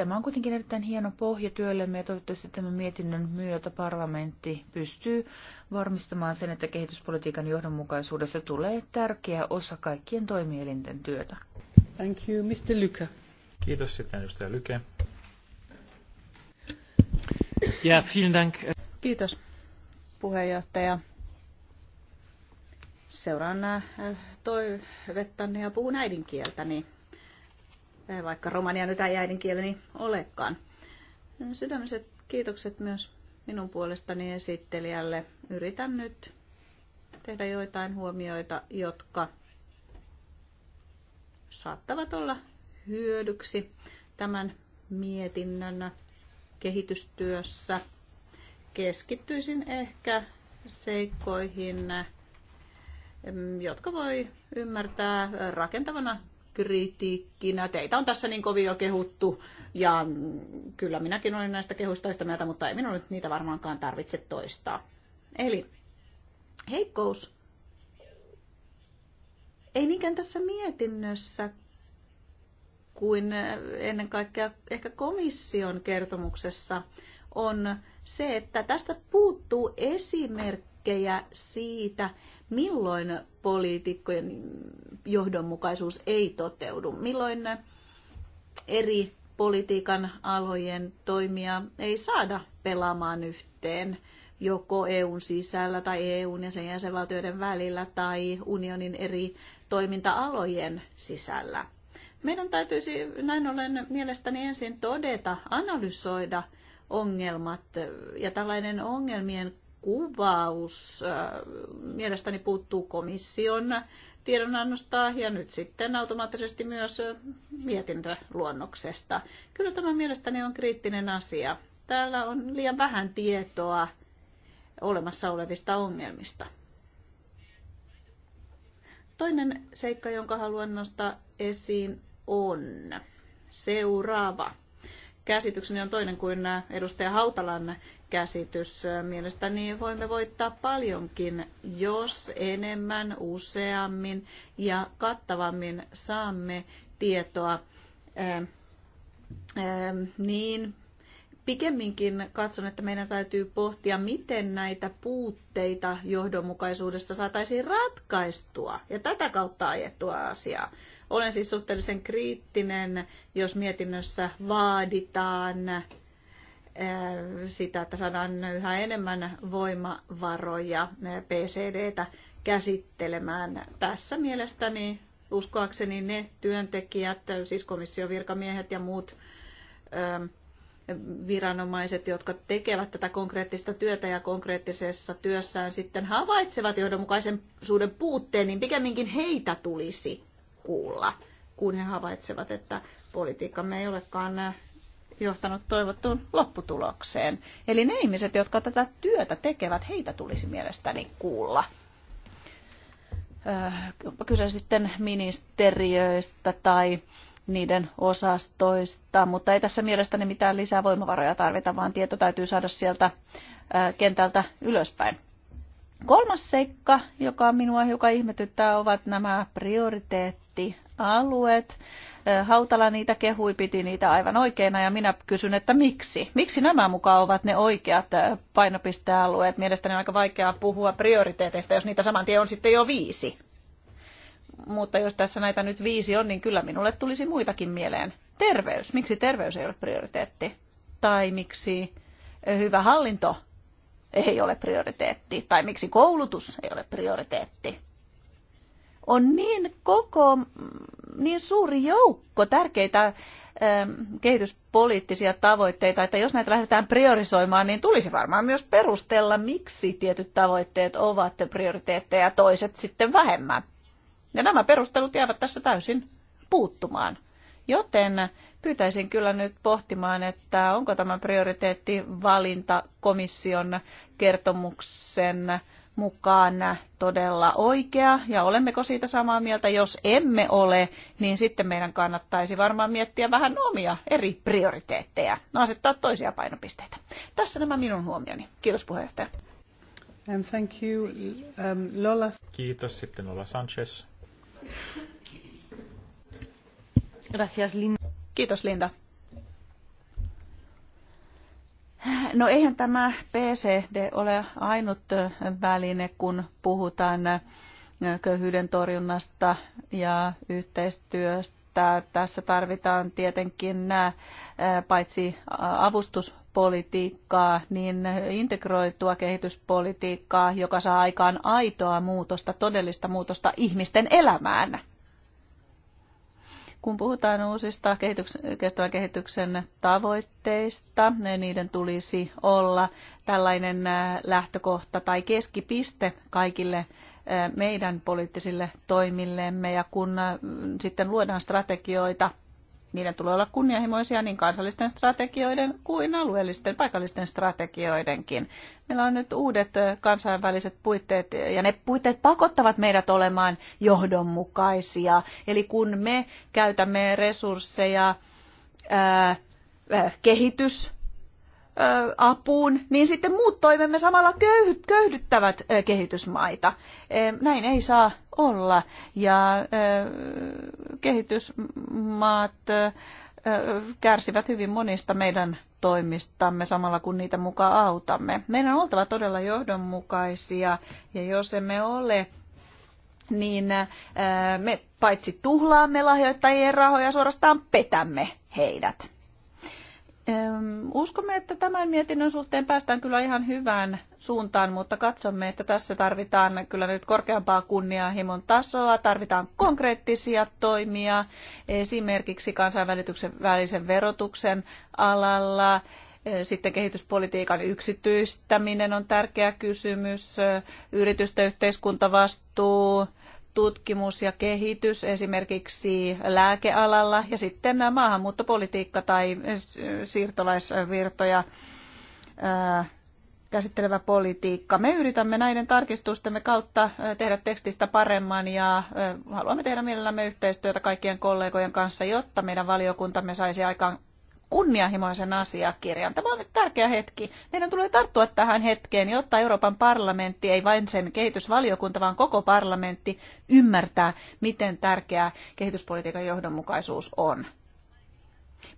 Tämä on kuitenkin erittäin hieno pohja työllemme ja toivottavasti tämän mietinnön myötä parlamentti pystyy varmistamaan sen, että kehityspolitiikan johdonmukaisuudessa tulee tärkeä osa kaikkien toimielinten työtä. Thank you, Mr. lyke? Kiitos sitten edustaja Lyke. Ja, vielen dank. Kiitos puheenjohtaja. Seuraan äh, toivettanne ja puhun äidinkieltäni. Niin Eh, vaikka romania nyt ei äidinkieleni olekaan. Sydämiset kiitokset myös minun puolestani esittelijälle. Yritän nyt tehdä joitain huomioita, jotka saattavat olla hyödyksi tämän mietinnön kehitystyössä. Keskittyisin ehkä seikkoihin, mm, jotka voi ymmärtää rakentavana kritiikkinä. Teitä on tässä niin kovin jo kehuttu ja mm, kyllä minäkin olen näistä kehuista yhtä mieltä, mutta ei minun nyt niitä varmaankaan tarvitse toistaa. Eli heikkous ei niinkään tässä mietinnössä kuin ennen kaikkea ehkä komission kertomuksessa on se, että tästä puuttuu esimerkkejä siitä, milloin poliitikkojen johdonmukaisuus ei toteudu, milloin eri politiikan alojen toimia ei saada pelaamaan yhteen joko EUn sisällä tai EUn ja sen jäsenvaltioiden välillä tai unionin eri toiminta-alojen sisällä. Meidän täytyisi näin ollen mielestäni ensin todeta, analysoida ongelmat ja tällainen ongelmien kuvaus mielestäni puuttuu komission tiedonannosta ja nyt sitten automaattisesti myös mietintöluonnoksesta. Kyllä tämä mielestäni on kriittinen asia. Täällä on liian vähän tietoa olemassa olevista ongelmista. Toinen seikka, jonka haluan nostaa esiin, on seuraava käsitykseni on toinen kuin äh, edustaja Hautalan käsitys. Äh, mielestäni voimme voittaa paljonkin, jos enemmän, useammin ja kattavammin saamme tietoa äh, niin pikemminkin katson, että meidän täytyy pohtia, miten näitä puutteita johdonmukaisuudessa saataisiin ratkaistua ja tätä kautta ajettua asiaa. Olen siis suhteellisen kriittinen, jos mietinnössä vaaditaan eh, sitä, että saadaan yhä enemmän voimavaroja eh, PCDtä käsittelemään. Tässä mielestäni uskoakseni ne työntekijät, siis komissiovirkamiehet ja muut eh, viranomaiset, jotka tekevät tätä konkreettista työtä ja konkreettisessa työssään sitten havaitsevat johdonmukaisen suuden puutteen, niin pikemminkin heitä tulisi kuulla, kun he havaitsevat, että politiikkamme ei olekaan äh, johtanut toivottuun lopputulokseen. Eli ne ihmiset, jotka tätä työtä tekevät, heitä tulisi mielestäni kuulla. Onpa äh, kyse sitten ministeriöistä tai niiden osastoista, mutta ei tässä mielestäni mitään lisää voimavaroja tarvita, vaan tieto täytyy saada sieltä äh, kentältä ylöspäin. Kolmas seikka, joka minua hiukan ihmetyttää, ovat nämä prioriteetit konfliktialueet. Hautala niitä kehui, piti niitä aivan oikeina ja minä kysyn, että miksi? Miksi nämä mukaan ovat ne oikeat painopistealueet? Mielestäni on aika vaikeaa puhua prioriteeteista, jos niitä saman tien on sitten jo viisi. Mutta jos tässä näitä nyt viisi on, niin kyllä minulle tulisi muitakin mieleen. Terveys. Miksi terveys ei ole prioriteetti? Tai miksi hyvä hallinto ei ole prioriteetti? Tai miksi koulutus ei ole prioriteetti? on niin koko, niin suuri joukko tärkeitä ähm, kehityspoliittisia tavoitteita, että jos näitä lähdetään priorisoimaan, niin tulisi varmaan myös perustella, miksi tietyt tavoitteet ovat prioriteetteja ja toiset sitten vähemmän. Ja nämä perustelut jäävät tässä täysin puuttumaan. Joten pyytäisin kyllä nyt pohtimaan, että onko tämä prioriteettivalinta komission kertomuksen mukaan todella oikea ja olemmeko siitä samaa mieltä. Jos emme ole, niin sitten meidän kannattaisi varmaan miettiä vähän omia eri prioriteetteja, no asettaa toisia painopisteitä. Tässä nämä minun huomioni. Kiitos puheenjohtaja. And thank you, um, Lola. Kiitos sitten Lola Sanchez. Gracias, Linda. Kiitos Linda. No eihän tämä PCD ole ainut väline, kun puhutaan köyhyyden torjunnasta ja yhteistyöstä. Tässä tarvitaan tietenkin nämä, paitsi avustuspolitiikkaa, niin integroitua kehityspolitiikkaa, joka saa aikaan aitoa muutosta, todellista muutosta ihmisten elämään. Kun puhutaan uusista kehityksen, kestävän kehityksen tavoitteista, niin niiden tulisi olla tällainen lähtökohta tai keskipiste kaikille meidän poliittisille toimillemme. Ja kun sitten luodaan strategioita niiden tulee olla kunnianhimoisia niin kansallisten strategioiden kuin alueellisten, paikallisten strategioidenkin. Meillä on nyt uudet kansainväliset puitteet ja ne puitteet pakottavat meidät olemaan johdonmukaisia. Eli kun me käytämme resursseja ää, kehitys apuun, niin sitten muut toimemme samalla köyhdyttävät kehitysmaita. E, näin ei saa olla. Ja kehitysmaat kärsivät hyvin monista meidän toimistamme samalla kun niitä mukaan autamme. Meidän on oltava todella johdonmukaisia ja jos emme ole, niin me paitsi tuhlaamme lahjoittajien rahoja, suorastaan petämme heidät. Uskomme, että tämän mietinnön suhteen päästään kyllä ihan hyvään suuntaan, mutta katsomme, että tässä tarvitaan kyllä nyt korkeampaa kunnianhimon tasoa, tarvitaan konkreettisia toimia, esimerkiksi kansainvälityksen välisen verotuksen alalla, sitten kehityspolitiikan yksityistäminen on tärkeä kysymys, yritysten yhteiskuntavastuu, tutkimus ja kehitys esimerkiksi lääkealalla ja sitten maahanmuuttopolitiikka tai siirtolaisvirtoja käsittelevä politiikka. Me yritämme näiden tarkistustemme kautta tehdä tekstistä paremman ja haluamme tehdä mielellämme yhteistyötä kaikkien kollegojen kanssa, jotta meidän valiokuntamme saisi aikaan kunnianhimoisen asiakirjan. Tämä on nyt tärkeä hetki. Meidän tulee tarttua tähän hetkeen, jotta Euroopan parlamentti, ei vain sen kehitysvaliokunta, vaan koko parlamentti ymmärtää, miten tärkeää kehityspolitiikan johdonmukaisuus on.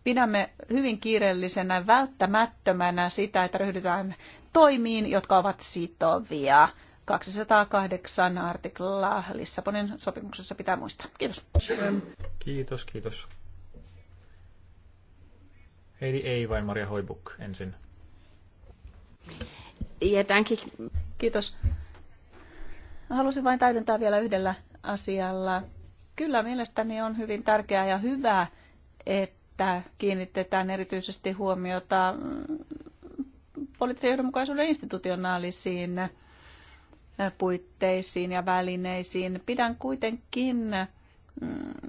Pidämme hyvin kiireellisenä välttämättömänä sitä, että ryhdytään toimiin, jotka ovat sitovia. 208 artiklaa Lissabonin sopimuksessa pitää muistaa. Kiitos. Kiitos, kiitos. Heidi ei vain Maria Hoibuk ensin. Ja tämänkin. Kiitos. Halusin vain täydentää vielä yhdellä asialla. Kyllä mielestäni on hyvin tärkeää ja hyvää, että kiinnitetään erityisesti huomiota poliittisen johdonmukaisuuden institutionaalisiin puitteisiin ja välineisiin. Pidän kuitenkin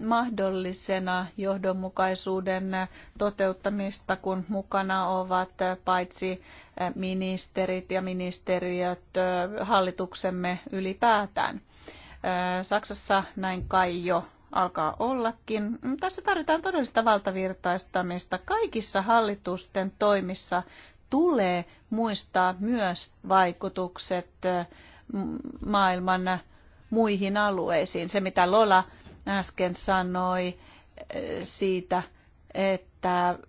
mahdollisena johdonmukaisuuden toteuttamista, kun mukana ovat paitsi eh, ministerit ja ministeriöt, eh, hallituksemme ylipäätään. Eh, Saksassa näin kai jo alkaa ollakin. Tässä tarvitaan todellista valtavirtaistamista. Kaikissa hallitusten toimissa tulee muistaa myös vaikutukset maailman muihin alueisiin. Se, mitä Lola äsken sanoi eh, siitä, että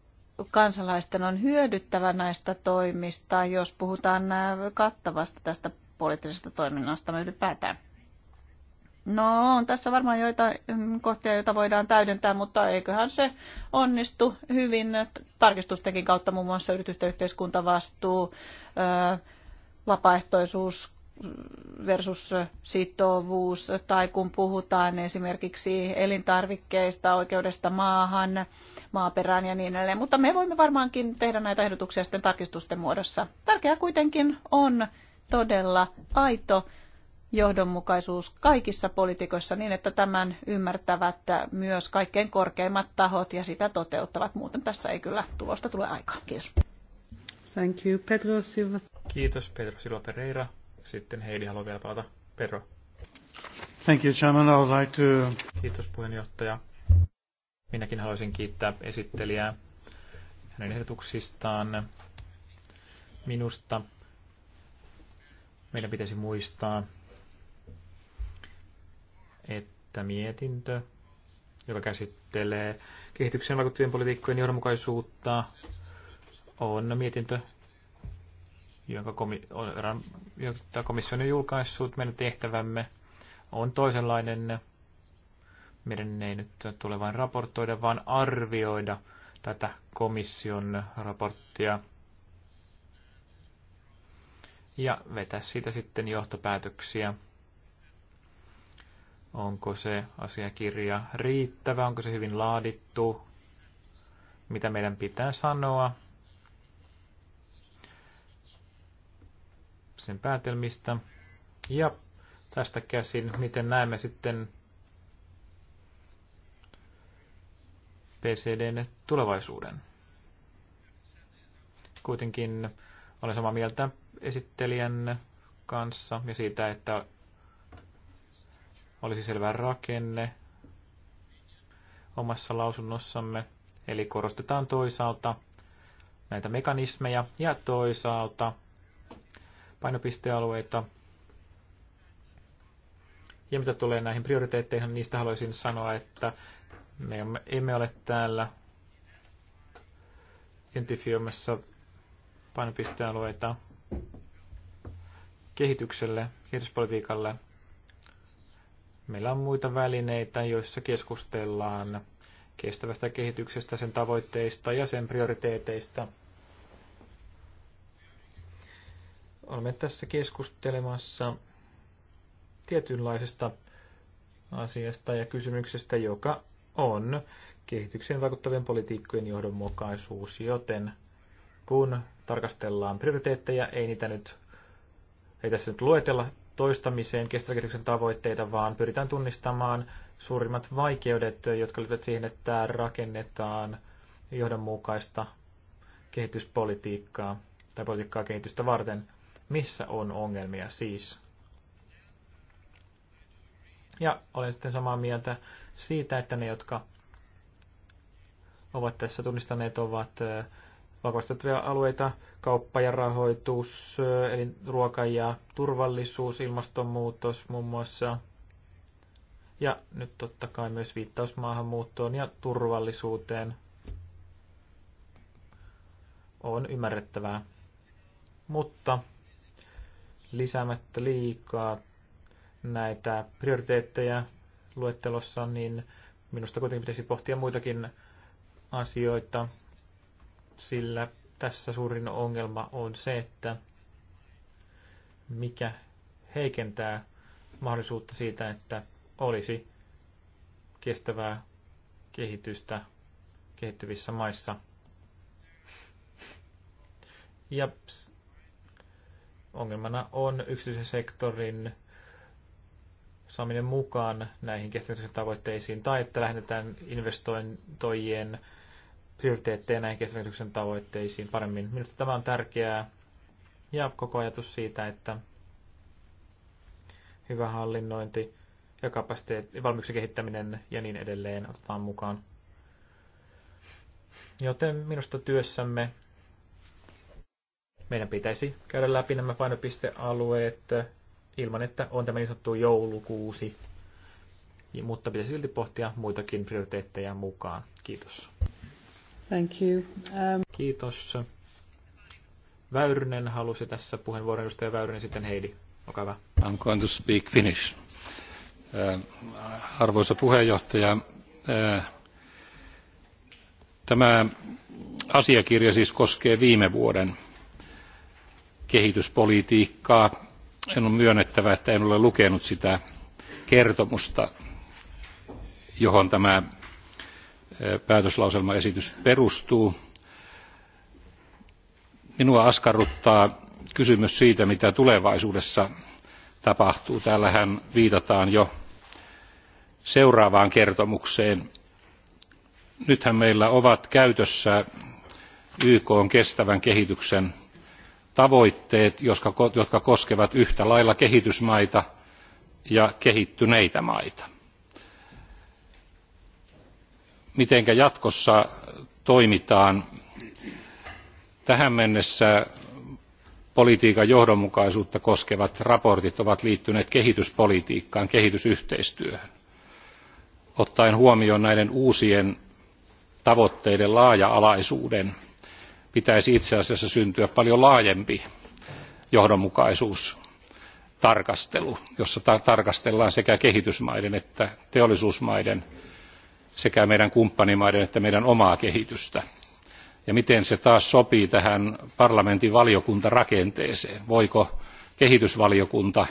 kansalaisten on hyödyttävä näistä toimista, jos puhutaan eh, kattavasta tästä poliittisesta toiminnasta me ylipäätään. No, on tässä varmaan joita mm, kohtia, joita voidaan täydentää, mutta eiköhän se onnistu hyvin tarkistustenkin kautta, muun muassa yritysten yhteiskuntavastuu, eh, vapaaehtoisuus, versus sitovuus, tai kun puhutaan esimerkiksi elintarvikkeista, oikeudesta maahan, maaperään ja niin edelleen. Mutta me voimme varmaankin tehdä näitä ehdotuksia sitten tarkistusten muodossa. Tärkeää kuitenkin on todella aito johdonmukaisuus kaikissa poliitikoissa, niin, että tämän ymmärtävät myös kaikkein korkeimmat tahot ja sitä toteuttavat. Muuten tässä ei kyllä tulosta tule aikaa. Kiitos. Thank you, Pedro Silva. Kiitos, Pedro Silva Pereira. Sitten Heidi haluaa vielä palata. Perro. Thank you, Chairman. I would like to... Kiitos puheenjohtaja. Minäkin haluaisin kiittää esittelijää hänen ehdotuksistaan. Minusta meidän pitäisi muistaa, että mietintö, joka käsittelee kehityksen vaikuttavien politiikkojen johdonmukaisuutta, on mietintö, jonka, komi- on, jota komissio on julkaissut. Meidän tehtävämme on toisenlainen. Meidän ei nyt tule vain raportoida, vaan arvioida tätä komission raporttia ja vetää siitä sitten johtopäätöksiä. Onko se asiakirja riittävä, onko se hyvin laadittu, mitä meidän pitää sanoa sen päätelmistä. Ja tästä käsin, miten näemme sitten PCDn tulevaisuuden. Kuitenkin olen samaa mieltä esittelijän kanssa ja siitä, että olisi selvä rakenne omassa lausunnossamme. Eli korostetaan toisaalta näitä mekanismeja ja toisaalta painopistealueita. Ja mitä tulee näihin prioriteetteihin, niistä haluaisin sanoa, että me emme ole täällä identifioimassa painopistealueita kehitykselle, kehityspolitiikalle. Meillä on muita välineitä, joissa keskustellaan kestävästä kehityksestä, sen tavoitteista ja sen prioriteeteista – olemme tässä keskustelemassa tietynlaisesta asiasta ja kysymyksestä, joka on kehitykseen vaikuttavien politiikkojen johdonmukaisuus, joten kun tarkastellaan prioriteetteja, ei niitä nyt, ei tässä nyt luetella toistamiseen kestävän kehityksen tavoitteita, vaan pyritään tunnistamaan suurimmat vaikeudet, jotka liittyvät siihen, että rakennetaan johdonmukaista kehityspolitiikkaa tai politiikkaa kehitystä varten missä on ongelmia siis. Ja olen sitten samaa mieltä siitä, että ne, jotka ovat tässä tunnistaneet, ovat vakastuttavia alueita, kauppa ja rahoitus, eli ruoka ja turvallisuus, ilmastonmuutos muun muassa. Ja nyt totta kai myös viittaus maahanmuuttoon ja turvallisuuteen on ymmärrettävää. Mutta lisäämättä liikaa näitä prioriteetteja luettelossa, niin minusta kuitenkin pitäisi pohtia muitakin asioita, sillä tässä suurin ongelma on se, että mikä heikentää mahdollisuutta siitä, että olisi kestävää kehitystä kehittyvissä maissa. Ja ongelmana on yksityisen sektorin saaminen mukaan näihin kestävyyden tavoitteisiin, tai että lähdetään investointojen prioriteetteja näihin kestävyyden tavoitteisiin paremmin. Minusta tämä on tärkeää, ja koko ajatus siitä, että hyvä hallinnointi ja kapasiteetti, valmiuksen kehittäminen ja niin edelleen otetaan mukaan. Joten minusta työssämme meidän pitäisi käydä läpi nämä painopistealueet ilman, että on tämä niin sanottu joulukuusi, mutta pitäisi silti pohtia muitakin prioriteetteja mukaan. Kiitos. Thank you. Um... Kiitos. Väyrynen halusi tässä puheenvuoron edustaja Väyrynen, sitten Heidi. Olkaa hyvä. I'm going to speak Finnish. Uh, arvoisa puheenjohtaja, uh, tämä asiakirja siis koskee viime vuoden kehityspolitiikkaa. En on myönnettävä, että en ole lukenut sitä kertomusta, johon tämä eh, päätöslauselmaesitys perustuu. Minua askarruttaa kysymys siitä, mitä tulevaisuudessa tapahtuu. Täällähän viitataan jo seuraavaan kertomukseen. Nythän meillä ovat käytössä YK on kestävän kehityksen tavoitteet jotka koskevat yhtä lailla kehitysmaita ja kehittyneitä maita. miten jatkossa toimitaan? tähän mennessä politiikan johdonmukaisuutta koskevat raportit ovat liittyneet kehityspolitiikkaan kehitysyhteistyöhön. ottaen huomioon näiden uusien tavoitteiden laaja alaisuuden pitäisi itse asiassa syntyä paljon laajempi johdonmukaisuustarkastelu jossa tarkastellaan sekä kehitysmaiden että teollisuusmaiden sekä meidän kumppanimaiden että meidän omaa kehitystä ja miten se taas sopii tähän parlamentin valiokuntarakenteeseen voiko kehitysvaliokunta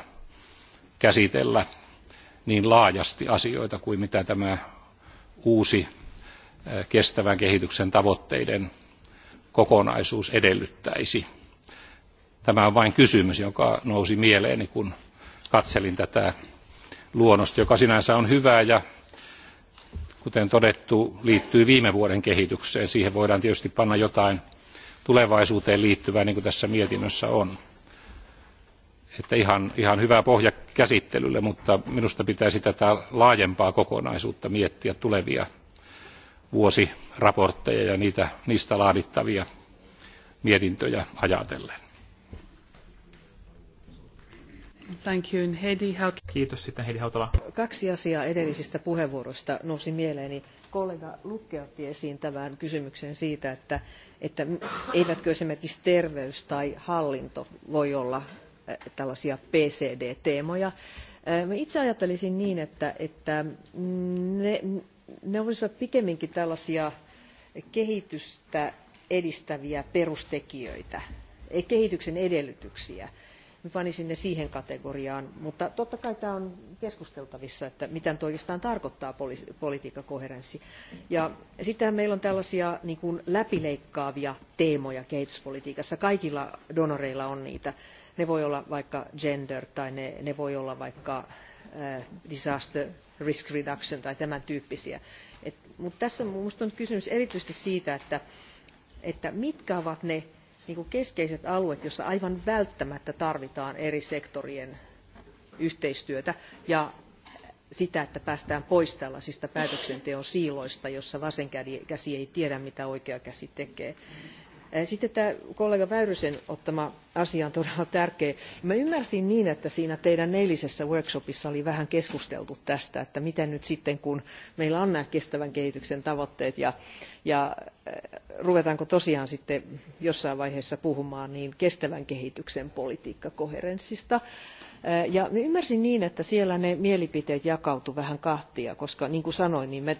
käsitellä niin laajasti asioita kuin mitä tämä uusi eh, kestävän kehityksen tavoitteiden kokonaisuus edellyttäisi. Tämä on vain kysymys, joka nousi mieleeni, kun katselin tätä luonnosta, joka sinänsä on hyvä ja kuten todettu, liittyy viime vuoden kehitykseen. Siihen voidaan tietysti panna jotain tulevaisuuteen liittyvää, niin kuin tässä mietinnössä on. Että ihan, ihan hyvä pohja käsittelylle, mutta minusta pitäisi tätä laajempaa kokonaisuutta miettiä tulevia vuosiraportteja ja niitä, niistä laadittavia mietintöjä ajatellen. Thank you. Heidi Kiitos sitten Heidi Hautala. Kaksi asiaa edellisistä puheenvuoroista nousi mieleeni. Kollega Lukke otti esiin tämän kysymyksen siitä, että, että eivätkö esimerkiksi terveys tai hallinto voi olla eh, tällaisia PCD-teemoja. Eh, itse ajattelisin niin, että, että ne, ne olisivat pikemminkin tällaisia kehitystä edistäviä perustekijöitä, ei kehityksen edellytyksiä. Mä panisin ne siihen kategoriaan, mutta totta kai tämä on keskusteltavissa, että mitä nyt oikeastaan tarkoittaa politiikkakoherenssi. Ja sittenhän meillä on tällaisia niin kuin läpileikkaavia teemoja kehityspolitiikassa. Kaikilla donoreilla on niitä. Ne voi olla vaikka gender tai ne, ne voi olla vaikka äh, disaster risk reduction tai tämän tyyppisiä. mutta tässä minusta on kysymys erityisesti siitä, että, että mitkä ovat ne niinku, keskeiset alueet, joissa aivan välttämättä tarvitaan eri sektorien yhteistyötä ja sitä, että päästään pois tällaisista päätöksenteon siiloista, jossa vasen käsi ei tiedä, mitä oikea käsi tekee. Sitten tämä kollega Väyrysen ottama asia on todella tärkeä. Minä ymmärsin niin, että siinä teidän eilisessä workshopissa oli vähän keskusteltu tästä, että miten nyt sitten kun meillä on nämä kestävän kehityksen tavoitteet ja, ruvetaanko tosiaan sitten jossain vaiheessa puhumaan niin kestävän kehityksen politiikkakoherenssista. Ja minä ymmärsin niin, että siellä ne mielipiteet jakautuivat vähän kahtia, koska niin kuin sanoin, niin me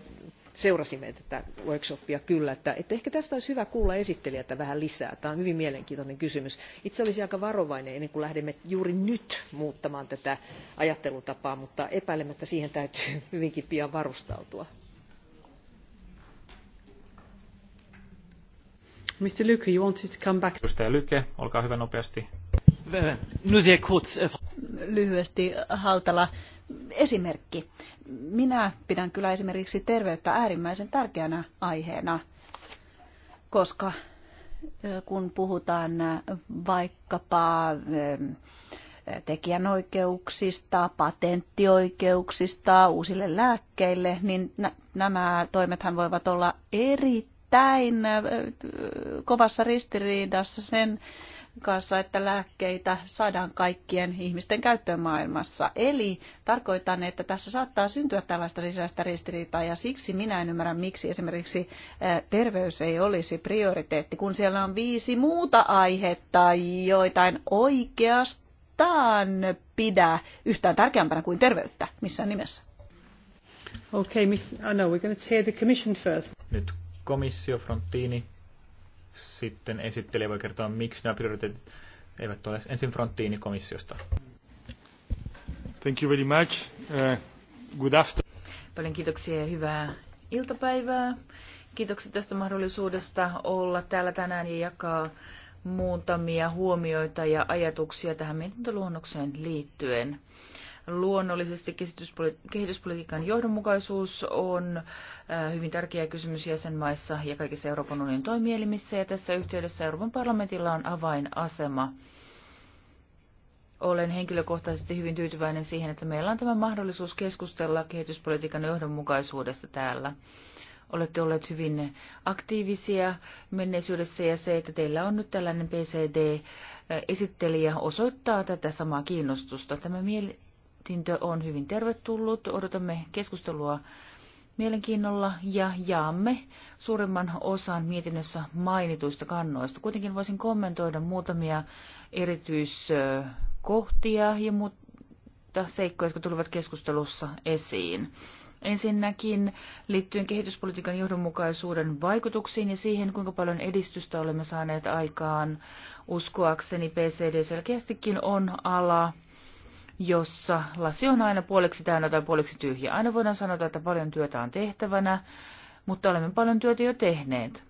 seurasimme tätä workshopia kyllä että, että ehkä tästä olisi hyvä kuulla esittelijältä vähän lisää. Tämä on hyvin mielenkiintoinen kysymys. Itse olisin aika varovainen ennen kuin lähdemme juuri nyt muuttamaan tätä ajattelutapaa, mutta epäilemättä siihen täytyy hyvinkin pian varustautua. Mr. Lykke, you wanted to come back. Edustaja Lyke, olkaa hyvä nopeasti. Lyhyesti Hautala esimerkki. Minä pidän kyllä esimerkiksi terveyttä äärimmäisen tärkeänä aiheena, koska kun puhutaan vaikkapa tekijänoikeuksista, patenttioikeuksista uusille lääkkeille, niin nämä toimethan voivat olla erittäin kovassa ristiriidassa sen kanssa, että lääkkeitä saadaan kaikkien ihmisten käyttöön maailmassa. Eli tarkoitan, että tässä saattaa syntyä tällaista sisäistä ristiriitaa ja siksi minä en ymmärrä, miksi esimerkiksi terveys ei olisi prioriteetti, kun siellä on viisi muuta aihetta, joitain oikeastaan pidä yhtään tärkeämpänä kuin terveyttä missään nimessä. Okay, miss, oh no, we're going to hear the commission first. Nyt komissio Frontini. Sitten esittelijä voi kertoa, miksi nämä prioriteetit eivät ole ensin fronttiini komissiosta. Thank you very much. Uh, good afternoon. Paljon kiitoksia ja hyvää iltapäivää. Kiitokset tästä mahdollisuudesta olla täällä tänään ja jakaa muutamia huomioita ja ajatuksia tähän mietintöluonnokseen liittyen. Luonnollisesti kehityspolitiikan johdonmukaisuus on äh, hyvin tärkeä kysymys jäsenmaissa ja kaikissa Euroopan unionin toimielimissä, ja tässä yhteydessä Euroopan parlamentilla on avainasema. Olen henkilökohtaisesti hyvin tyytyväinen siihen, että meillä on tämä mahdollisuus keskustella kehityspolitiikan johdonmukaisuudesta täällä olette olleet hyvin aktiivisia menneisyydessä ja se, että teillä on nyt tällainen PCD-esittelijä äh, osoittaa tätä samaa kiinnostusta. Tämä mieli mietintö on hyvin tervetullut. Odotamme keskustelua mielenkiinnolla ja jaamme suurimman osan mietinnössä mainituista kannoista. Kuitenkin voisin kommentoida muutamia erityiskohtia ja muita seikkoja, jotka tulivat keskustelussa esiin. Ensinnäkin liittyen kehityspolitiikan johdonmukaisuuden vaikutuksiin ja siihen, kuinka paljon edistystä olemme saaneet aikaan, uskoakseni PCD selkeästikin on ala, jossa lasi on aina puoliksi täynnä tai puoliksi tyhjä. Aina voidaan sanoa, että paljon työtä on tehtävänä, mutta olemme paljon työtä jo tehneet.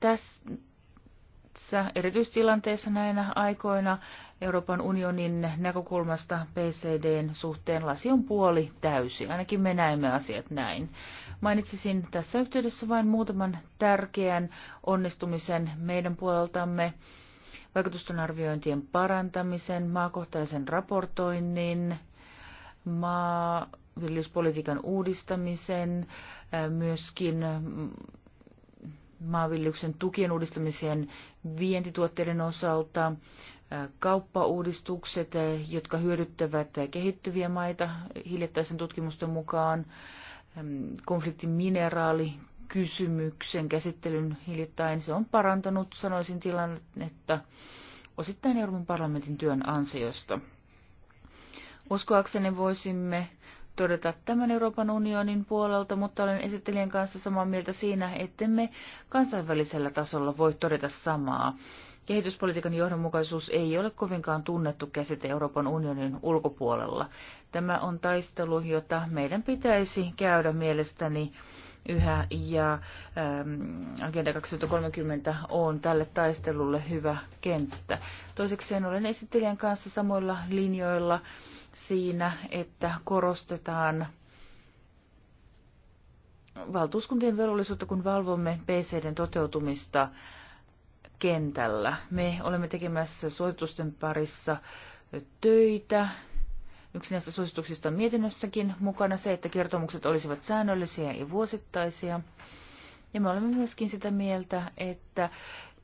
Tässä erityistilanteessa näinä aikoina Euroopan unionin näkökulmasta PCDn suhteen lasi on puoli täysi. Ainakin me näemme asiat näin. Mainitsisin tässä yhteydessä vain muutaman tärkeän onnistumisen meidän puoleltamme vaikutusten arviointien parantamisen, maakohtaisen raportoinnin, maanviljelyspolitiikan uudistamisen, äh, myöskin mm, maanviljelyksen tukien uudistamisen vientituotteiden osalta, äh, kauppauudistukset, äh, jotka hyödyttävät kehittyviä maita hiljattaisen tutkimusten mukaan, mm, konfliktimineraali, kysymyksen käsittelyn hiljattain. Se on parantanut, sanoisin, tilannetta osittain Euroopan parlamentin työn ansiosta. Uskoakseni voisimme todeta tämän Euroopan unionin puolelta, mutta olen esittelijän kanssa samaa mieltä siinä, ettemme kansainvälisellä tasolla voi todeta samaa. Kehityspolitiikan johdonmukaisuus ei ole kovinkaan tunnettu käsite Euroopan unionin ulkopuolella. Tämä on taistelu, jota meidän pitäisi käydä mielestäni yhä ja ähm, Agenda 2030 on tälle taistelulle hyvä kenttä. Toisekseen olen esittelijän kanssa samoilla linjoilla siinä, että korostetaan valtuuskuntien velvollisuutta, kun valvomme PCDn toteutumista kentällä. Me olemme tekemässä suositusten parissa töitä Yksi näistä suosituksista on mietinnössäkin mukana se, että kertomukset olisivat säännöllisiä ja vuosittaisia. Ja me olemme myöskin sitä mieltä, että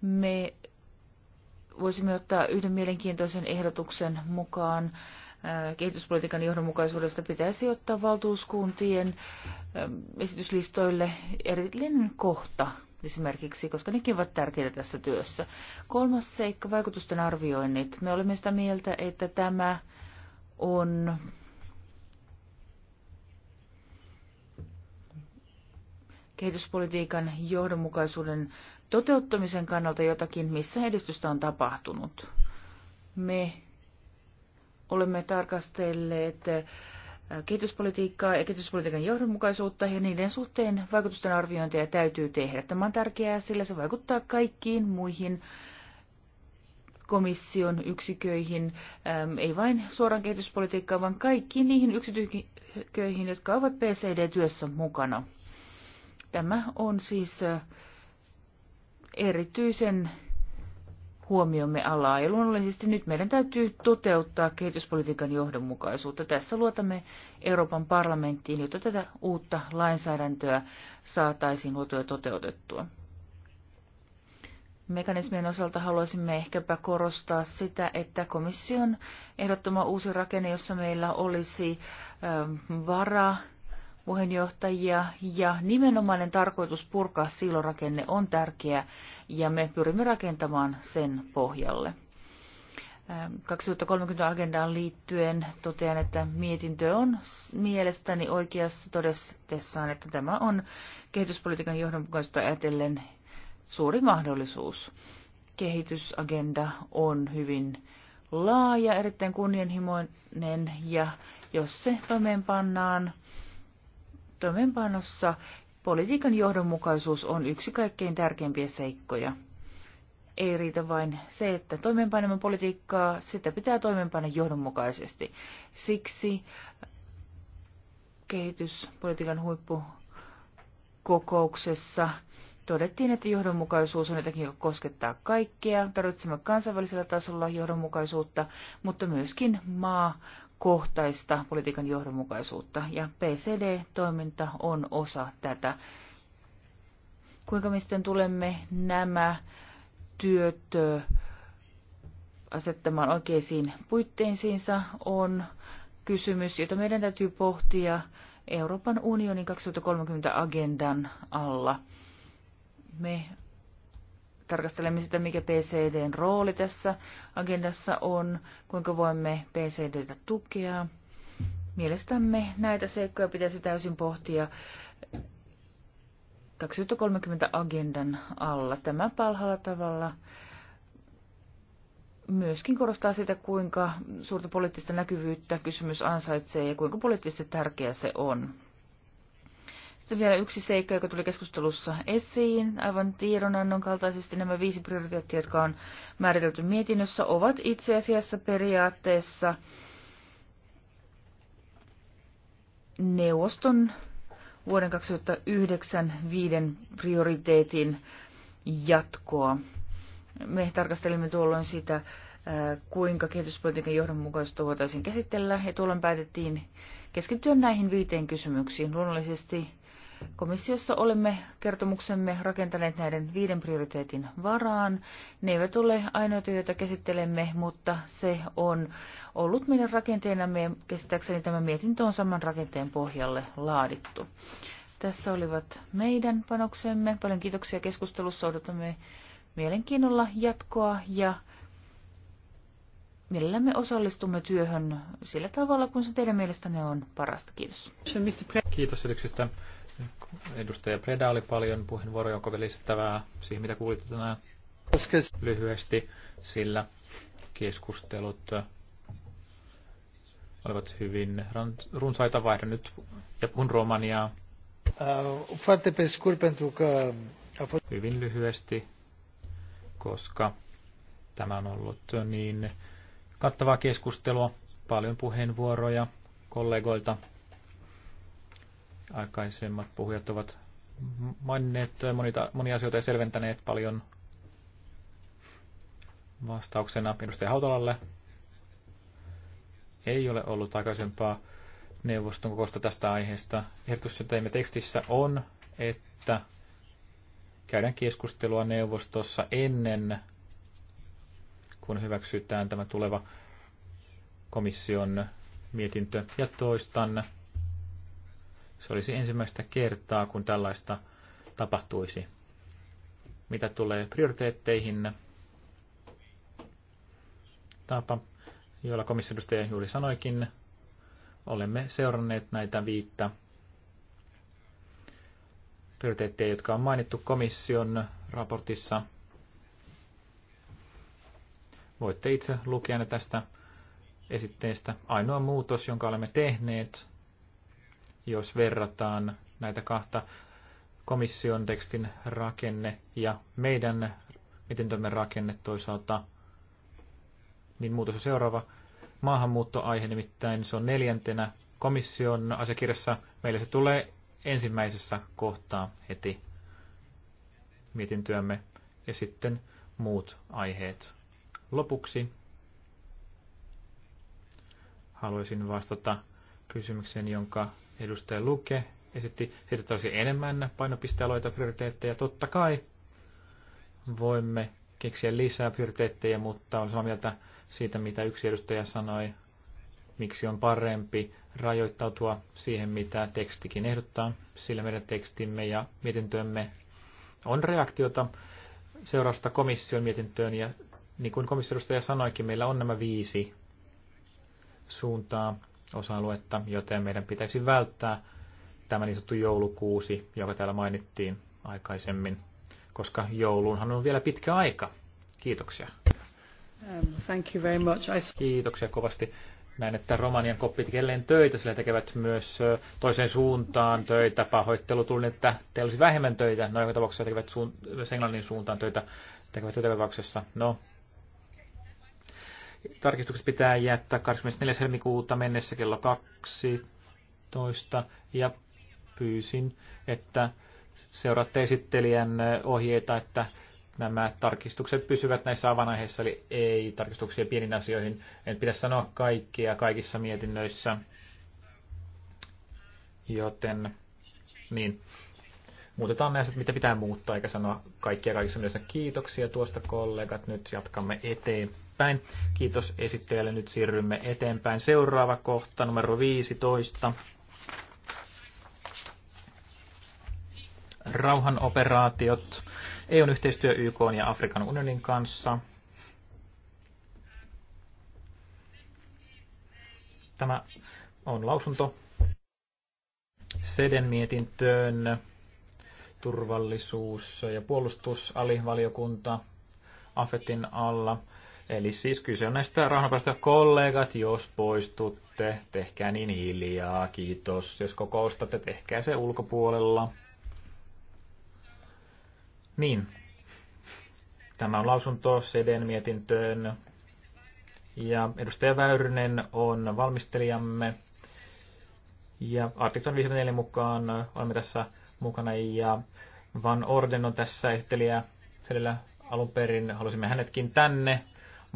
me voisimme ottaa yhden mielenkiintoisen ehdotuksen mukaan. Äh, kehityspolitiikan johdonmukaisuudesta pitäisi ottaa valtuuskuntien ähm, esityslistoille erillinen kohta esimerkiksi, koska nekin ovat tärkeitä tässä työssä. Kolmas seikka, vaikutusten arvioinnit. Me olemme sitä mieltä, että tämä on kehityspolitiikan johdonmukaisuuden toteuttamisen kannalta jotakin, missä edistystä on tapahtunut. Me olemme tarkastelleet eh, kehityspolitiikkaa ja kehityspolitiikan johdonmukaisuutta ja niiden suhteen vaikutusten arviointia täytyy tehdä. Tämä on tärkeää, sillä se vaikuttaa kaikkiin muihin komission yksiköihin, ähm, ei vain suoraan kehityspolitiikkaan, vaan kaikkiin niihin yksiköihin, jotka ovat PCD-työssä mukana. Tämä on siis äh, erityisen huomiomme alaa. Ja luonnollisesti nyt meidän täytyy toteuttaa kehityspolitiikan johdonmukaisuutta. Tässä luotamme Euroopan parlamenttiin, jotta tätä uutta lainsäädäntöä saataisiin luotua ja toteutettua mekanismien osalta haluaisimme ehkäpä korostaa sitä, että komission ehdottoma uusi rakenne, jossa meillä olisi ähm, vara puheenjohtajia ja nimenomainen tarkoitus purkaa siilorakenne on tärkeä ja me pyrimme rakentamaan sen pohjalle. 2030 ähm, agendaan liittyen totean, että mietintö on mielestäni oikeassa todessaan, että tämä on kehityspolitiikan johdonmukaisuutta ajatellen suuri mahdollisuus. Kehitysagenda on hyvin laaja, erittäin kunnianhimoinen ja jos se toimeenpannaan, toimeenpannossa politiikan johdonmukaisuus on yksi kaikkein tärkeimpiä seikkoja. Ei riitä vain se, että toimeenpanemme politiikkaa, sitä pitää toimeenpanna johdonmukaisesti. Siksi kehityspolitiikan huippukokouksessa Todettiin, että johdonmukaisuus on jotakin, joka koskettaa kaikkea. Tarvitsemme kansainvälisellä tasolla johdonmukaisuutta, mutta myöskin maakohtaista politiikan johdonmukaisuutta. Ja PCD-toiminta on osa tätä. Kuinka me sitten tulemme nämä työt asettamaan oikeisiin puitteisiinsa on kysymys, jota meidän täytyy pohtia Euroopan unionin 2030-agendan alla me tarkastelemme sitä, mikä PCDn rooli tässä agendassa on, kuinka voimme PCDtä tukea. Mielestämme näitä seikkoja pitäisi täysin pohtia 2030 agendan alla. Tämä palhalla tavalla myöskin korostaa sitä, kuinka suurta poliittista näkyvyyttä kysymys ansaitsee ja kuinka poliittisesti tärkeä se on. Sitten vielä yksi seikka, joka tuli keskustelussa esiin. Aivan tiedonannon kaltaisesti nämä viisi prioriteettia, jotka on määritelty mietinnössä, ovat itse asiassa periaatteessa neuvoston vuoden 2009 viiden prioriteetin jatkoa. Me tarkastelimme tuolloin sitä, äh, kuinka kehityspolitiikan johdonmukaisuutta voitaisiin käsitellä, ja tuolloin päätettiin keskittyä näihin viiteen kysymyksiin. Luonnollisesti Komissiossa olemme kertomuksemme rakentaneet näiden viiden prioriteetin varaan. Ne eivät ole ainoita, joita käsittelemme, mutta se on ollut meidän rakenteenamme ja käsittääkseni tämä mietintö on saman rakenteen pohjalle laadittu. Tässä olivat meidän panoksemme. Paljon kiitoksia keskustelussa. Odotamme mielenkiinnolla jatkoa ja millä me osallistumme työhön sillä tavalla, kun se teidän mielestänne on parasta. Kiitos. Kiitos edeksistä. Edustaja Preda oli paljon puheenvuoroja, onko lisättävää siihen, mitä kuulitte tänään lyhyesti, sillä keskustelut olivat hyvin runsaita vaihda nyt ja puhun romaniaa. Uh, hyvin lyhyesti, koska tämä on ollut niin kattavaa keskustelua, paljon puheenvuoroja kollegoilta Aikaisemmat puhujat ovat maininneet monita, monia asioita ja selventäneet paljon vastauksena edustaja Hautalalle. Ei ole ollut aikaisempaa neuvoston kokousta tästä aiheesta. Ehdotus, jota teimme tekstissä, on, että käydään keskustelua neuvostossa ennen kun hyväksytään tämä tuleva komission mietintö. Ja toistan se olisi ensimmäistä kertaa, kun tällaista tapahtuisi. Mitä tulee prioriteetteihin, tapa, jolla komissiodustaja juuri sanoikin, olemme seuranneet näitä viittä prioriteetteja, jotka on mainittu komission raportissa. Voitte itse lukea ne tästä esitteestä. Ainoa muutos, jonka olemme tehneet, jos verrataan näitä kahta komission tekstin rakenne ja meidän miten mietintömme rakenne toisaalta, niin muutos on seuraava maahanmuuttoaihe, nimittäin se on neljäntenä komission asiakirjassa. Meillä se tulee ensimmäisessä kohtaa heti mietintyämme ja sitten muut aiheet. Lopuksi haluaisin vastata kysymykseen, jonka edustaja Luke esitti, että olisi enemmän painopistealoita, prioriteetteja. Totta kai voimme keksiä lisää prioriteetteja, mutta olen samaa mieltä siitä, mitä yksi edustaja sanoi, miksi on parempi rajoittautua siihen, mitä tekstikin ehdottaa, sillä meidän tekstimme ja mietintömme on reaktiota seurausta komission mietintöön, ja niin kuin komissiodustaja sanoikin, meillä on nämä viisi suuntaa, osa-aluetta, joten meidän pitäisi välttää tämä niin sanottu joulukuusi, joka täällä mainittiin aikaisemmin, koska jouluunhan on vielä pitkä aika. Kiitoksia. Um, thank you very much. I... Kiitoksia kovasti. Näin, että Romanian koppit kelleen töitä, sillä tekevät myös toiseen suuntaan töitä. Pahoittelu tuli, että teillä olisi vähemmän töitä. No, joka tapauksessa tekevät suun, Englannin suuntaan töitä, tekevät töitä No, Tarkistukset pitää jättää 24. helmikuuta mennessä kello 12 ja pyysin, että seuraatte esittelijän ohjeita, että nämä tarkistukset pysyvät näissä avanaiheissa, eli ei tarkistuksia pieniin asioihin. En pidä sanoa kaikkia kaikissa mietinnöissä, joten niin. Muutetaan näistä, mitä pitää muuttaa, eikä sanoa kaikkia kaikissa mielessä. Kiitoksia tuosta kollegat. Nyt jatkamme eteenpäin eteenpäin. Kiitos esittäjälle. Nyt siirrymme eteenpäin. Seuraava kohta, numero 15. Rauhanoperaatiot. EUn yhteistyö YK ja Afrikan unionin kanssa. Tämä on lausunto Seden mietintöön turvallisuus- ja puolustusalivaliokunta AFETin alla. Eli siis kyse on näistä rahanpäästä kollegat, jos poistutte, tehkää niin hiljaa, kiitos. Jos kokoustatte, tehkää se ulkopuolella. Niin. Tämä on lausunto CDn mietintöön. Ja edustaja Väyrynen on valmistelijamme. Ja artiklan 54 mukaan olemme tässä mukana ja Van Orden on tässä esittelijä. Sillä alun perin halusimme hänetkin tänne,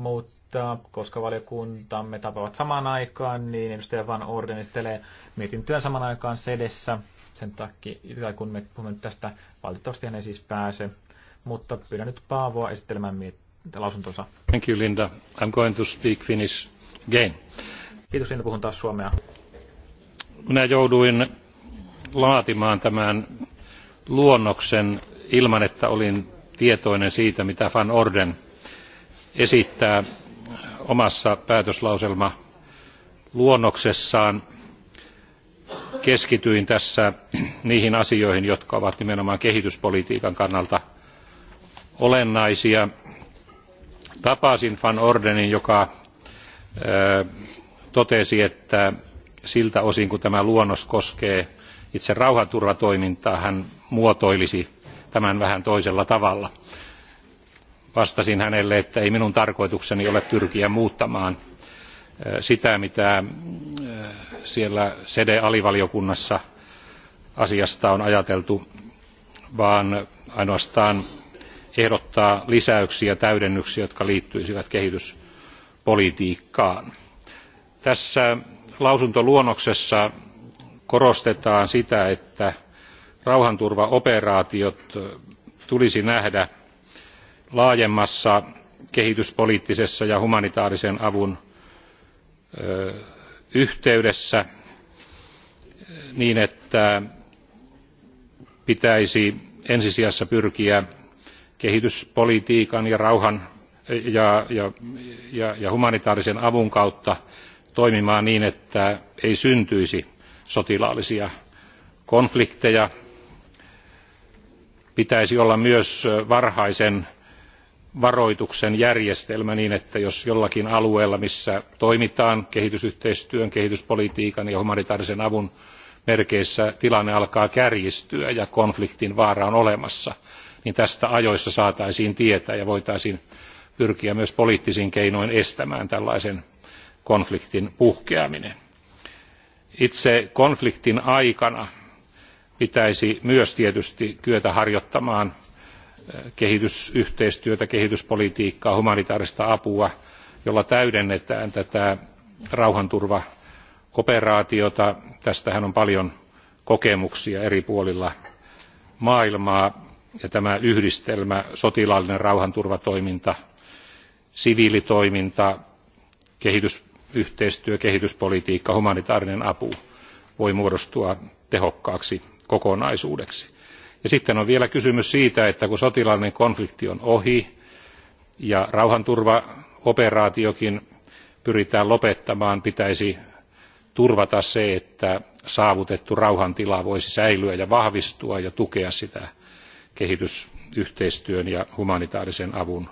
mutta koska valiokuntamme tapaavat samaan aikaan, niin edustaja Van ordenistelee mietintöä samaan aikaan sedessä. Sen takia, kun me puhumme nyt tästä, valitettavasti hän ei siis pääse, mutta pyydän nyt Paavoa esittelemään miet- lausuntonsa. Thank you, Linda. I'm going to speak Finnish again. Kiitos, Linda. Puhun taas suomea. Minä jouduin laatimaan tämän luonnoksen ilman, että olin tietoinen siitä, mitä Van Orden – esittää omassa päätöslauselmaluonnoksessaan keskityin tässä niihin asioihin jotka ovat nimenomaan kehityspolitiikan kannalta olennaisia. tapasin van ordenin joka totesi että siltä osin kuin tämä luonnos koskee itse rauhanturvatoimintaa hän muotoilisi tämän vähän toisella tavalla vastasin hänelle että ei minun tarkoitukseni ole pyrkiä muuttamaan sitä mitä siellä sede alivaliokunnassa asiasta on ajateltu vaan ainoastaan ehdottaa lisäyksiä ja täydennyksiä jotka liittyisivät kehityspolitiikkaan. tässä lausuntoluonnoksessa korostetaan sitä että rauhanturvaoperaatiot tulisi nähdä laajemmassa kehityspoliittisessa ja humanitaarisen avun yhteydessä niin että pitäisi ensi sijassa pyrkiä kehityspolitiikan ja rauhan ja, humanitaarisen avun kautta toimimaan niin että ei syntyisi sotilaallisia konflikteja. pitäisi olla myös varhaisen varoituksen järjestelmä niin että jos jollakin alueella missä toimitaan kehitysyhteistyön kehityspolitiikan ja humanitaarisen avun merkeissä tilanne alkaa kärjistyä ja konfliktin vaara on olemassa niin tästä ajoissa saataisiin tietää ja voitaisiin pyrkiä myös poliittisin keinoin estämään tällaisen konfliktin puhkeaminen. itse konfliktin aikana pitäisi myös tietysti kyetä harjoittamaan kehitysyhteistyötä kehityspolitiikkaa humanitaarista apua jolla täydennetään tätä rauhanturvaoperaatiota. tästähän on paljon kokemuksia eri puolilla maailmaa ja tämä yhdistelmä sotilaallinen rauhanturvatoiminta siviilitoiminta kehitysyhteistyö kehityspolitiikka humanitaarinen apu voi muodostua tehokkaaksi kokonaisuudeksi ja sitten on vielä kysymys siitä että kun sotilaallinen konflikti on ohi ja rauhanturvaoperaatiokin pyritään lopettamaan pitäisi turvata se että saavutettu rauhantila voisi säilyä ja vahvistua ja tukea sitä kehitysyhteistyön ja humanitaarisen avun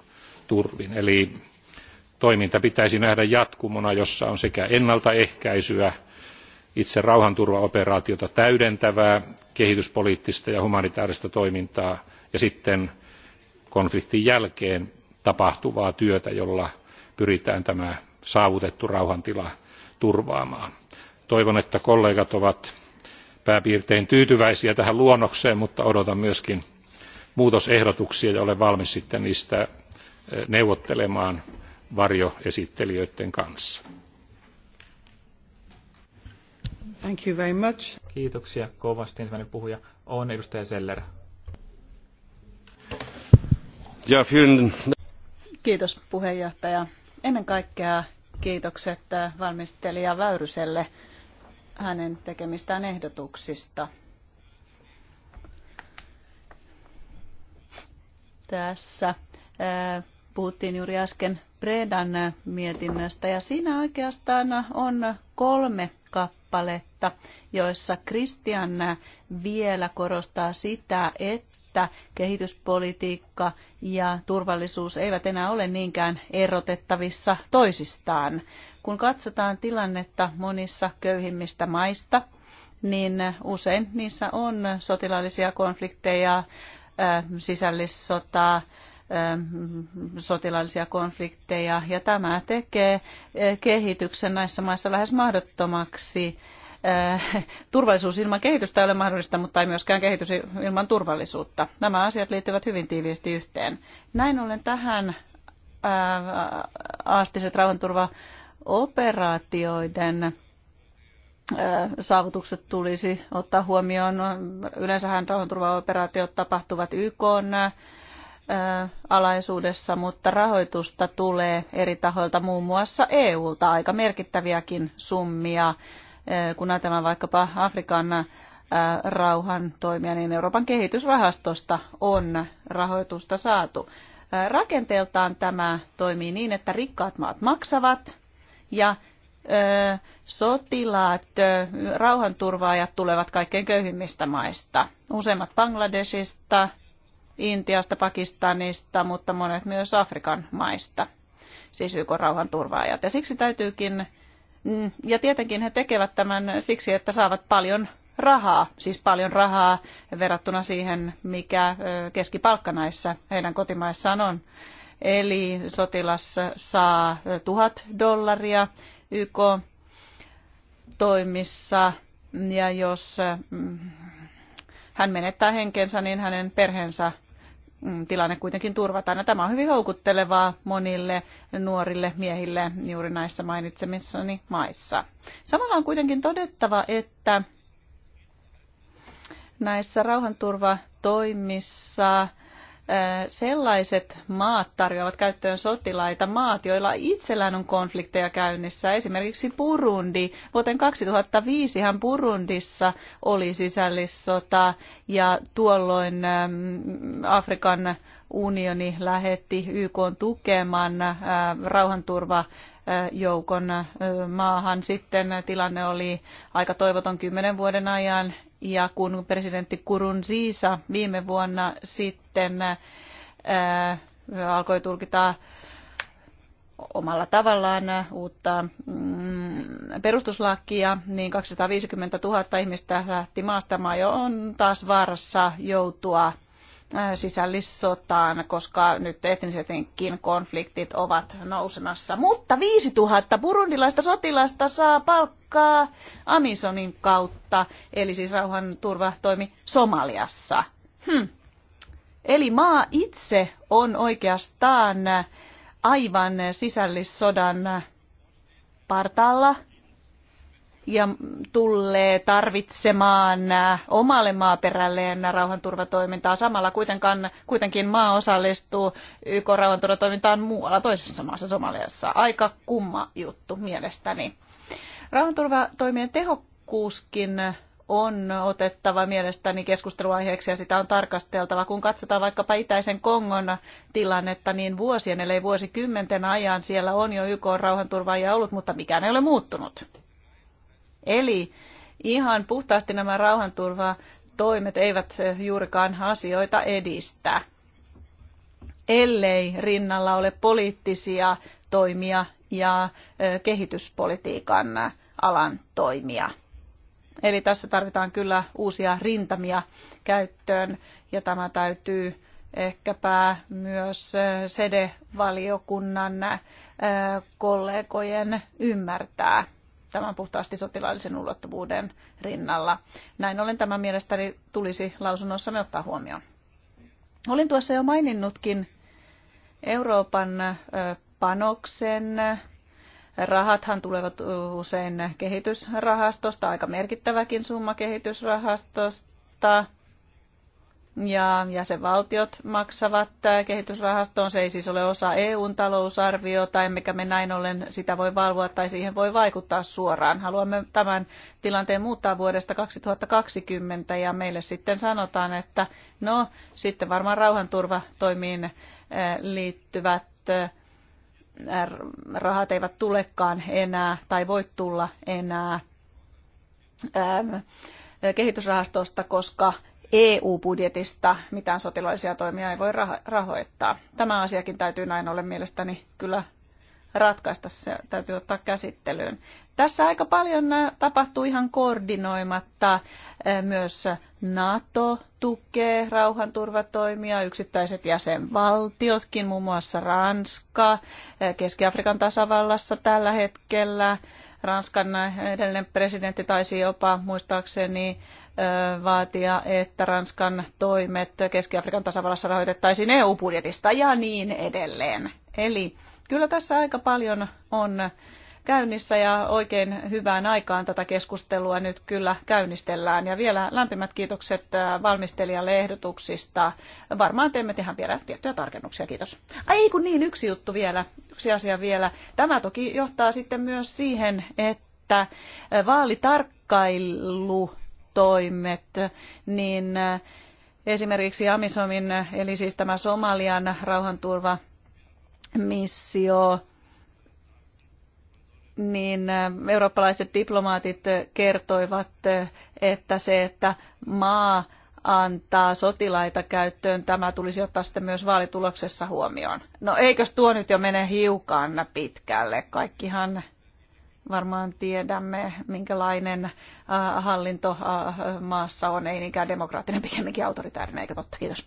turvin. eli toiminta pitäisi nähdä jatkumona jossa on sekä ennaltaehkäisyä itse rauhanturvaoperaatiota täydentävää kehityspoliittista ja humanitaarista toimintaa ja sitten konfliktin jälkeen tapahtuvaa työtä jolla pyritään tämä saavutettu rauhantila turvaamaan. toivon että kollegat ovat pääpiirtein tyytyväisiä tähän luonnokseen mutta odotan myös muutosehdotuksia ja olen valmis sitten niistä eh, neuvottelemaan varjoesittelijöiden kanssa. Thank you very much. Kiitoksia kovasti. Ensimmäinen puhuja on edustaja Seller. Ja, Kiitos puheenjohtaja. Ennen kaikkea kiitokset äh, valmistelija Väyryselle hänen tekemistään ehdotuksista. Tässä äh, puhuttiin juuri äsken Predan mietinnöstä ja siinä oikeastaan on kolme kappaletta, joissa Christian vielä korostaa sitä, että kehityspolitiikka ja turvallisuus eivät enää ole niinkään erotettavissa toisistaan. Kun katsotaan tilannetta monissa köyhimmistä maista, niin usein niissä on sotilaallisia konflikteja, sisällissotaa, sotilaallisia konflikteja ja tämä tekee kehityksen näissä maissa lähes mahdottomaksi. Turvallisuus ilman kehitystä ei ole mahdollista, mutta ei myöskään kehitys ilman turvallisuutta. Nämä asiat liittyvät hyvin tiiviisti yhteen. Näin ollen tähän aastiset rauhanturvaoperaatioiden saavutukset tulisi ottaa huomioon. Yleensähän rauhanturvaoperaatiot tapahtuvat YKn alaisuudessa, mutta rahoitusta tulee eri tahoilta, muun muassa EUlta, aika merkittäviäkin summia. Kun ajatellaan vaikkapa Afrikan rauhan toimia, niin Euroopan kehitysrahastosta on rahoitusta saatu. Rakenteeltaan tämä toimii niin, että rikkaat maat maksavat ja sotilaat, rauhanturvaajat tulevat kaikkein köyhimmistä maista. Useimmat Bangladesista, Intiasta, Pakistanista, mutta monet myös Afrikan maista, siis YK rauhanturvaajat. Ja siksi täytyykin, mm, ja tietenkin he tekevät tämän siksi, että saavat paljon rahaa, siis paljon rahaa verrattuna siihen, mikä keskipalkka näissä heidän kotimaissaan on. Eli sotilas saa tuhat dollaria YK toimissa ja jos mm, hän menettää henkensä, niin hänen perheensä Mm, tilanne kuitenkin turvataan. Ja no, tämä on hyvin houkuttelevaa monille nuorille miehille juuri näissä mainitsemissani maissa. Samalla on kuitenkin todettava, että näissä rauhanturvatoimissa sellaiset maat tarjoavat käyttöön sotilaita, maat, joilla itsellään on konflikteja käynnissä. Esimerkiksi Burundi. Vuoteen 2005 hän Burundissa oli sisällissota ja tuolloin Afrikan unioni lähetti YK tukeman rauhanturva joukon maahan. Sitten tilanne oli aika toivoton kymmenen vuoden ajan ja kun presidentti Kurun viime vuonna sitten ää, äh, alkoi tulkita omalla tavallaan uutta mm, perustuslakia, niin 250 000 ihmistä lähti maasta. Maa jo on taas vaarassa joutua Äh, sisällissotaan, koska nyt etnisetkin konfliktit ovat nousemassa. Mutta 5000 burundilaista sotilasta saa palkkaa Amisonin kautta, eli siis rauhanturvatoimi Somaliassa. Hm. Eli maa itse on oikeastaan aivan sisällissodan partaalla – ja tullee tarvitsemaan äh, omalle maaperälleen rauhanturvatoimintaa. Samalla kuitenkaan, kuitenkin maa osallistuu YK rauhanturvatoimintaan muualla toisessa maassa Somaliassa. Aika kumma juttu mielestäni. Rauhanturvatoimien tehokkuuskin on otettava mielestäni keskusteluaiheeksi ja sitä on tarkasteltava. Kun katsotaan vaikkapa Itäisen Kongon tilannetta, niin vuosien eli vuosikymmenten ajan siellä on jo YK rauhanturvaajia ollut, mutta mikään ei ole muuttunut Eli ihan puhtaasti nämä rauhanturvatoimet toimet eivät eh, juurikaan asioita edistä, ellei rinnalla ole poliittisia toimia ja eh, kehityspolitiikan alan toimia. Eli tässä tarvitaan kyllä uusia rintamia käyttöön ja tämä täytyy ehkäpä myös eh, sede-valiokunnan kollegojen ymmärtää tämän puhtaasti sotilaallisen ulottuvuuden rinnalla. Näin ollen tämä mielestäni tulisi lausunnossamme ottaa huomioon. Olin tuossa jo maininnutkin Euroopan panoksen. Rahathan tulevat usein kehitysrahastosta, aika merkittäväkin summa kehitysrahastosta ja jäsenvaltiot maksavat kehitysrahastoon. Se ei siis ole osa EUn talousarviota, emmekä me näin ollen sitä voi valvoa tai siihen voi vaikuttaa suoraan. Haluamme tämän tilanteen muuttaa vuodesta 2020 ja meille sitten sanotaan, että no sitten varmaan rauhanturvatoimiin liittyvät rahat eivät tulekaan enää tai voi tulla enää kehitysrahastosta, koska EU-budjetista mitään sotilaisia toimia ei voi rahoittaa. Tämä asiakin täytyy näin ollen mielestäni kyllä ratkaista, se täytyy ottaa käsittelyyn. Tässä aika paljon äh, tapahtuu ihan koordinoimatta. Äh, myös NATO tukee rauhanturvatoimia, yksittäiset jäsenvaltiotkin, muun muassa Ranska, äh, Keski-Afrikan tasavallassa tällä hetkellä Ranskan edellinen presidentti taisi jopa muistaakseni vaatia, että Ranskan toimet Keski-Afrikan tasavallassa rahoitettaisiin EU-budjetista ja niin edelleen. Eli kyllä tässä aika paljon on käynnissä ja oikein hyvään aikaan tätä keskustelua nyt kyllä käynnistellään. Ja vielä lämpimät kiitokset äh, valmistelijalle ehdotuksista. Varmaan teemme tähän vielä tiettyjä tarkennuksia. Kiitos. Ai kun niin, yksi juttu vielä, yksi asia vielä. Tämä toki johtaa sitten myös siihen, että äh, vaalitarkkailutoimet, niin äh, esimerkiksi Amisomin, eli siis tämä Somalian rauhanturva missio niin äh, eurooppalaiset diplomaatit kertoivat, äh, että se, että maa antaa sotilaita käyttöön, tämä tulisi ottaa sitten myös vaalituloksessa huomioon. No eikös tuo nyt jo mene hiukan pitkälle? Kaikkihan varmaan tiedämme, minkälainen äh, hallinto maassa on, ei niinkään demokraattinen, pikemminkin autoritäärinen, eikö totta? Kiitos.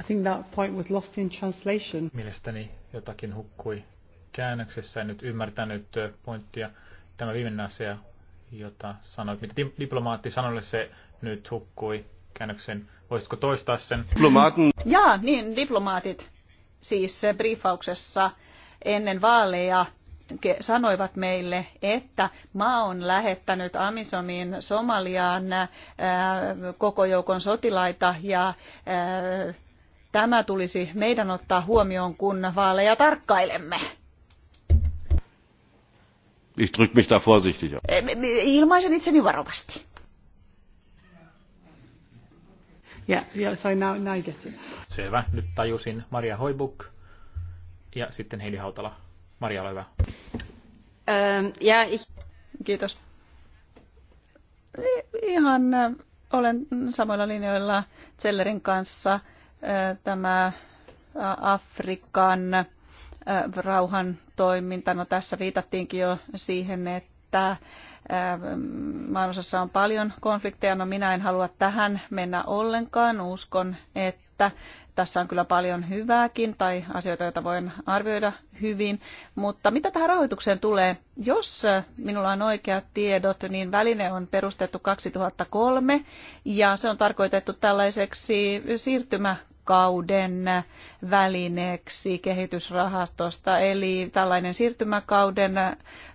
I think that point was lost in translation. Mielestäni jotakin hukkui käännöksessä en nyt ymmärtänyt pointtia. Tämä viimeinen asia, jota sanoit, mitä diplomaatti sanoille se nyt hukkui käännöksen. Voisitko toistaa sen? Diplomaatin. Jaa, niin, diplomaatit siis briefauksessa ennen vaaleja sanoivat meille, että maa on lähettänyt Amisomiin Somaliaan koko joukon sotilaita ja tämä tulisi meidän ottaa huomioon, kun vaaleja tarkkailemme. Ich drück mich da vorsichtig aus. Äh, ilmaisen itseni varovasti. Yeah, yeah, sorry, now, now get it. Selvä, nyt tajusin Maria Hoibuk ja sitten Heidi Hautala. Maria, ole hyvä. Ähm, ja, ich... Kiitos. Ihan äh, olen samoilla linjoilla Zellerin kanssa. Äh, tämä Afrikan rauhan toiminta. No tässä viitattiinkin jo siihen, että maanosassa on paljon konflikteja. No minä en halua tähän mennä ollenkaan. Uskon, että tässä on kyllä paljon hyvääkin tai asioita, joita voin arvioida hyvin. Mutta mitä tähän rahoitukseen tulee? Jos minulla on oikeat tiedot, niin väline on perustettu 2003 ja se on tarkoitettu tällaiseksi siirtymä siirtymäkauden välineeksi kehitysrahastosta. Eli tällainen siirtymäkauden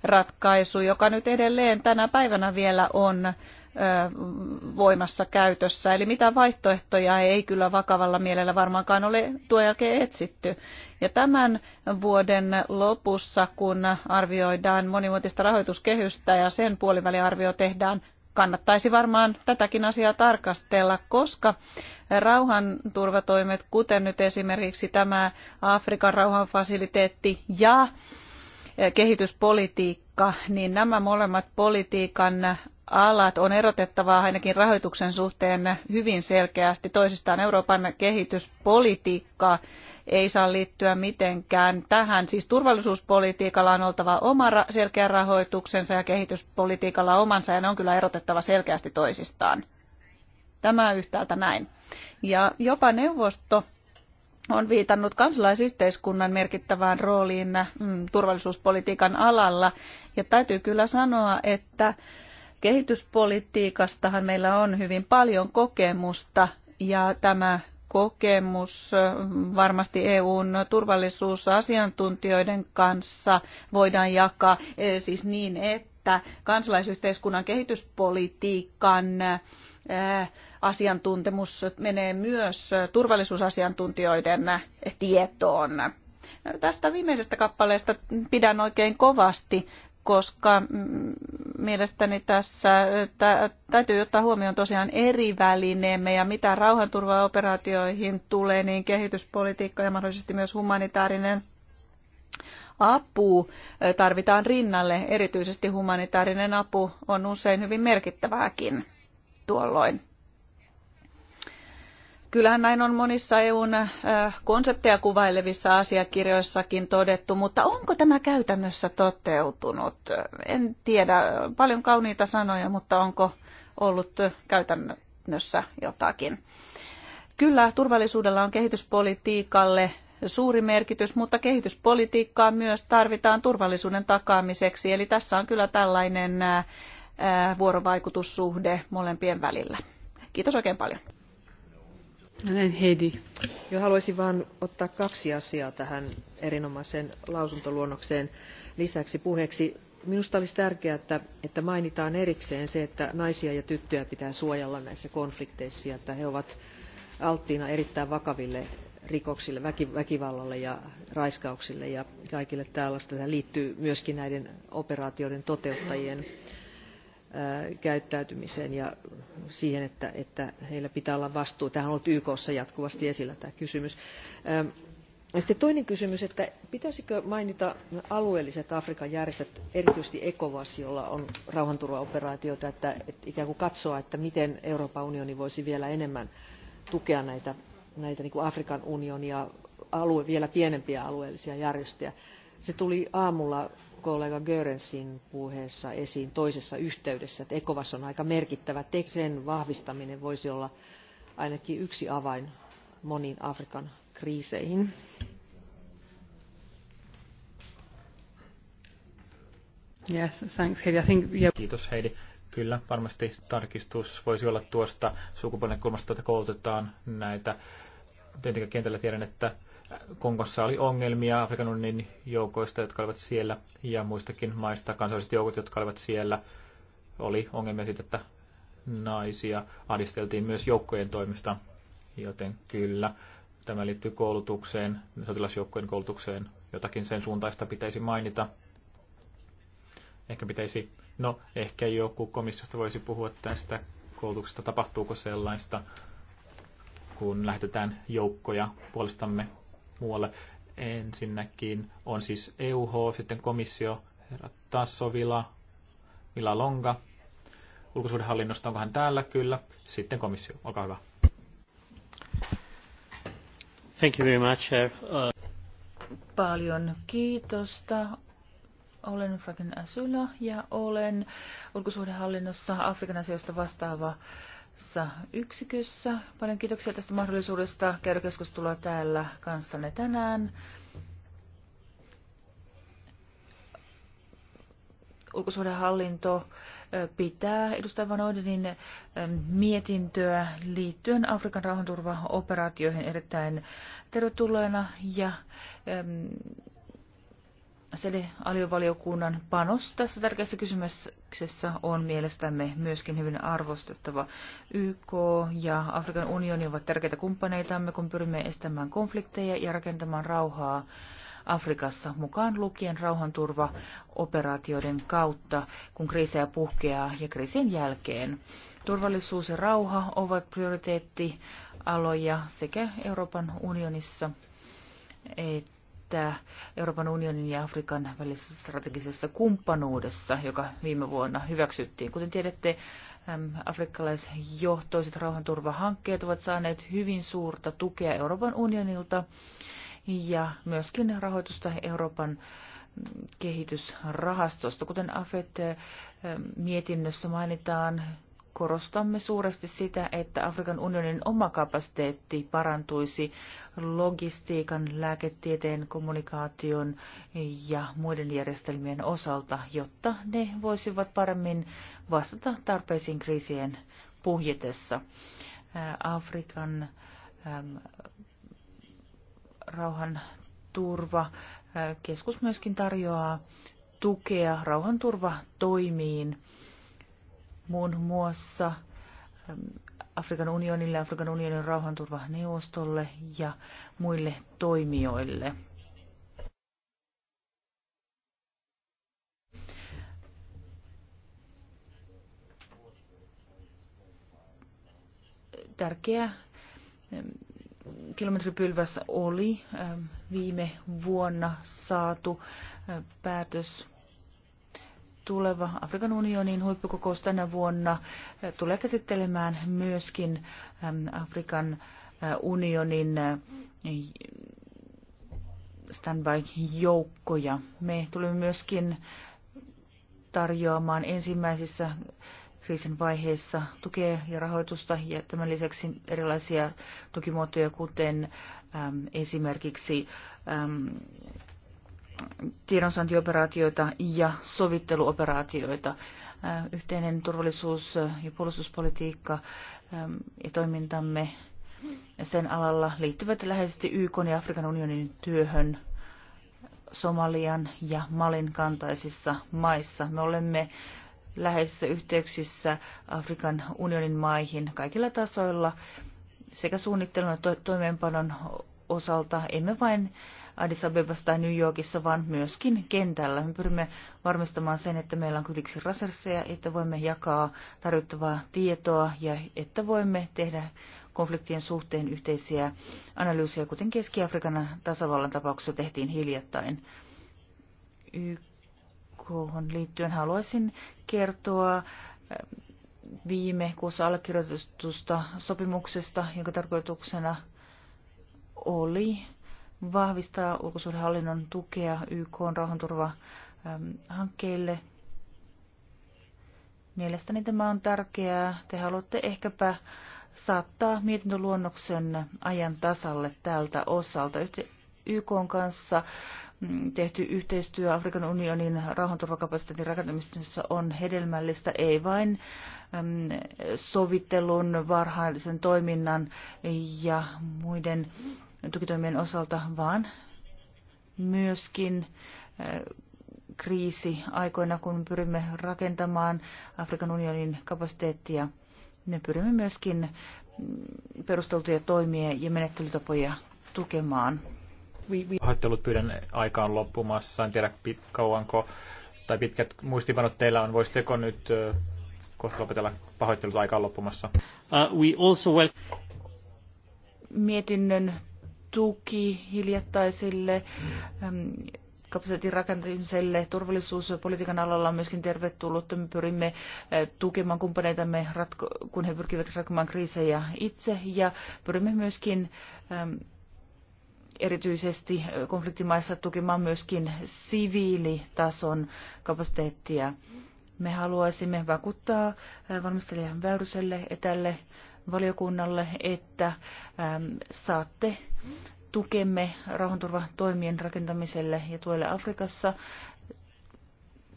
ratkaisu, joka nyt edelleen tänä päivänä vielä on voimassa käytössä. Eli mitä vaihtoehtoja ei kyllä vakavalla mielellä varmaankaan ole tuo jälkeen etsitty. Ja tämän vuoden lopussa, kun arvioidaan monivuotista rahoituskehystä ja sen puoliväliarvio tehdään kannattaisi varmaan tätäkin asiaa tarkastella, koska rauhanturvatoimet, kuten nyt esimerkiksi tämä Afrikan rauhanfasiliteetti ja eh, kehityspolitiikka, niin nämä molemmat politiikan alat on erotettava ainakin rahoituksen suhteen hyvin selkeästi toisistaan. Euroopan kehityspolitiikka ei saa liittyä mitenkään tähän. Siis turvallisuuspolitiikalla on oltava oma selkeä rahoituksensa ja kehityspolitiikalla omansa ja ne on kyllä erotettava selkeästi toisistaan. Tämä yhtäältä näin. Ja jopa neuvosto on viitannut kansalaisyhteiskunnan merkittävään rooliin mm, turvallisuuspolitiikan alalla. Ja täytyy kyllä sanoa, että kehityspolitiikastahan meillä on hyvin paljon kokemusta ja tämä kokemus varmasti EUn turvallisuusasiantuntijoiden kanssa voidaan jakaa e, siis niin, että kansalaisyhteiskunnan kehityspolitiikan e, asiantuntemus menee myös turvallisuusasiantuntijoiden tietoon. Tästä viimeisestä kappaleesta pidän oikein kovasti, koska mm, mielestäni tässä täytyy ottaa huomioon tosiaan eri välineemme ja mitä rauhanturvaoperaatioihin tulee, niin kehityspolitiikka ja mahdollisesti myös humanitaarinen apu tarvitaan rinnalle. Erityisesti humanitaarinen apu on usein hyvin merkittävääkin tuolloin. Kyllähän näin on monissa EUn äh, konsepteja kuvailevissa asiakirjoissakin todettu, mutta onko tämä käytännössä toteutunut? En tiedä, paljon kauniita sanoja, mutta onko ollut käytännössä jotakin? Kyllä, turvallisuudella on kehityspolitiikalle suuri merkitys, mutta kehityspolitiikkaa myös tarvitaan turvallisuuden takaamiseksi. Eli tässä on kyllä tällainen äh, äh, vuorovaikutussuhde molempien välillä. Kiitos oikein paljon. No niin, Heidi. Jo haluaisin vain ottaa kaksi asiaa tähän erinomaiseen lausuntoluonnokseen lisäksi puheeksi. Minusta olisi tärkeää, että, että mainitaan erikseen se, että naisia ja tyttöjä pitää suojella näissä konflikteissa ja että he ovat alttiina erittäin vakaville rikoksille, väkivallalle ja raiskauksille ja kaikille tällaista. Tämä liittyy myöskin näiden operaatioiden toteuttajien käyttäytymiseen ja siihen, että, että heillä pitää olla vastuu. Tähän on ollut ssa jatkuvasti esillä tämä kysymys. Sitten toinen kysymys, että pitäisikö mainita alueelliset Afrikan järjestöt, erityisesti ECOWAS, jolla on rauhanturvaoperaatioita, että, että ikään kuin katsoa, että miten Euroopan unioni voisi vielä enemmän tukea näitä, näitä niin kuin Afrikan unionia, alue, vielä pienempiä alueellisia järjestöjä. Se tuli aamulla kollega Görensin puheessa esiin toisessa yhteydessä, että ECOWAS on aika merkittävä. Sen vahvistaminen voisi olla ainakin yksi avain moniin Afrikan kriiseihin. Yes, thanks, Heidi. I think, yeah. Kiitos Heidi. Kyllä, varmasti tarkistus voisi olla tuosta sukupuolen kulmasta, että koulutetaan näitä kentällä tiedän, että Kongossa oli ongelmia Afrikan unionin joukoista, jotka olivat siellä, ja muistakin maista kansalliset joukot, jotka olivat siellä. Oli ongelmia siitä, että naisia adisteltiin myös joukkojen toimista, joten kyllä tämä liittyy koulutukseen, sotilasjoukkojen koulutukseen, jotakin sen suuntaista pitäisi mainita. Ehkä pitäisi, no ehkä joku komissiosta voisi puhua tästä koulutuksesta, tapahtuuko sellaista, kun lähetetään joukkoja puolestamme muualle. Ensinnäkin on siis EUH, sitten komissio, herra Tassovila, Mila Longa, ulkosuhdehallinnosta, onko hän täällä? Kyllä. Sitten komissio, olkaa hyvä. Thank you very much, Chair. Uh... Paljon kiitosta. Olen Fragen Asula ja olen ulkosuhdehallinnossa Afrikan asioista vastaava yksikössä. Paljon kiitoksia tästä mahdollisuudesta käydä keskustelua täällä kanssanne tänään. Ulkosuhdehallinto pitää edustaja Van Oudenin mietintöä liittyen Afrikan rauhanturvaoperaatioihin erittäin tervetulleena ja Seli aliovaliokunnan panos tässä tärkeässä kysymyksessä on mielestämme myöskin hyvin arvostettava. YK ja Afrikan unioni ovat tärkeitä kumppaneitamme, kun pyrimme estämään konflikteja ja rakentamaan rauhaa Afrikassa, mukaan lukien rauhanturvaoperaatioiden kautta, kun kriisejä puhkeaa ja kriisin jälkeen. Turvallisuus ja rauha ovat prioriteettialoja sekä Euroopan unionissa että että Euroopan unionin ja Afrikan välisessä strategisessa kumppanuudessa, joka viime vuonna hyväksyttiin. Kuten tiedätte, afrikkalaisjohtoiset rauhanturvahankkeet ovat saaneet hyvin suurta tukea Euroopan unionilta ja myöskin rahoitusta Euroopan kehitysrahastosta. Kuten AFET mietinnössä mainitaan, korostamme suuresti sitä, että Afrikan unionin oma kapasiteetti parantuisi logistiikan, lääketieteen, kommunikaation ja muiden järjestelmien osalta, jotta ne voisivat paremmin vastata tarpeisiin kriisien puhjetessa. Afrikan äm, rauhan turva keskus myöskin tarjoaa tukea rauhanturvatoimiin. toimiin muun muassa ähm, Afrikan unionille, Afrikan unionin rauhanturvaneuvostolle ja muille toimijoille. Tärkeä ähm, kilometripylväs oli ähm, viime vuonna saatu äh, päätös tuleva Afrikan unionin huippukokous tänä vuonna eh, tulee käsittelemään myöskin Afrikan eh, unionin eh, standby-joukkoja. Me tulemme myöskin tarjoamaan ensimmäisissä kriisin vaiheessa tukea ja rahoitusta ja tämän lisäksi erilaisia tukimuotoja, kuten äm, esimerkiksi äm, tiedonsaantioperaatioita ja sovitteluoperaatioita. Äh, yhteinen turvallisuus- ja puolustuspolitiikka ähm, ja toimintamme sen alalla liittyvät läheisesti YK ja Afrikan unionin työhön Somalian ja Malin kantaisissa maissa. Me olemme läheisissä yhteyksissä Afrikan unionin maihin kaikilla tasoilla sekä suunnittelun ja toimeenpanon osalta, emme vain Addis Abebassa tai New Yorkissa, vaan myöskin kentällä. Me pyrimme varmistamaan sen, että meillä on kylliksi resursseja, että voimme jakaa tarvittavaa tietoa ja että voimme tehdä konfliktien suhteen yhteisiä analyysiä, kuten Keski-Afrikan tasavallan tapauksessa tehtiin hiljattain. YKhon liittyen haluaisin kertoa eh, viime kuussa allekirjoitusta sopimuksesta, jonka tarkoituksena oli vahvistaa ulkosuhdehallinnon tukea YK rauhanturvahankkeille. Mielestäni tämä on tärkeää. Te haluatte ehkäpä saattaa mietintöluonnoksen ajan tasalle tältä osalta. YK kanssa mm, tehty yhteistyö Afrikan unionin rauhanturvakapasiteetin rakentamisessa on hedelmällistä, ei vain mm, sovittelun, varhaisen toiminnan ja muiden tukitoimien osalta, vaan myöskin kriisi aikoina, kun pyrimme rakentamaan Afrikan unionin kapasiteettia. Me pyrimme myöskin mm, perusteltuja toimia ja menettelytapoja tukemaan. Pahoittelut pyydän aikaan loppumassa. En tiedä pit, kauanko tai pitkät muistivanot teillä on. Voisitteko nyt kohta lopetella pahoittelut aikaan loppumassa? Uh, we also well... Mietinnön tuki hiljattaisille kapasiteetin rakentamiselle turvallisuuspolitiikan alalla on myöskin tervetullut. Me pyrimme tukemaan kumppaneitamme, kun he pyrkivät ratkomaan kriisejä itse ja pyrimme myöskin erityisesti konfliktimaissa tukemaan myöskin siviilitason kapasiteettia. Me haluaisimme vakuuttaa valmistelijan Väyryselle ja tälle valiokunnalle, että ähm, saatte tukemme rauhanturvatoimien rakentamiselle ja tuelle Afrikassa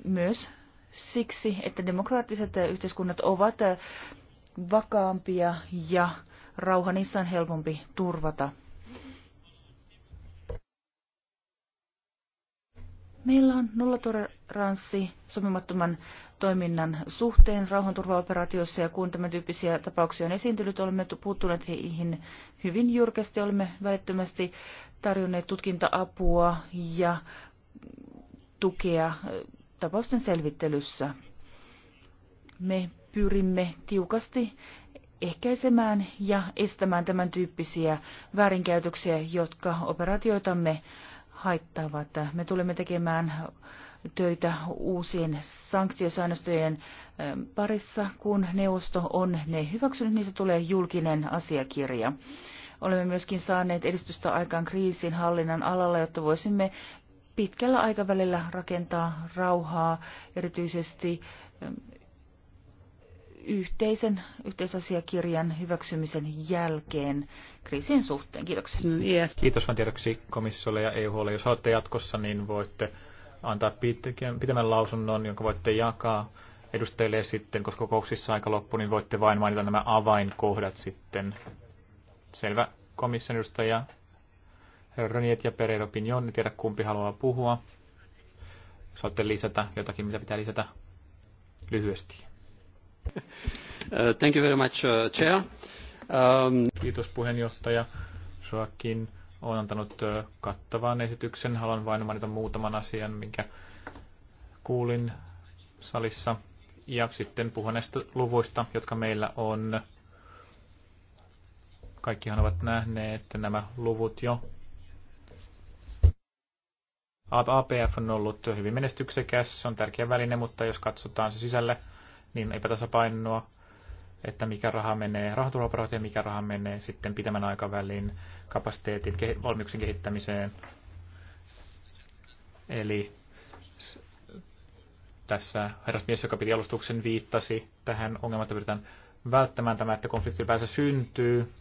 myös siksi, että demokraattiset yhteiskunnat ovat vakaampia ja rauha niissä on helpompi turvata. Meillä on nollatoleranssi sopimattoman toiminnan suhteen rauhanturvaoperaatioissa ja kun tämän tyyppisiä tapauksia on esiintynyt, olemme puuttuneet heihin hyvin jyrkästi, olemme välittömästi tarjonneet tutkinta-apua ja tukea äh, tapausten selvittelyssä. Me pyrimme tiukasti ehkäisemään ja estämään tämän tyyppisiä väärinkäytöksiä, jotka operaatioitamme haittaavat. Me tulemme tekemään töitä uusien sanktiosäännöstöjen ähm, parissa, kun neuvosto on ne hyväksynyt, niin se tulee julkinen asiakirja. Olemme myöskin saaneet edistystä aikaan kriisin hallinnan alalla, jotta voisimme pitkällä aikavälillä rakentaa rauhaa, erityisesti ähm, yhteisen yhteisasiakirjan hyväksymisen jälkeen kriisin suhteen. Kiitoksia. Yes. Kiitos vain tiedoksi komissiolle ja EUHlle. Jos haluatte jatkossa, niin voitte antaa pitemmän lausunnon, jonka voitte jakaa edustajille sitten, koska kokouksissa aika loppu, niin voitte vain mainita nämä avainkohdat sitten. Selvä komission edustaja Roniet ja Pereiro Pignon, niin tiedä kumpi haluaa puhua. Saatte lisätä jotakin, mitä pitää lisätä lyhyesti. Uh, thank you very much, uh, Chair. Um, Kiitos puheenjohtaja. Soakin on antanut uh, kattavan esityksen. Haluan vain mainita muutaman asian, minkä kuulin salissa. Ja sitten puhun näistä luvuista, jotka meillä on. Kaikkihan ovat nähneet että nämä luvut jo. APF on ollut hyvin menestyksekäs, se on tärkeä väline, mutta jos katsotaan se sisälle, niin epätasapainoa, että mikä raha menee rahoitusoperaatioon, mikä raha menee sitten pitemmän aikavälin kapasiteetin valmiuksien kehittämiseen. Eli tässä herrasmies, joka piti alustuksen, viittasi tähän ongelmaan, että pyritään välttämään tämä, että konflikti pääsee syntyy.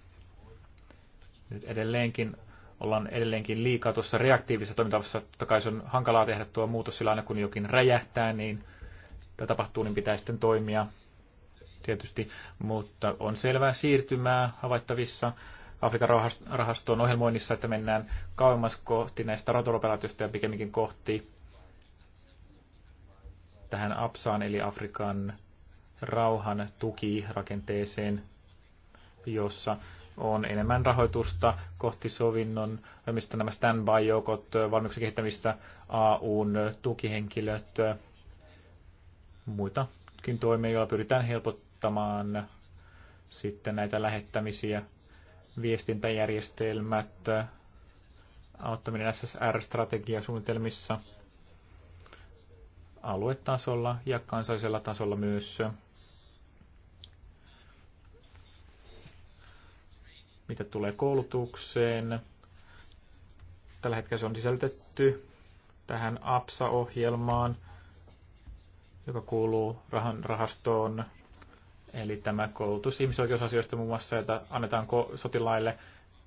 Nyt edelleenkin ollaan edelleenkin liikaa tuossa reaktiivisessa toimintavassa. Totta kai se on hankalaa tehdä tuo muutos, sillä aina kun jokin räjähtää, niin Tätä tapahtuu, niin pitää sitten toimia tietysti, mutta on selvää siirtymää havaittavissa Afrikan rahaston ohjelmoinnissa, että mennään kauemmas kohti näistä rotoloperaatioista ja pikemminkin kohti tähän APSAan eli Afrikan rauhan tukirakenteeseen, jossa on enemmän rahoitusta kohti sovinnon, mistä nämä standby-joukot, valmiuksen kehittämistä, AUn tukihenkilöt, muitakin toimia, joilla pyritään helpottamaan sitten näitä lähettämisiä, viestintäjärjestelmät, auttaminen SSR-strategiasuunnitelmissa aluetasolla ja kansallisella tasolla myös. Mitä tulee koulutukseen, tällä hetkellä se on sisällytetty tähän APSA-ohjelmaan – joka kuuluu rahan rahastoon, eli tämä koulutus ihmisoikeusasioista muun muassa, jota annetaan sotilaille.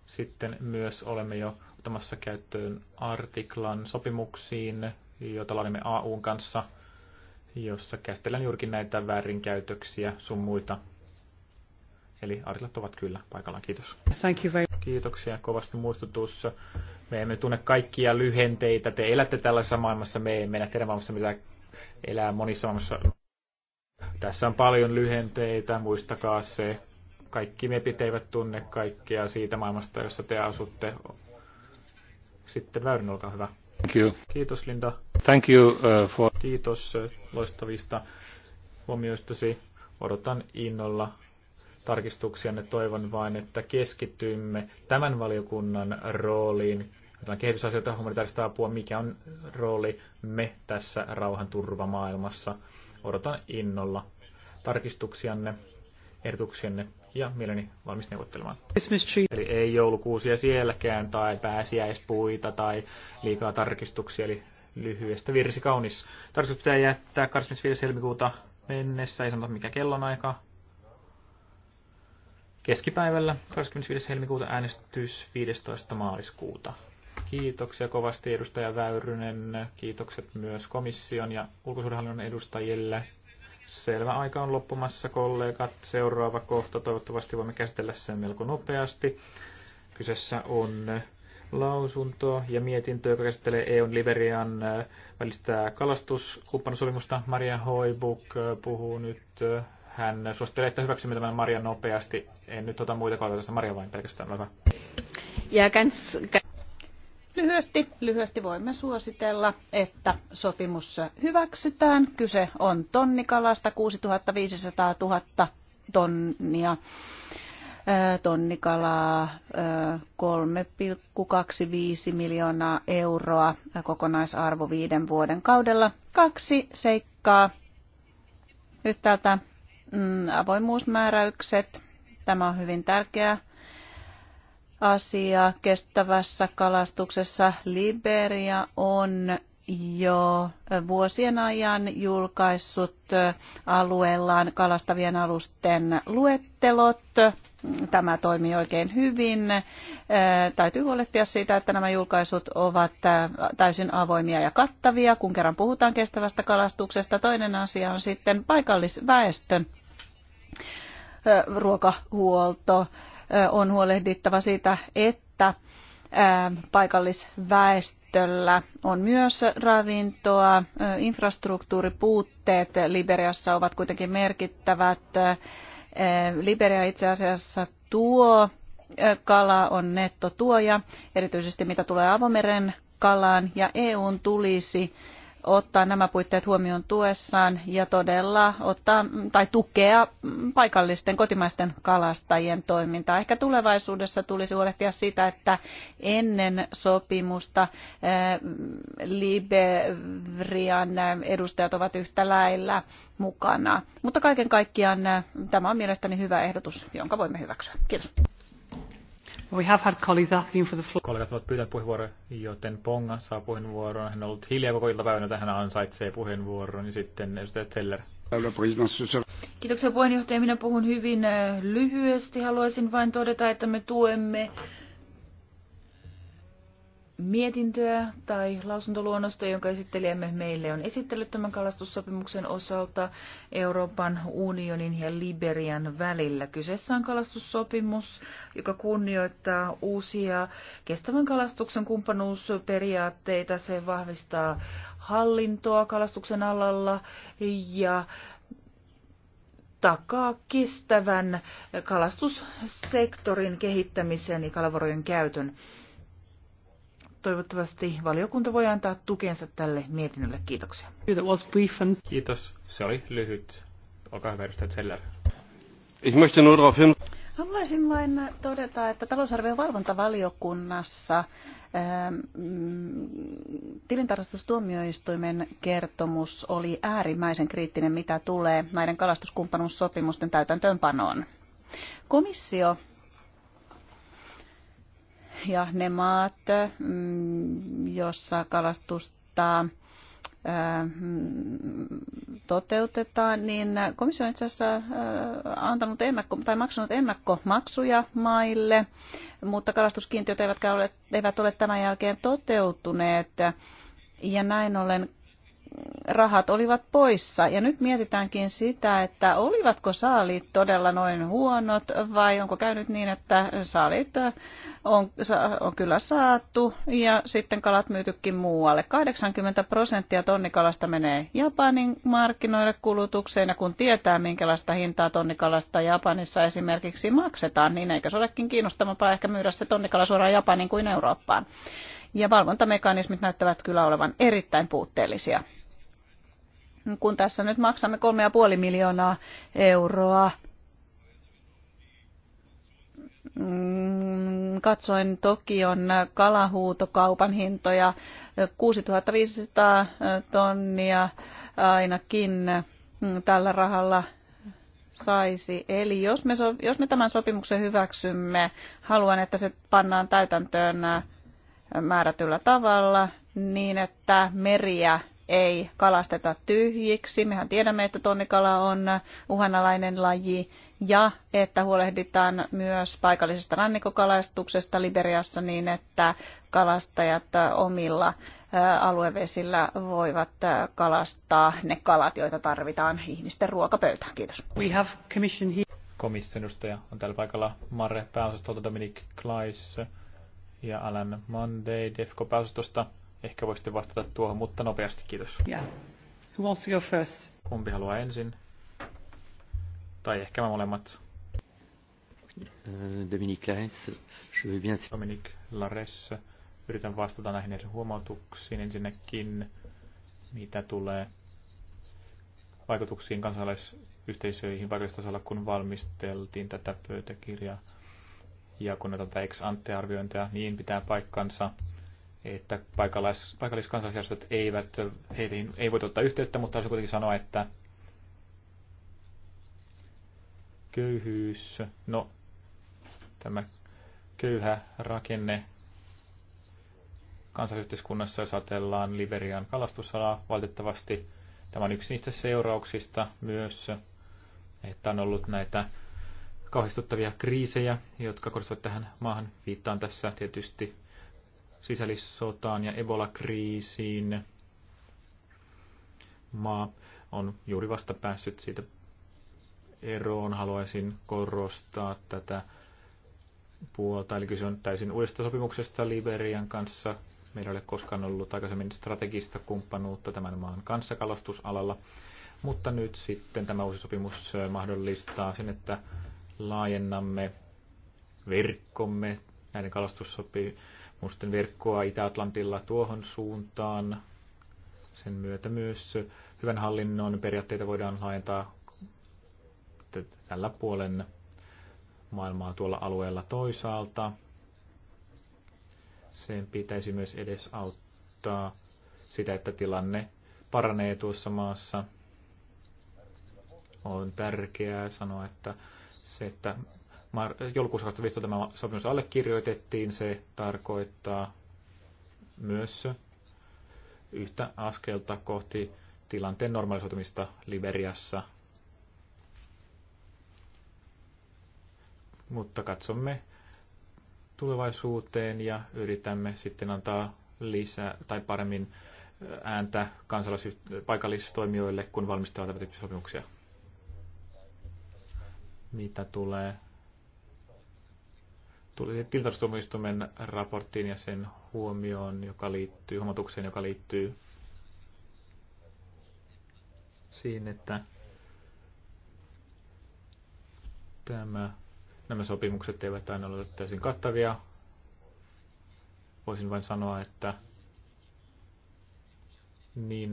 Sitten myös olemme jo ottamassa käyttöön artiklan sopimuksiin, jota laadimme AUn kanssa, jossa käsitellään juurikin näitä väärinkäytöksiä sun muita. Eli artiklat ovat kyllä paikallaan. Kiitos. Thank you very... Kiitoksia kovasti muistutussa. Me emme tunne kaikkia lyhenteitä. Te elätte tällaisessa maailmassa. Me emme mennä teidän maailmassa, mitä elää monissa maailmassa. Tässä on paljon lyhenteitä, muistakaa se. Kaikki mepit eivät tunne kaikkea siitä maailmasta, jossa te asutte. Sitten Väyrin, olkaa hyvä. Thank you. Kiitos Linda. Thank you, uh, for... Kiitos uh, loistavista huomioistasi. Odotan innolla tarkistuksia. Ne toivon vain, että keskitymme tämän valiokunnan rooliin jotain kehitysasioita, humanitaarista apua, mikä on rooli me tässä rauhanturvamaailmassa. Odotan innolla tarkistuksianne, ehdotuksianne ja mieleni valmis neuvottelemaan. Eli ei joulukuusia sielläkään tai pääsiäispuita tai liikaa tarkistuksia, eli lyhyestä virsi kaunis. Tarkistus pitää jättää 25. helmikuuta mennessä, ei sanota mikä kellonaika. Keskipäivällä 25. helmikuuta äänestys 15. maaliskuuta. Kiitoksia kovasti edustaja Väyrynen. Kiitokset myös komission ja ulkosuudenhallinnon edustajille. Selvä aika on loppumassa, kollegat. Seuraava kohta toivottavasti voimme käsitellä sen melko nopeasti. Kyseessä on lausunto ja mietintö, joka käsittelee EUn Liberian äh, välistä kalastuskumppanusolimusta. Maria Hoibuk äh, puhuu nyt. Äh, hän suosittelee, että hyväksymme tämän Maria nopeasti. En nyt ota muita tässä Maria vain pelkästään. Olkaa. Ja kans. Lyhyesti, lyhyesti voimme suositella, että sopimus hyväksytään. Kyse on tonnikalasta 6500 000 tonnia. Tonnikalaa 3,25 miljoonaa euroa kokonaisarvo viiden vuoden kaudella. Kaksi seikkaa. Yhtäältä mm, avoimuusmääräykset. Tämä on hyvin tärkeää asia kestävässä kalastuksessa. Liberia on jo vuosien ajan julkaissut alueellaan kalastavien alusten luettelot. Tämä toimii oikein hyvin. Täytyy huolehtia siitä, että nämä julkaisut ovat täysin avoimia ja kattavia, kun kerran puhutaan kestävästä kalastuksesta. Toinen asia on sitten paikallisväestön ruokahuolto on huolehdittava siitä, että paikallisväestöllä on myös ravintoa. Infrastruktuuripuutteet Liberiassa ovat kuitenkin merkittävät. Liberia itse asiassa tuo kala on nettotuoja, erityisesti mitä tulee avomeren kalaan, ja EUn tulisi ottaa nämä puitteet huomioon tuessaan ja todella ottaa tai tukea paikallisten kotimaisten kalastajien toimintaa. Ehkä tulevaisuudessa tulisi huolehtia sitä, että ennen sopimusta eh, Liberian edustajat ovat yhtä lailla mukana. Mutta kaiken kaikkiaan eh, tämä on mielestäni hyvä ehdotus, jonka voimme hyväksyä. Kiitos. We have had colleagues asking for the floor. Kollegat ovat pyytäneet puheenvuoroa, joten Ponga saa puheenvuoron. Hän on ollut hiljaa koko iltapäivänä, tähän ansaitsee puheenvuoron. Ja sitten edustaja Zeller. Kiitoksia puheenjohtaja. Minä puhun hyvin äh, lyhyesti. Haluaisin vain todeta, että me tuemme mietintöä tai lausuntoluonnosta, jonka esittelijämme meille on esittellyt tämän kalastussopimuksen osalta Euroopan unionin ja Liberian välillä. Kyseessä on kalastussopimus, joka kunnioittaa uusia kestävän kalastuksen kumppanuusperiaatteita. Se vahvistaa hallintoa kalastuksen alalla ja takaa kestävän kalastussektorin kehittämisen ja kalavarojen käytön. Toivottavasti valiokunta voi antaa tukensa tälle mietinnölle. Kiitoksia. Kiitos. Se oli lyhyt. Olkaa hyvä, edustajat Seller. Haluaisin vain todeta, että talousarvion valvontavaliokunnassa ähm, mm, tilintarkastustuomioistuimen kertomus oli äärimmäisen kriittinen, mitä tulee näiden kalastuskumppanuussopimusten täytäntöönpanoon. Komissio ja ne maat, mm, jossa kalastusta mm, toteutetaan, niin komissio on itse asiassa antanut ennakko, tai maksanut ennakkomaksuja maille, mutta kalastuskiintiöt eivät ole, eivät ole tämän jälkeen toteutuneet. Ja näin ollen rahat olivat poissa. Ja nyt mietitäänkin sitä, että olivatko saaliit todella noin huonot vai onko käynyt niin, että saaliit äh, on, on kyllä saatu ja sitten kalat myytykin muualle. 80 prosenttia tonnikalasta menee Japanin markkinoille kulutukseen ja kun tietää, minkälaista hintaa tonnikalasta Japanissa esimerkiksi maksetaan, niin eikö se olekin kiinnostavampaa ehkä myydä se tonnikala suoraan Japaniin kuin Eurooppaan. Ja valvontamekanismit näyttävät kyllä olevan erittäin puutteellisia kun tässä nyt maksamme 3,5 miljoonaa euroa. Mm, katsoin Tokion kalahuutokaupan hintoja 6500 tonnia ainakin mm, tällä rahalla saisi. Eli jos me, jos me tämän sopimuksen hyväksymme, haluan, että se pannaan täytäntöön määrätyllä tavalla niin, että meriä ei kalasteta tyhjiksi. Mehän tiedämme, että tonnikala on uhanalainen laji ja että huolehditaan myös paikallisesta rannikkokalastuksesta Liberiassa niin, että kalastajat omilla aluevesillä voivat kalastaa ne kalat, joita tarvitaan ihmisten ruokapöytään. Kiitos. We have commission here. Komission edustaja on tällä paikalla Marre pääosastolta Dominic Kleiss ja Alan Monday Defco pääosastosta. Ehkä voisitte vastata tuohon, mutta nopeasti, kiitos. Yeah. Who wants to go first? Kumpi haluaa ensin? Tai ehkä me molemmat. Euh, Dominique Lares, je vais bien... Dominique Lares, yritän vastata näihin eri huomautuksiin ensinnäkin, mitä tulee vaikutuksiin kansalaisyhteisöihin paikallistasolla, kun valmisteltiin tätä pöytäkirjaa ja kun näitä ex ante arviointeja, niin pitää paikkansa että paikallis, paikalliskansalaisjärjestöt eivät, heihin ei voi ottaa yhteyttä, mutta haluaisin kuitenkin sanoa, että köyhyys, no tämä köyhä rakenne kansallisyhteiskunnassa, jos ajatellaan Liberian kalastusalaa, valitettavasti tämä on yksi niistä seurauksista myös, että on ollut näitä kauhistuttavia kriisejä, jotka kohdistuvat tähän maahan. Viittaan tässä tietysti sisällissotaan ja Ebola-kriisiin. Maa on juuri vasta päässyt siitä eroon. Haluaisin korostaa tätä puolta. Eli kyse on täysin uudesta sopimuksesta Liberian kanssa. Meillä ei ole koskaan ollut aikaisemmin strategista kumppanuutta tämän maan kanssa kalastusalalla. Mutta nyt sitten tämä uusi sopimus mahdollistaa sen, että laajennamme verkkomme näiden kalastussopimusten musten verkkoa Itä-Atlantilla tuohon suuntaan. Sen myötä myös hyvän hallinnon periaatteita voidaan laajentaa tällä puolen maailmaa tuolla alueella toisaalta. Sen pitäisi myös edesauttaa sitä, että tilanne paranee tuossa maassa. On tärkeää sanoa, että se, että Joulukuussa 2015 tämä sopimus allekirjoitettiin. Se tarkoittaa myös yhtä askelta kohti tilanteen normalisoitumista Liberiassa. Mutta katsomme tulevaisuuteen ja yritämme sitten antaa lisää tai paremmin ääntä kansalaisyht- paikallistoimijoille, kun valmistellaan tämän sopimuksia. Mitä tulee tuli tilintarkastustuomioistuimen raporttiin ja sen huomioon, joka liittyy, huomatukseen, joka liittyy siihen, että tämä, nämä sopimukset eivät aina ole täysin kattavia. Voisin vain sanoa, että niin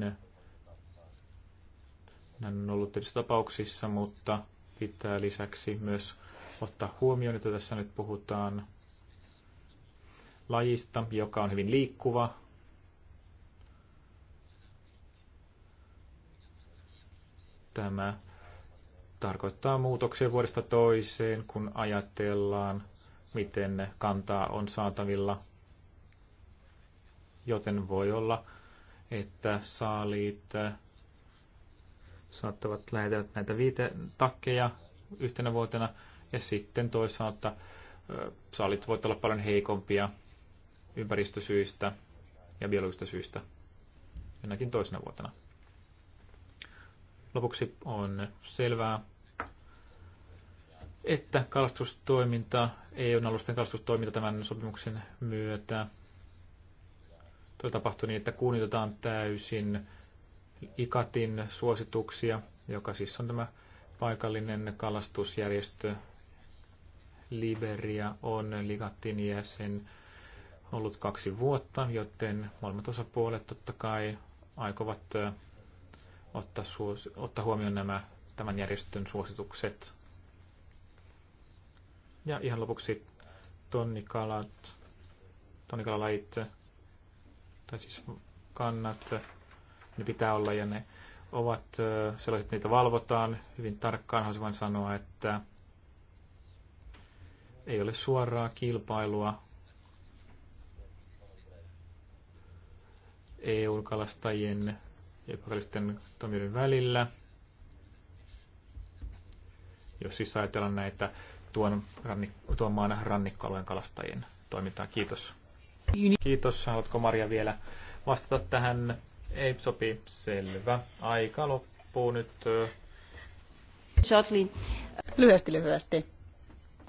näin on ollut tietysti tapauksissa, mutta pitää lisäksi myös ottaa huomioon, että tässä nyt puhutaan lajista, joka on hyvin liikkuva. Tämä tarkoittaa muutoksia vuodesta toiseen, kun ajatellaan, miten kantaa on saatavilla. Joten voi olla, että saaliit äh, saattavat lähetellä näitä viite takkeja yhtenä vuotena, ja sitten toisaalta salit voivat olla paljon heikompia ympäristösyistä ja biologisista syistä jonakin toisena vuotena. Lopuksi on selvää, että kalastustoiminta, ei on alusten kalastustoiminta tämän sopimuksen myötä Tuo tapahtui niin, että kuunnitetaan täysin ikatin suosituksia, joka siis on tämä paikallinen kalastusjärjestö, Liberia on ligattin jäsen ollut kaksi vuotta, joten molemmat osapuolet totta kai aikovat ottaa, suos, ottaa huomioon nämä tämän järjestön suositukset. Ja ihan lopuksi tonnikalat, tonnikalalajit, tai siis kannat, ne pitää olla ja ne ovat sellaiset, niitä valvotaan hyvin tarkkaan. Haluaisin vain sanoa, että ei ole suoraa kilpailua EU-kalastajien ja paikallisten toimijoiden välillä. Jos siis ajatellaan näitä tuon, rannik- tuon maan rannikkoalueen kalastajien toimintaa. Kiitos. Kiitos. Haluatko Maria vielä vastata tähän? Ei sopi. Selvä. Aika loppuu nyt. Shortly. Lyhyesti, lyhyesti.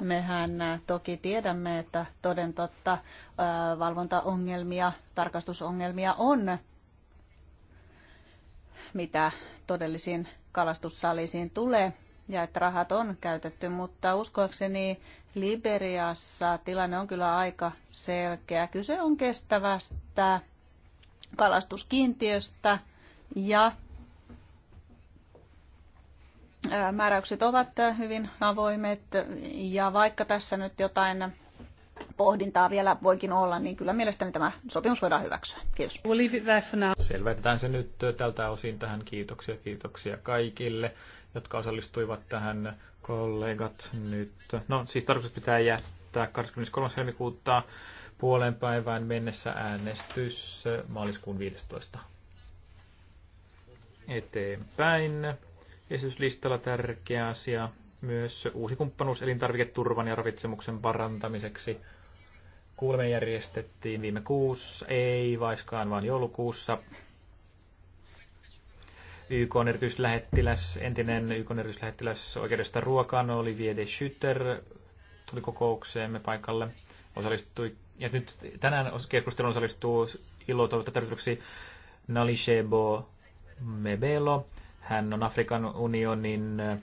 Mehän toki tiedämme, että toden totta valvontaongelmia, tarkastusongelmia on, mitä todellisiin kalastussalisiin tulee ja että rahat on käytetty, mutta uskoakseni Liberiassa tilanne on kyllä aika selkeä. Kyse on kestävästä kalastuskiintiöstä ja määräykset ovat hyvin avoimet ja vaikka tässä nyt jotain pohdintaa vielä voikin olla, niin kyllä mielestäni tämä sopimus voidaan hyväksyä. Kiitos. Selvätetään se nyt tältä osin tähän. Kiitoksia, kiitoksia kaikille, jotka osallistuivat tähän kollegat nyt. No siis tarkoitus pitää jättää 23. helmikuuta puolen päivään mennessä äänestys maaliskuun 15. Eteenpäin esityslistalla tärkeä asia myös uusi kumppanuus elintarviketurvan ja ravitsemuksen parantamiseksi. Kuulemme järjestettiin viime kuussa, ei vaiskaan vaan joulukuussa. YK on erityislähettiläs, entinen YK on erityislähettiläs oikeudesta ruokaan oli Viede Schütter, tuli kokoukseemme paikalle, osallistui, ja nyt tänään keskustelun osallistuu ilo toivottavasti Nalishebo Mebelo, hän on Afrikan unionin eh,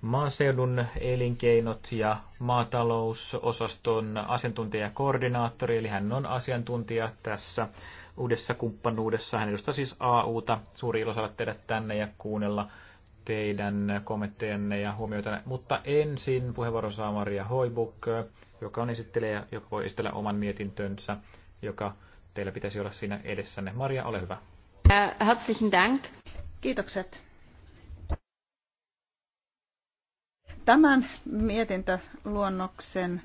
maaseudun elinkeinot ja maatalousosaston asiantuntijakoordinaattori, eli hän on asiantuntija tässä uudessa kumppanuudessa. Hän edustaa siis AUta. Suuri ilo saada teidät tänne ja kuunnella teidän kommenttejanne ja huomioita. Mutta ensin puheenvuoro saa Maria Hoibuk, joka on esittelijä, joka voi esitellä oman mietintönsä, joka teillä pitäisi olla siinä edessänne. Maria, ole hyvä. Äh, herzlichen Dank. Kiitokset. Tämän mietintöluonnoksen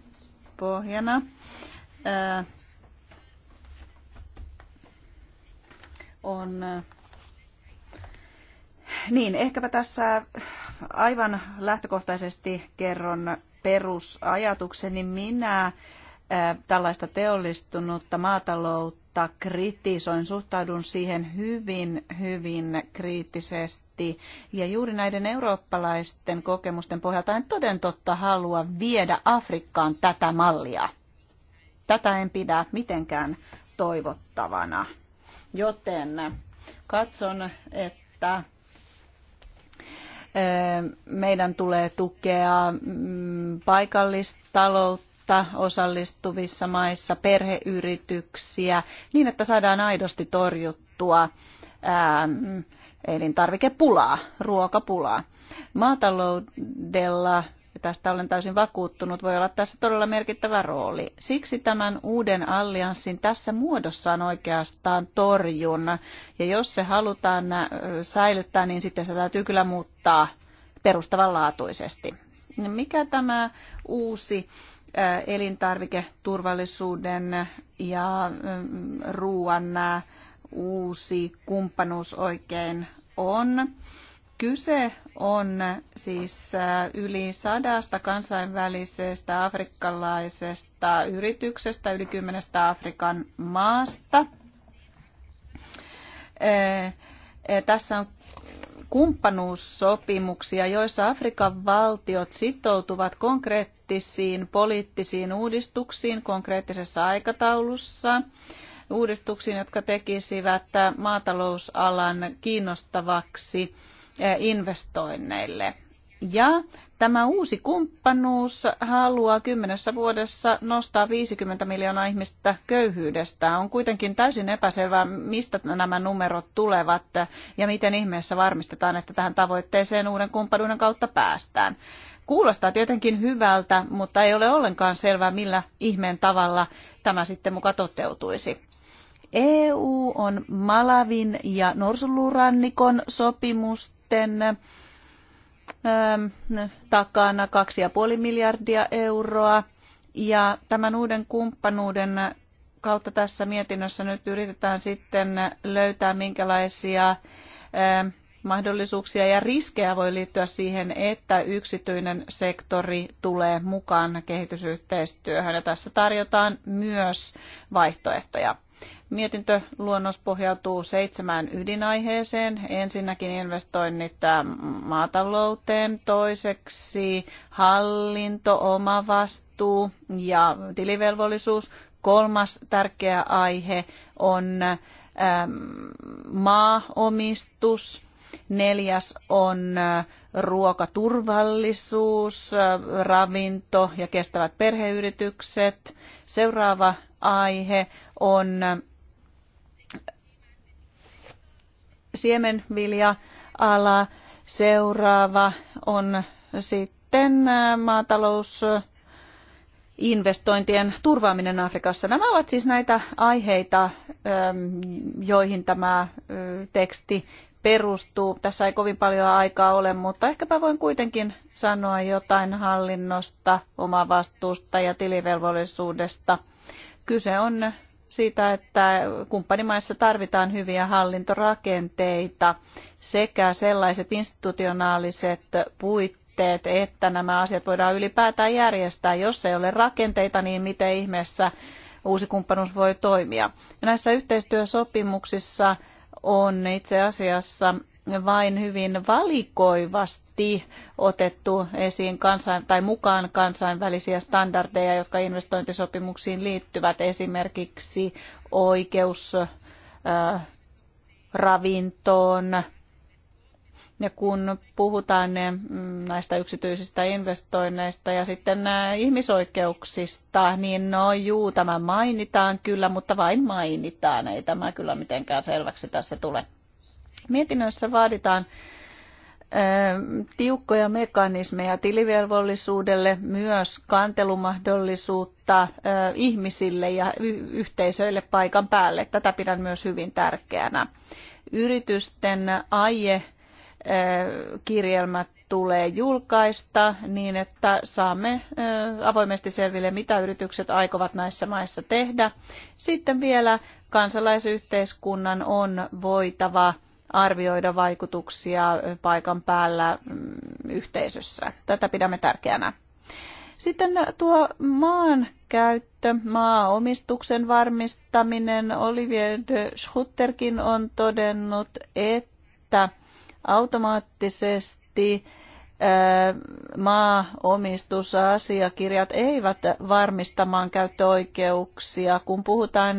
pohjana on niin, ehkäpä tässä aivan lähtökohtaisesti kerron perusajatukseni. Niin minä tällaista teollistunutta maataloutta kritisoin, suhtaudun siihen hyvin, hyvin kriittisesti miettii. Ja juuri näiden eurooppalaisten kokemusten pohjalta en toden totta halua viedä Afrikkaan tätä mallia. Tätä en pidä mitenkään toivottavana. Joten katson, että meidän tulee tukea mm, paikallistaloutta osallistuvissa maissa, perheyrityksiä, niin että saadaan aidosti torjuttua elintarvikepulaa, ruokapulaa. Maataloudella ja tästä olen täysin vakuuttunut, voi olla tässä todella merkittävä rooli. Siksi tämän uuden allianssin tässä on oikeastaan torjun. Ja jos se halutaan äh, säilyttää, niin sitten se täytyy kyllä muuttaa perustavanlaatuisesti. Mikä tämä uusi äh, elintarviketurvallisuuden ja mm, ruoan äh, uusi kumppanuus oikein on. Kyse on siis äh, yli sadasta kansainvälisestä afrikkalaisesta yrityksestä, yli kymmenestä Afrikan maasta. Äh, äh, tässä on kumppanuussopimuksia, joissa Afrikan valtiot sitoutuvat konkreettisiin poliittisiin uudistuksiin konkreettisessa aikataulussa uudistuksiin, jotka tekisivät maatalousalan kiinnostavaksi eh, investoinneille. Ja tämä uusi kumppanuus haluaa kymmenessä vuodessa nostaa 50 miljoonaa ihmistä köyhyydestä. On kuitenkin täysin epäselvää, mistä nämä numerot tulevat ja miten ihmeessä varmistetaan, että tähän tavoitteeseen uuden kumppanuuden kautta päästään. Kuulostaa tietenkin hyvältä, mutta ei ole ollenkaan selvää, millä ihmeen tavalla tämä sitten muka toteutuisi. EU on Malavin ja Norsulurannikon sopimusten ähm, takana 2,5 miljardia euroa. Ja tämän uuden kumppanuuden kautta tässä mietinnössä nyt yritetään sitten löytää, minkälaisia ähm, mahdollisuuksia ja riskejä voi liittyä siihen, että yksityinen sektori tulee mukaan kehitysyhteistyöhön. Ja tässä tarjotaan myös vaihtoehtoja. Mietintöluonnos pohjautuu seitsemään ydinaiheeseen. Ensinnäkin investoinnit maatalouteen, toiseksi hallinto, oma vastuu ja tilivelvollisuus. Kolmas tärkeä aihe on maaomistus. Neljäs on ruokaturvallisuus, ravinto ja kestävät perheyritykset. Seuraava aihe on siemenvilja-ala. Seuraava on sitten äh, maatalous investointien turvaaminen Afrikassa. Nämä ovat siis näitä aiheita, ähm, joihin tämä äh, teksti perustuu. Tässä ei kovin paljon aikaa ole, mutta ehkäpä voin kuitenkin sanoa jotain hallinnosta, omavastuusta ja tilivelvollisuudesta – Kyse on siitä, että kumppanimaissa tarvitaan hyviä hallintorakenteita sekä sellaiset institutionaaliset puitteet, että nämä asiat voidaan ylipäätään järjestää. Jos ei ole rakenteita, niin miten ihmeessä uusi kumppanuus voi toimia. Näissä yhteistyösopimuksissa on itse asiassa vain hyvin valikoivasti otettu esiin kansain, tai mukaan kansainvälisiä standardeja, jotka investointisopimuksiin liittyvät, esimerkiksi oikeus ää, ravintoon. Ja kun puhutaan näistä yksityisistä investoinneista ja sitten ihmisoikeuksista, niin no juu, tämä mainitaan kyllä, mutta vain mainitaan. Ei tämä kyllä mitenkään selväksi tässä tule. Mietinnössä vaaditaan tiukkoja mekanismeja tilivelvollisuudelle, myös kantelumahdollisuutta ihmisille ja yhteisöille paikan päälle. Tätä pidän myös hyvin tärkeänä. Yritysten aie kirjelmät tulee julkaista niin, että saamme avoimesti selville, mitä yritykset aikovat näissä maissa tehdä. Sitten vielä kansalaisyhteiskunnan on voitava – arvioida vaikutuksia paikan päällä mm, yhteisössä. Tätä pidämme tärkeänä. Sitten tuo maan käyttö, maaomistuksen varmistaminen. Olivier de Schutterkin on todennut, että automaattisesti maaomistusasiakirjat eivät varmistamaan käyttöoikeuksia, kun puhutaan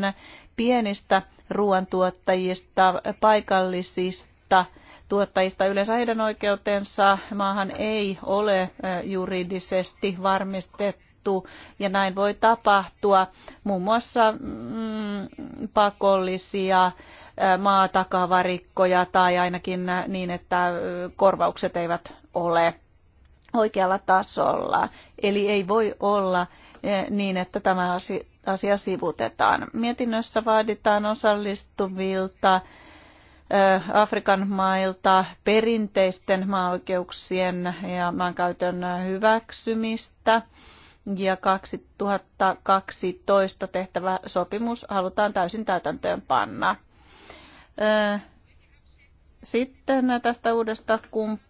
pienistä ruoantuottajista, paikallisista tuottajista. Yleensä heidän oikeutensa maahan ei ole juridisesti varmistettu ja näin voi tapahtua muun muassa mm, pakollisia maatakavarikkoja tai ainakin niin, että korvaukset eivät ole oikealla tasolla. Eli ei voi olla niin, että tämä asia asia sivutetaan. Mietinnössä vaaditaan osallistuvilta Afrikan mailta perinteisten maaoikeuksien ja maankäytön hyväksymistä. Ja 2012 tehtävä sopimus halutaan täysin täytäntöön panna. Sitten tästä uudesta kumppanista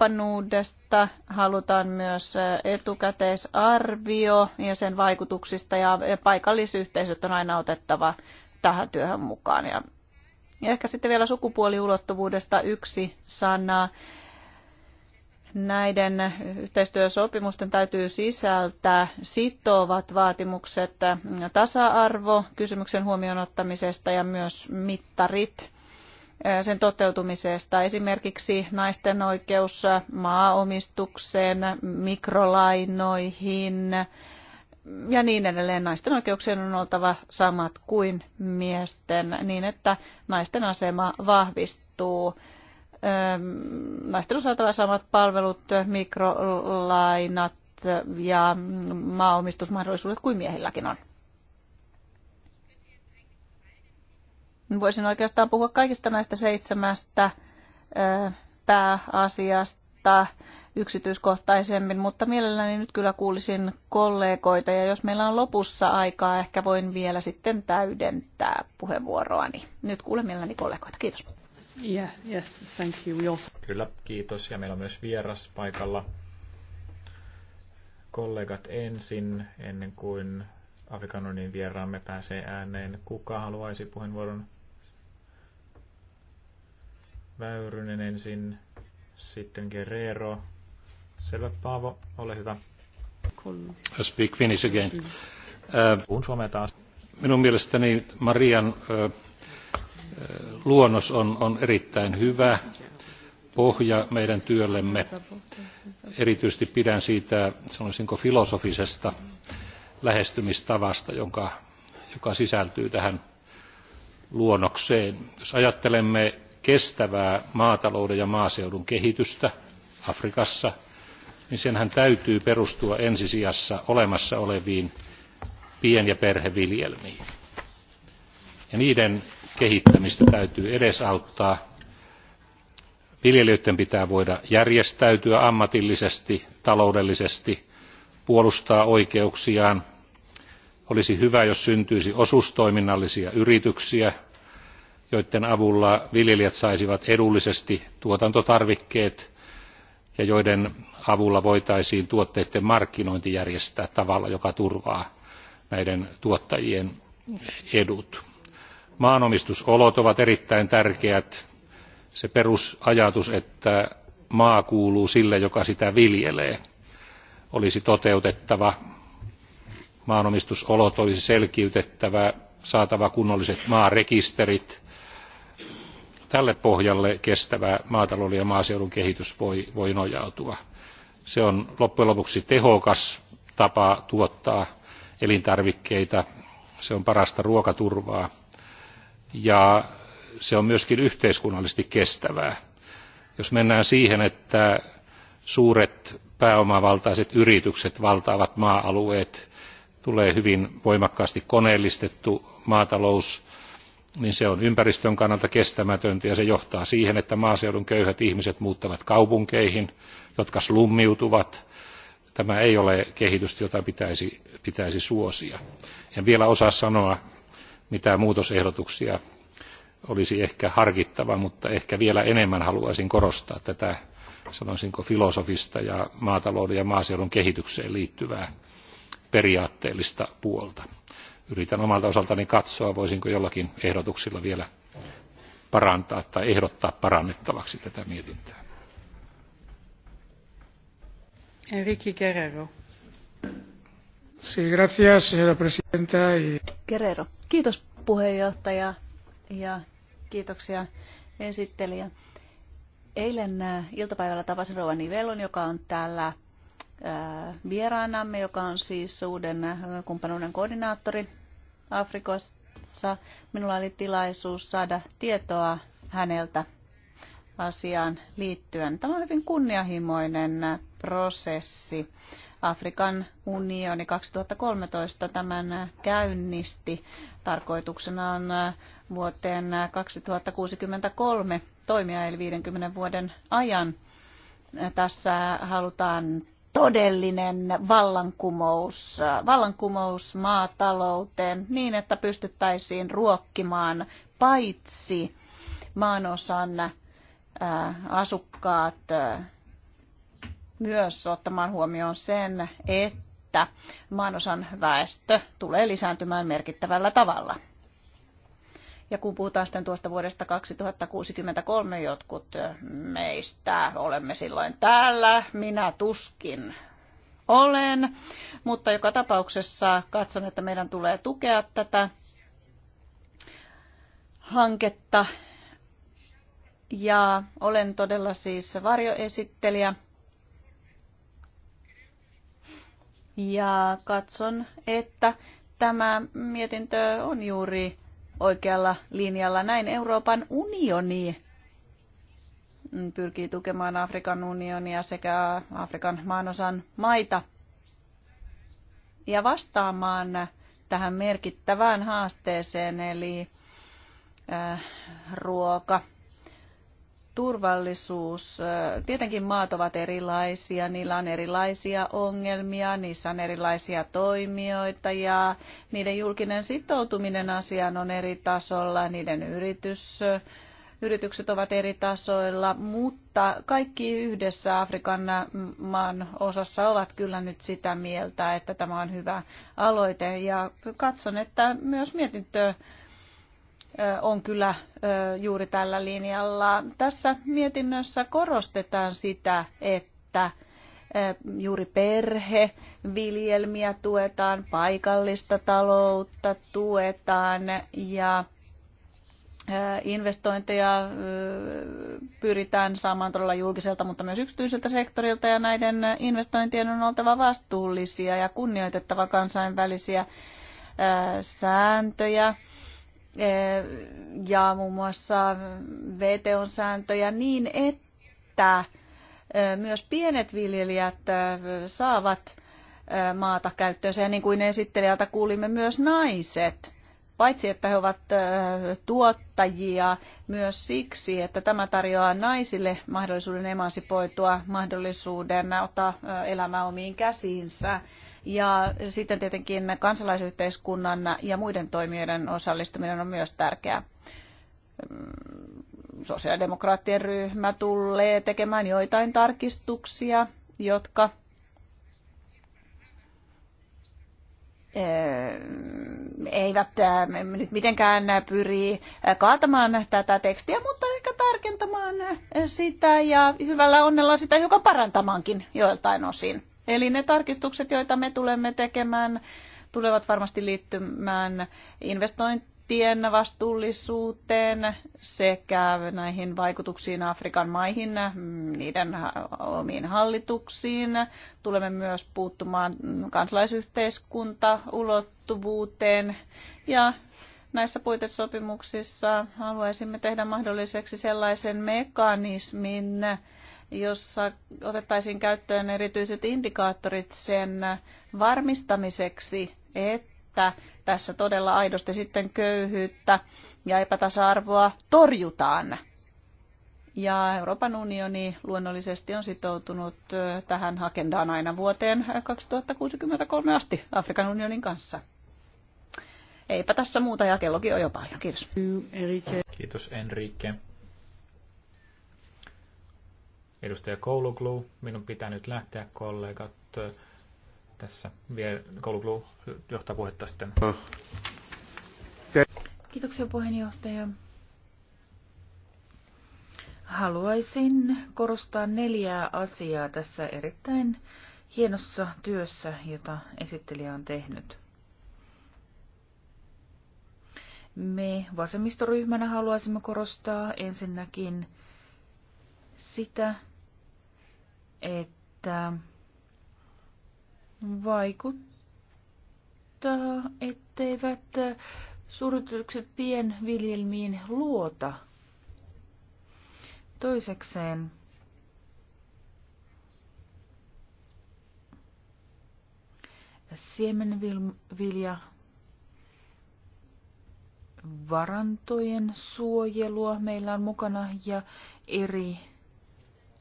kumppanuudesta, halutaan myös etukäteisarvio ja sen vaikutuksista ja paikallisyhteisöt on aina otettava tähän työhön mukaan. Ja ehkä sitten vielä sukupuoliulottuvuudesta yksi sana. Näiden yhteistyösopimusten täytyy sisältää sitovat vaatimukset tasa-arvo, kysymyksen huomioon ottamisesta ja myös mittarit sen toteutumisesta. Esimerkiksi naisten oikeus maaomistukseen, mikrolainoihin ja niin edelleen. Naisten oikeuksien on oltava samat kuin miesten niin, että naisten asema vahvistuu. Naisten on saatava samat palvelut, mikrolainat ja maaomistusmahdollisuudet kuin miehilläkin on. Voisin oikeastaan puhua kaikista näistä seitsemästä pääasiasta yksityiskohtaisemmin, mutta mielelläni nyt kyllä kuulisin kollegoita ja jos meillä on lopussa aikaa, ehkä voin vielä sitten täydentää puheenvuoroani. Nyt kuulen mielelläni kollegoita. Kiitos. Yeah, yes, thank you. We Kyllä, kiitos. Ja meillä on myös vieras paikalla. Kollegat ensin, ennen kuin Afrikan unionin vieraamme pääsee ääneen. Kuka haluaisi puheenvuoron? Väyrynen ensin, sitten Guerrero. Selvä, Paavo, ole hyvä. I speak Finnish again. Uh, Puhun suomea taas. Minun mielestäni Marian uh, luonnos on, on erittäin hyvä pohja meidän työllemme. Erityisesti pidän siitä filosofisesta lähestymistavasta, jonka, joka sisältyy tähän luonnokseen. Jos ajattelemme kestävää maatalouden ja maaseudun kehitystä afrikassa niin senhän täytyy perustua ensi sijassa olemassa oleviin pien ja perheviljelmiin ja niiden kehittämistä täytyy edesauttaa. viljelijöiden pitää voida järjestäytyä ammatillisesti taloudellisesti puolustaa oikeuksiaan. olisi hyvä jos syntyisi osuustoiminnallisia yrityksiä joiden avulla viljelijät saisivat edullisesti tuotantotarvikkeet ja joiden avulla voitaisiin tuotteiden markkinointi järjestää tavalla joka turvaa näiden tuottajien edut. maanomistusolot ovat erittäin tärkeät se perusajatus että maa kuuluu sille joka sitä viljelee olisi toteutettava maanomistusolot olisi selkiytettävä saatava kunnolliset maarekisterit tälle pohjalle kestävä maatalouden ja maaseudun kehitys voi, nojautua. Se on loppujen lopuksi tehokas tapa tuottaa elintarvikkeita, se on parasta ruokaturvaa ja se on myöskin yhteiskunnallisesti kestävää. Jos mennään siihen, että suuret pääomavaltaiset yritykset valtaavat maa-alueet, tulee hyvin voimakkaasti koneellistettu maatalous, niin se on ympäristön kannalta kestämätöntä ja se johtaa siihen, että maaseudun köyhät ihmiset muuttavat kaupunkeihin, jotka slummiutuvat. Tämä ei ole kehitystä, jota pitäisi, pitäisi suosia. En vielä osaa sanoa, mitä muutosehdotuksia olisi ehkä harkittava, mutta ehkä vielä enemmän haluaisin korostaa tätä, sanoisinko, filosofista ja maatalouden ja maaseudun kehitykseen liittyvää periaatteellista puolta yritän omalta osaltani katsoa voisinko jollakin ehdotuksilla vielä parantaa tai ehdottaa parannettavaksi tätä mietintöä. Enrique Guerrero. Sí, gracias, señora presidenta. Guerrero. Kiitos puheenjohtaja ja kiitoksia esittelijä. Eilen äh, iltapäivällä tapasin Rova Nivellon, joka on täällä äh, vieraanamme, joka on siis uuden äh, kumppanuuden koordinaattori Afrikassa. Minulla oli tilaisuus saada tietoa häneltä asiaan liittyen. Tämä on hyvin kunnianhimoinen prosessi. Afrikan unioni 2013 tämän käynnisti. Tarkoituksena on vuoteen 2063 toimia eli 50 vuoden ajan. Tässä halutaan todellinen vallankumous, vallankumous maatalouteen niin, että pystyttäisiin ruokkimaan paitsi maanosan äh, asukkaat äh, myös ottamaan huomioon sen, että maanosan väestö tulee lisääntymään merkittävällä tavalla. Ja kun puhutaan sitten tuosta vuodesta 2063, jotkut meistä olemme silloin täällä, minä tuskin olen, mutta joka tapauksessa katson, että meidän tulee tukea tätä hanketta. Ja olen todella siis varjoesittelijä. Ja katson, että tämä mietintö on juuri oikealla linjalla. Näin Euroopan unioni pyrkii tukemaan Afrikan unionia sekä Afrikan maanosan maita ja vastaamaan tähän merkittävään haasteeseen, eli äh, ruoka, turvallisuus. Tietenkin maat ovat erilaisia, niillä on erilaisia ongelmia, niissä on erilaisia toimijoita ja niiden julkinen sitoutuminen asiaan on eri tasolla, niiden yritys, yritykset ovat eri tasoilla, mutta kaikki yhdessä Afrikan maan osassa ovat kyllä nyt sitä mieltä, että tämä on hyvä aloite ja katson, että myös mietintö on kyllä juuri tällä linjalla. Tässä mietinnössä korostetaan sitä, että juuri perheviljelmiä tuetaan, paikallista taloutta tuetaan ja investointeja pyritään saamaan todella julkiselta, mutta myös yksityiseltä sektorilta ja näiden investointien on oltava vastuullisia ja kunnioitettava kansainvälisiä sääntöjä ja muun muassa VTOn sääntöjä niin, että e, myös pienet viljelijät e, saavat e, maata käyttöönsä. Ja niin kuin esittelijältä kuulimme, myös naiset, paitsi että he ovat tuottajia, myös siksi, että tämä tarjoaa naisille mahdollisuuden emansipoitua, mahdollisuuden ottaa elämä omiin käsiinsä. Ja sitten tietenkin kansalaisyhteiskunnan ja muiden toimijoiden osallistuminen on myös tärkeää. Mm, sosiaalidemokraattien ryhmä tulee tekemään joitain tarkistuksia, jotka eh, eivät eh, nyt mitenkään pyri kaatamaan tätä tekstiä, mutta ehkä tarkentamaan sitä ja hyvällä onnella sitä joka parantamaankin joiltain osin. Eli ne tarkistukset, joita me tulemme tekemään, tulevat varmasti liittymään investointien vastuullisuuteen sekä näihin vaikutuksiin Afrikan maihin, niiden omiin hallituksiin. Tulemme myös puuttumaan kansalaisyhteiskuntaulottuvuuteen ja näissä puitesopimuksissa haluaisimme tehdä mahdolliseksi sellaisen mekanismin, jossa otettaisiin käyttöön erityiset indikaattorit sen varmistamiseksi, että tässä todella aidosti sitten köyhyyttä ja epätasa-arvoa torjutaan. Ja Euroopan unioni luonnollisesti on sitoutunut tähän hakendaan aina vuoteen 2063 asti Afrikan unionin kanssa. Eipä tässä muuta ja kellokin on jo paljon. Kiitos. Kiitos Enrique. Edustaja Kouluklu, minun pitää nyt lähteä kollegat tässä. Vielä Kouluklu johtaa puhetta sitten. Kiitoksia puheenjohtaja. Haluaisin korostaa neljää asiaa tässä erittäin hienossa työssä, jota esittelijä on tehnyt. Me vasemmistoryhmänä haluaisimme korostaa ensinnäkin sitä, että vaikuttaa, etteivät suuritykset pienviljelmiin luota. Toisekseen siemenvilja varantojen suojelua meillä on mukana ja eri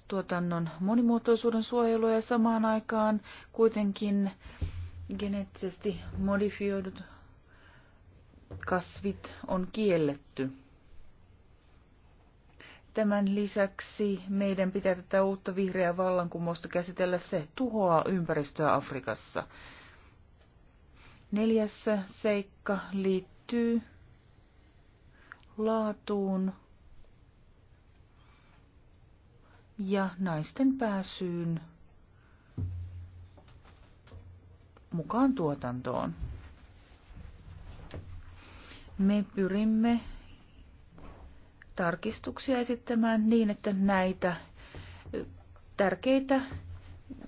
tuotannon monimuotoisuuden suojelua ja samaan aikaan kuitenkin geneettisesti modifioidut kasvit on kielletty. Tämän lisäksi meidän pitää tätä uutta vihreää vallankumousta käsitellä. Se tuhoaa ympäristöä Afrikassa. Neljäs seikka liittyy laatuun. ja naisten pääsyyn mukaan tuotantoon. Me pyrimme tarkistuksia esittämään niin, että näitä tärkeitä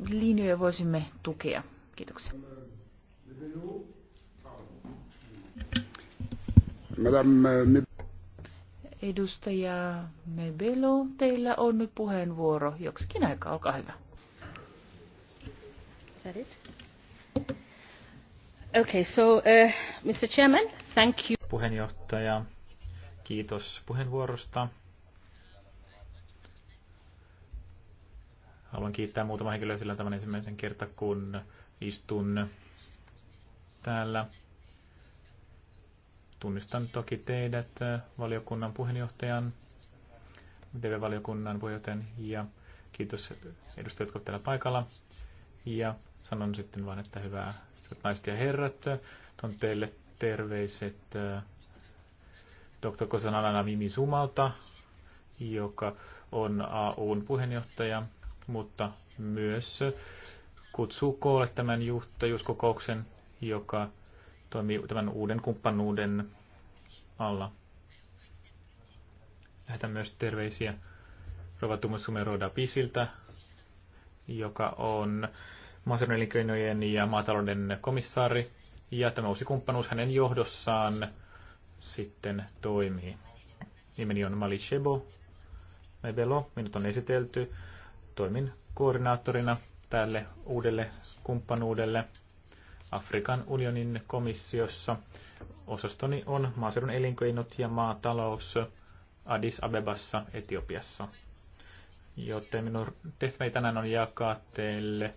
linjoja voisimme tukea. Kiitoksia. Madame, euh, Edustaja Mebelo, teillä on nyt puheenvuoro joksikin aikaa. Olkaa hyvä. Is that it? Okay, so, uh, Mr. Chairman, thank you. Puheenjohtaja, kiitos puheenvuorosta. Haluan kiittää muutama henkilöä, sillä tämän ensimmäisen kerta, kun istun täällä Tunnistan toki teidät äh, valiokunnan puheenjohtajan, TV-valiokunnan puheenjohtajan ja kiitos edustajat, jotka täällä paikalla. Ja sanon sitten vain, että hyvää naiset ja herrat, äh, on teille terveiset äh, Dr. Kosanalana Mimi Sumalta, joka on AUn puheenjohtaja, mutta myös kutsuu koolle tämän juhtajuuskokouksen, joka toimii tämän uuden kumppanuuden alla. Lähetän myös terveisiä Rova Tumusumero Pisiltä, joka on maaseudun ja maatalouden komissaari. Ja tämä uusi kumppanuus hänen johdossaan sitten toimii. Nimeni on Mali Shebo Mebelo. Minut on esitelty. Toimin koordinaattorina tälle uudelle kumppanuudelle – Afrikan unionin komissiossa. Osastoni on maaseudun elinkeinot ja maatalous Addis Abebassa Etiopiassa. Joten minun tehtäväni tänään on jakaa teille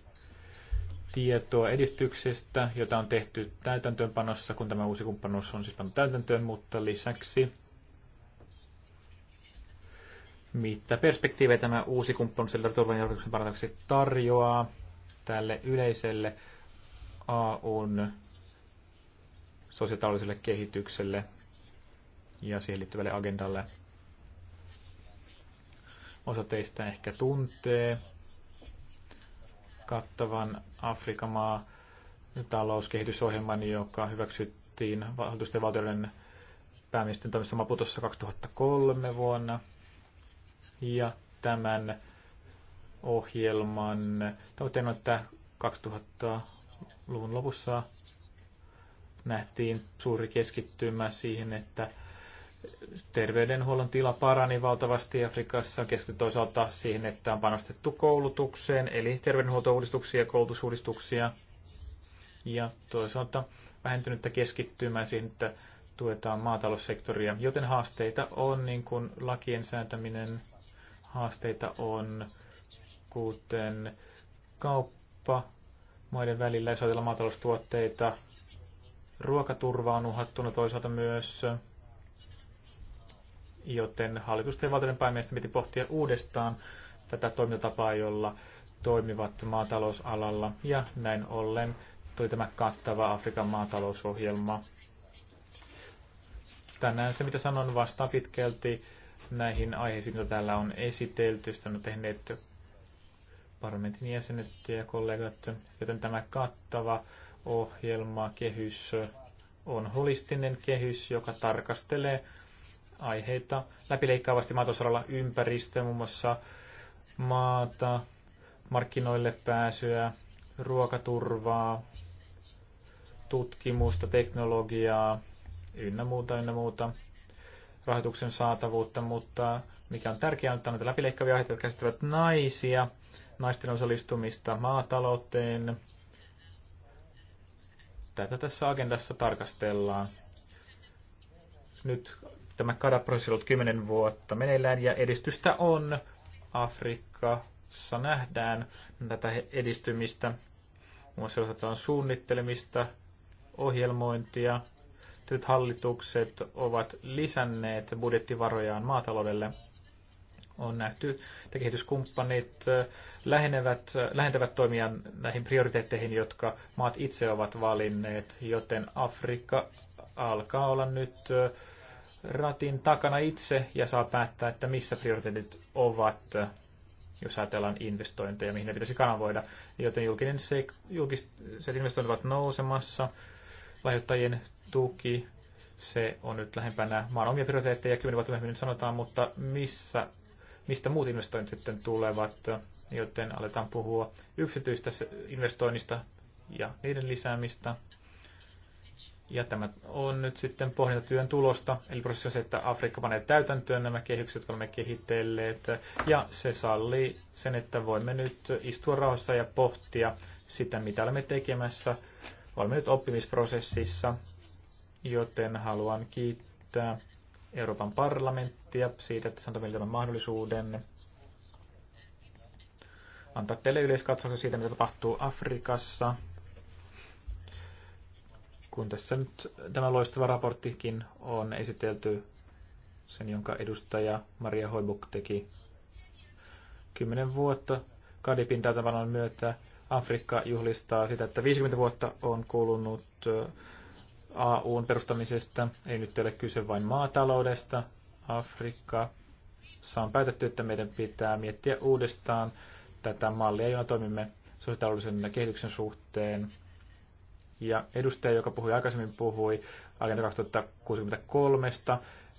tietoa edistyksestä, jota on tehty täytäntöönpanossa, kun tämä uusi kumppanuus on siis pannut täytäntöön, mutta lisäksi mitä perspektiivejä tämä uusi kumppanuus turvallisuuden parantamiseksi tarjoaa tälle yleiselle AUn sosiaaliselle kehitykselle ja siihen liittyvälle agendalle. Osa teistä ehkä tuntee kattavan Afrikan maa talouskehitysohjelman, joka hyväksyttiin hallitusten valtioiden pääministerin toimissa Maputossa 2003 vuonna. Ja tämän ohjelman tavoitteena on, että 2000 luvun lopussa nähtiin suuri keskittymä siihen, että terveydenhuollon tila parani valtavasti Afrikassa, keskitytty toisaalta siihen, että on panostettu koulutukseen, eli terveydenhuoltouudistuksia ja koulutusuudistuksia, ja toisaalta vähentynyttä keskittymää siihen, että tuetaan maataloussektoria, joten haasteita on niin kuin lakien säätäminen, haasteita on kuten kauppa, maiden välillä, ja soitella maataloustuotteita. Ruokaturva on uhattuna toisaalta myös, joten hallitusten ja valtioiden päämiesten piti pohtia uudestaan tätä toimintatapaa, jolla toimivat maatalousalalla, ja näin ollen tuli tämä kattava Afrikan maatalousohjelma. Tänään se, mitä sanon, vastaa pitkälti näihin aiheisiin, joita täällä on esitelty. Sitten on tehneet parlamentin jäsenet ja kollegat, joten tämä kattava ohjelma, kehys on holistinen kehys, joka tarkastelee aiheita läpileikkaavasti maatosaralla ympäristöä, muun muassa maata, markkinoille pääsyä, ruokaturvaa, tutkimusta, teknologiaa, ynnä muuta, ynnä muuta, rahoituksen saatavuutta, mutta mikä on tärkeää, on, että näitä läpileikkaavia aiheita, käsittävät naisia – naisten osallistumista maatalouteen. Tätä tässä agendassa tarkastellaan. Nyt tämä kadaprosessi on ollut 10 vuotta meneillään ja edistystä on. Afrikassa nähdään tätä edistymistä. Muun muassa osataan suunnittelemista, ohjelmointia. Nyt hallitukset ovat lisänneet budjettivarojaan maataloudelle – on nähty, että kehityskumppanit lähenevät, lähentävät toimia näihin prioriteetteihin, jotka maat itse ovat valinneet, joten Afrikka alkaa olla nyt ratin takana itse ja saa päättää, että missä prioriteetit ovat, jos ajatellaan investointeja, mihin ne pitäisi kanavoida. Joten julkinen se, julkiset investoinnit ovat nousemassa, lahjoittajien tuki, se on nyt lähempänä maan omia prioriteetteja, kymmenen vuotta myöhemmin sanotaan, mutta missä mistä muut investoinnit sitten tulevat, joten aletaan puhua yksityistä investoinnista ja niiden lisäämistä. Ja tämä on nyt sitten pohjatyön tulosta, eli prosessi on se, että Afrikka panee täytäntöön nämä kehykset, jotka olemme kehitelleet, ja se sallii sen, että voimme nyt istua rauhassa ja pohtia sitä, mitä olemme tekemässä. Olemme nyt oppimisprosessissa, joten haluan kiittää Euroopan parlamenttia siitä, että se antoi meille tämän mahdollisuuden antaa teille yleiskatsauksen siitä, mitä tapahtuu Afrikassa. Kun tässä nyt tämä loistava raporttikin on esitelty, sen jonka edustaja Maria Hoibuk teki kymmenen vuotta Kadipin täytävännon myötä Afrikka juhlistaa sitä, että 50 vuotta on kulunut AUn perustamisesta. Ei nyt ole kyse vain maataloudesta. Afrikka. on päätetty, että meidän pitää miettiä uudestaan tätä mallia, jolla toimimme sosiaalisen kehityksen suhteen. Ja edustaja, joka puhui aikaisemmin, puhui Agenda 2063,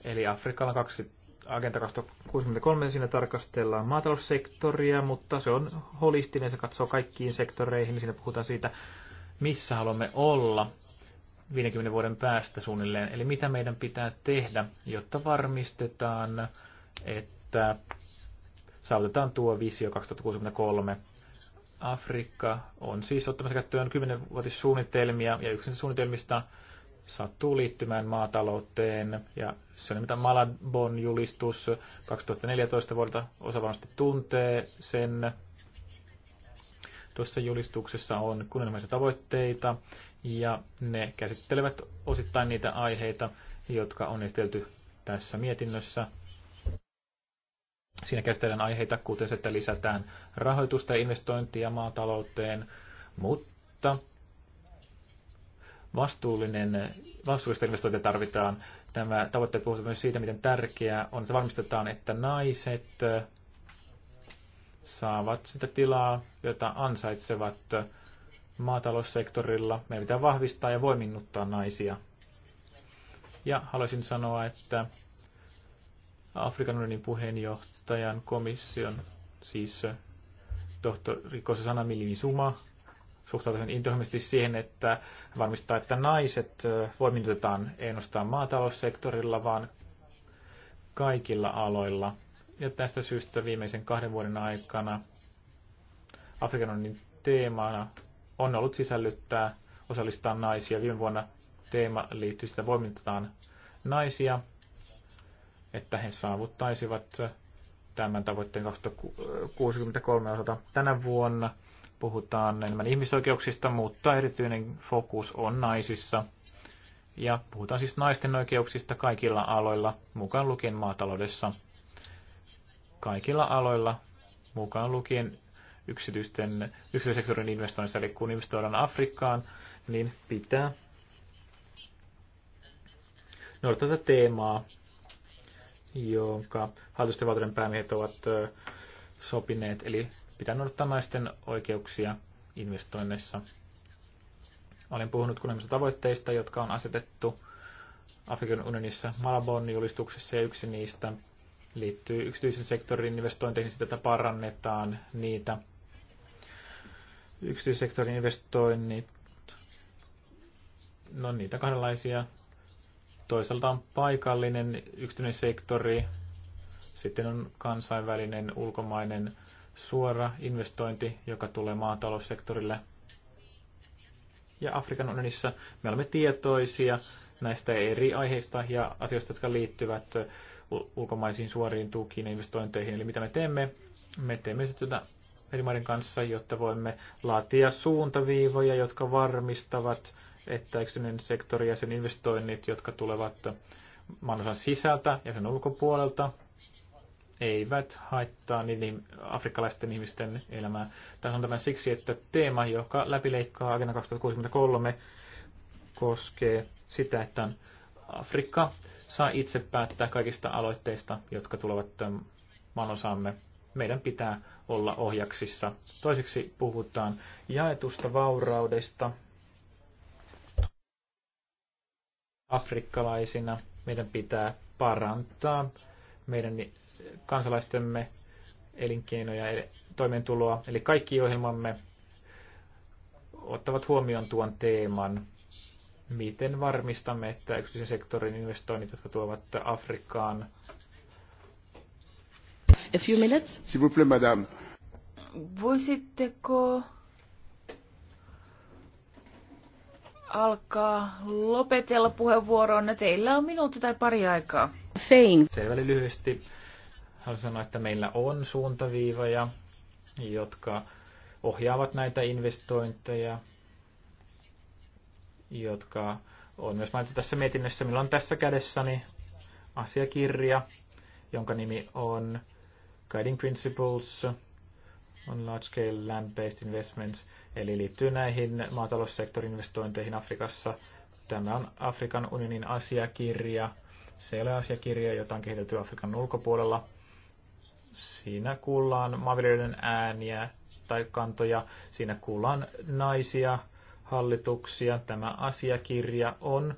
eli Afrikalla kaksi Agenda 2063, siinä tarkastellaan maataloussektoria, mutta se on holistinen, se katsoo kaikkiin sektoreihin, siinä puhutaan siitä, missä haluamme olla 50 vuoden päästä suunnilleen. Eli mitä meidän pitää tehdä, jotta varmistetaan, että saavutetaan tuo visio 2063. Afrikka on siis ottamassa käyttöön 10-vuotissuunnitelmia ja yksi suunnitelmista sattuu liittymään maatalouteen. Ja se on mitä Malabon julistus 2014 vuodelta osa varmasti tuntee sen. Tuossa julistuksessa on kunnianhimoisia tavoitteita ja ne käsittelevät osittain niitä aiheita, jotka on esitelty tässä mietinnössä. Siinä käsitellään aiheita, kuten se, että lisätään rahoitusta ja investointia maatalouteen, mutta vastuullinen, vastuullista investointia tarvitaan. Nämä tavoitteet puhuvat myös siitä, miten tärkeää on, että varmistetaan, että naiset saavat sitä tilaa, jota ansaitsevat maataloussektorilla. Meidän pitää vahvistaa ja voiminnuttaa naisia. Ja haluaisin sanoa, että Afrikan unionin puheenjohtajan komission, siis äh, tohtori Kosana Milisuma, hyvin intohimoisesti siihen, että varmistaa, että naiset äh, voiminnutetaan ei ainoastaan maataloussektorilla, vaan kaikilla aloilla. Ja tästä syystä viimeisen kahden vuoden aikana Afrikan unionin teemana on ollut sisällyttää, osallistaa naisia. Viime vuonna teema liittyy sitä voimintaan naisia, että he saavuttaisivat tämän tavoitteen 2063 osalta. Tänä vuonna puhutaan enemmän ihmisoikeuksista, mutta erityinen fokus on naisissa. Ja puhutaan siis naisten oikeuksista kaikilla aloilla, mukaan lukien maataloudessa. Kaikilla aloilla, mukaan lukien yksityisten, yksityissektorin investoinnissa, eli kun investoidaan Afrikkaan, niin pitää noudattaa tätä teemaa, jonka hallitusten valtioiden päämiehet ovat sopineet, eli pitää noudattaa naisten oikeuksia investoinneissa. Olen puhunut kunnimmista tavoitteista, jotka on asetettu Afrikan unionissa Malabon julistuksessa ja yksi niistä liittyy yksityisen sektorin investointeihin, sitä parannetaan niitä Yksityissektorin investoinnit, no niitä kahdenlaisia. Toisaalta on paikallinen yksityinen sektori, sitten on kansainvälinen ulkomainen suora investointi, joka tulee maataloussektorille. Ja Afrikan unionissa me olemme tietoisia näistä eri aiheista ja asioista, jotka liittyvät ulkomaisiin suoriin tukiin ja investointeihin. Eli mitä me teemme? Me teemme sitä eri maiden kanssa, jotta voimme laatia suuntaviivoja, jotka varmistavat, että yksityinen sektori ja sen investoinnit, jotka tulevat maanosan sisältä ja sen ulkopuolelta, eivät haittaa niin afrikkalaisten ihmisten elämää. Tässä on tämä siksi, että teema, joka läpileikkaa Agenda 2063, koskee sitä, että Afrikka saa itse päättää kaikista aloitteista, jotka tulevat maanosaamme. Meidän pitää olla ohjaksissa. Toiseksi puhutaan jaetusta vauraudesta afrikkalaisina. Meidän pitää parantaa meidän kansalaistemme elinkeinoja ja toimeentuloa. Eli kaikki ohjelmamme ottavat huomioon tuon teeman, miten varmistamme, että yksityisen sektorin investoinnit, jotka tuovat Afrikkaan a few minutes? S'il vous plaît, madame. Voisitteko alkaa lopetella puheenvuoronne? Teillä on minuutti tai pari aikaa. Saying. Selvä lyhyesti. Haluan sanoa, että meillä on suuntaviivoja, jotka ohjaavat näitä investointeja, jotka on myös mainittu tässä mietinnössä. Meillä on tässä kädessäni asiakirja, jonka nimi on guiding principles on large scale land-based investments, eli liittyy näihin maataloussektorin investointeihin Afrikassa. Tämä on Afrikan unionin asiakirja. Se ei ole asiakirja, jota on kehitetty Afrikan ulkopuolella. Siinä kuullaan maanviljelijöiden ääniä tai kantoja. Siinä kuullaan naisia, hallituksia. Tämä asiakirja on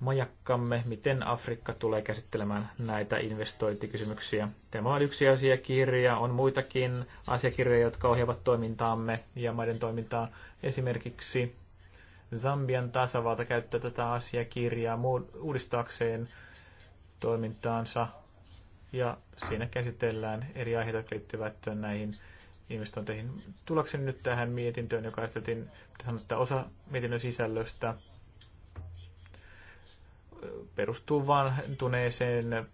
majakkamme, miten Afrikka tulee käsittelemään näitä investointikysymyksiä. Tämä on yksi asiakirja, on muitakin asiakirjoja, jotka ohjaavat toimintaamme ja maiden toimintaa. Esimerkiksi Zambian tasavalta käyttää tätä asiakirjaa uudistaakseen toimintaansa ja siinä käsitellään eri aiheita, jotka liittyvät näihin investointeihin. Tulokseni nyt tähän mietintöön, joka esitettiin, että osa mietinnön sisällöstä – perustuu vanhentuneeseen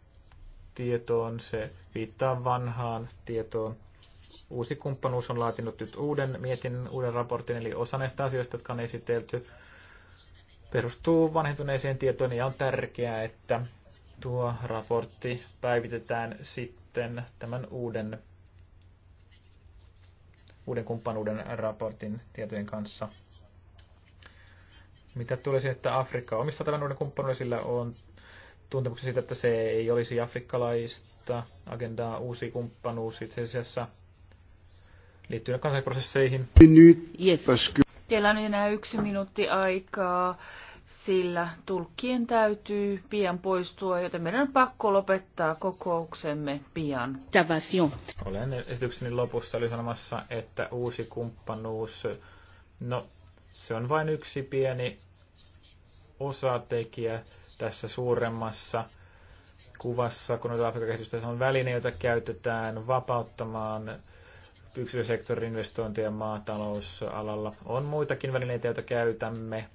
tietoon, se viittaa vanhaan tietoon. Uusi kumppanuus on laatinut nyt uuden mietinnön, uuden raportin, eli osa näistä asioista, jotka on esitelty, perustuu vanhentuneeseen tietoon ja on tärkeää, että tuo raportti päivitetään sitten tämän uuden, uuden kumppanuuden raportin tietojen kanssa. Mitä tulee siihen, että Afrikka omistaa tämän uuden sillä on tuntemuksia siitä, että se ei olisi afrikkalaista agendaa, uusi kumppanuus itse asiassa liittyen nyt Yes. Teillä on enää yksi minuutti aikaa, sillä tulkkien täytyy pian poistua, joten meidän on pakko lopettaa kokouksemme pian. Tavasion. Olen esitykseni lopussa lyhynomassa, että uusi kumppanuus, no se on vain yksi pieni osatekijä tässä suuremmassa kuvassa, kun noita Afrikan kehitystä se on väline, jota käytetään vapauttamaan yksityisektorin investointeja maatalousalalla. On muitakin välineitä, joita käytämme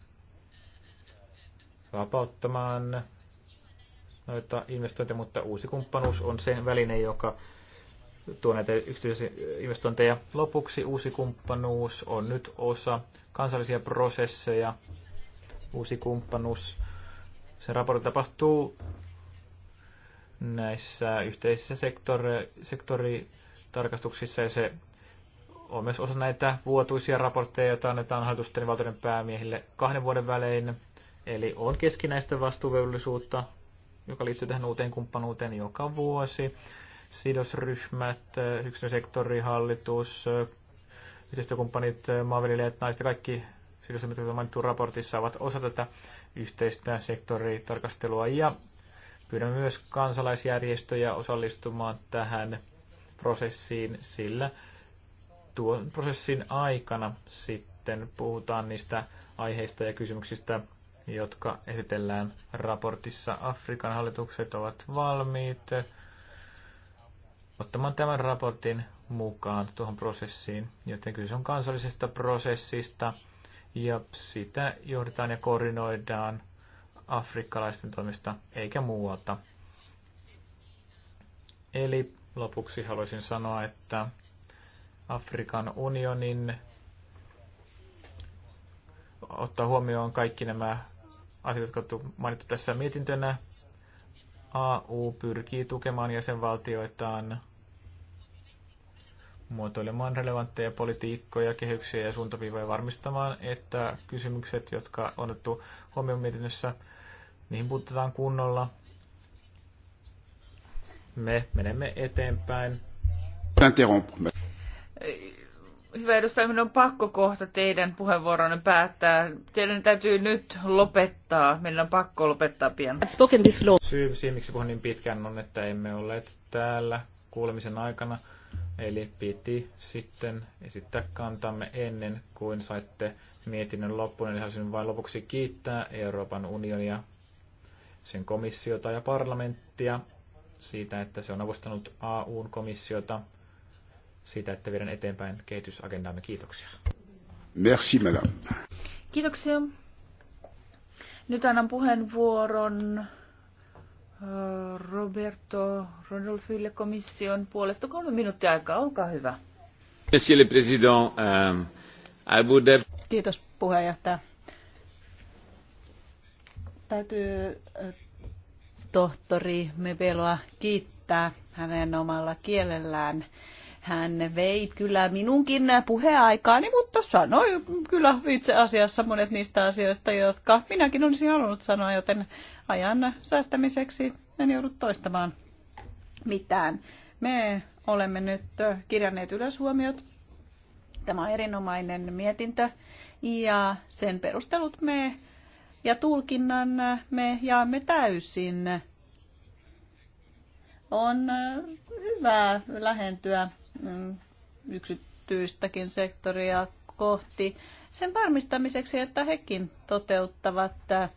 vapauttamaan noita investointeja, mutta uusi kumppanuus on sen väline, joka tuoneita yksityisiä investointeja. Lopuksi uusi kumppanuus on nyt osa kansallisia prosesseja. Uusi kumppanuus, se raportti tapahtuu näissä yhteisissä sektori, sektoritarkastuksissa ja se on myös osa näitä vuotuisia raportteja, joita annetaan hallitusten ja valtioiden päämiehille kahden vuoden välein. Eli on keskinäistä vastuuvelvollisuutta, joka liittyy tähän uuteen kumppanuuteen joka vuosi sidosryhmät, eh, yksilösektori, hallitus, eh, yhteistyökumppanit, eh, maanviljelijät, naiset ja kaikki sidosryhmät, jotka mainittu raportissa, ovat osa tätä yhteistä sektoritarkastelua ja pyydän myös kansalaisjärjestöjä osallistumaan tähän prosessiin, sillä tuon prosessin aikana sitten puhutaan niistä aiheista ja kysymyksistä, jotka esitellään raportissa. Afrikan hallitukset ovat valmiit ottamaan tämän raportin mukaan tuohon prosessiin, joten kyse on kansallisesta prosessista ja sitä johdetaan ja koordinoidaan afrikkalaisten toimesta eikä muualta. Eli lopuksi haluaisin sanoa, että Afrikan unionin ottaa huomioon kaikki nämä asiat, jotka on mainittu tässä mietintönä, AU pyrkii tukemaan jäsenvaltioitaan muotoilemaan relevantteja politiikkoja, kehyksiä ja suuntaviivoja varmistamaan, että kysymykset, jotka on otettu huomioon mietinnössä, niihin puututaan kunnolla. Me menemme eteenpäin. Interrompre. Hyvä edustaja, minun on pakko kohta teidän puheenvuoronne päättää. Teidän täytyy nyt lopettaa. Meidän on pakko lopettaa pian. Syy siihen, miksi puhun niin pitkään, on, että emme olleet täällä kuulemisen aikana. Eli piti sitten esittää kantamme ennen kuin saitte mietinnön loppuun. Eli haluaisin vain lopuksi kiittää Euroopan unionia, sen komissiota ja parlamenttia siitä, että se on avustanut AUn komissiota siitä, että viedään eteenpäin kehitysagendaamme. Kiitoksia. Merci, madame. Kiitoksia. Nyt annan puheenvuoron äh, Roberto Rodolfille komission puolesta. Kolme minuuttia aikaa, olkaa hyvä. Monsieur le Président, euh, I would have... Kiitos puheenjohtaja. Täytyy äh, tohtori Mebeloa kiittää hänen omalla kielellään hän vei kyllä minunkin puheaikaani, mutta sanoi kyllä itse asiassa monet niistä asioista, jotka minäkin olisin halunnut sanoa, joten ajan säästämiseksi en joudu toistamaan mitään. Me olemme nyt kirjanneet ylös huomiot. Tämä on erinomainen mietintö ja sen perustelut me ja tulkinnan me jaamme täysin. On hyvä lähentyä Mm, yksityistäkin sektoria kohti sen varmistamiseksi, että hekin toteuttavat äh,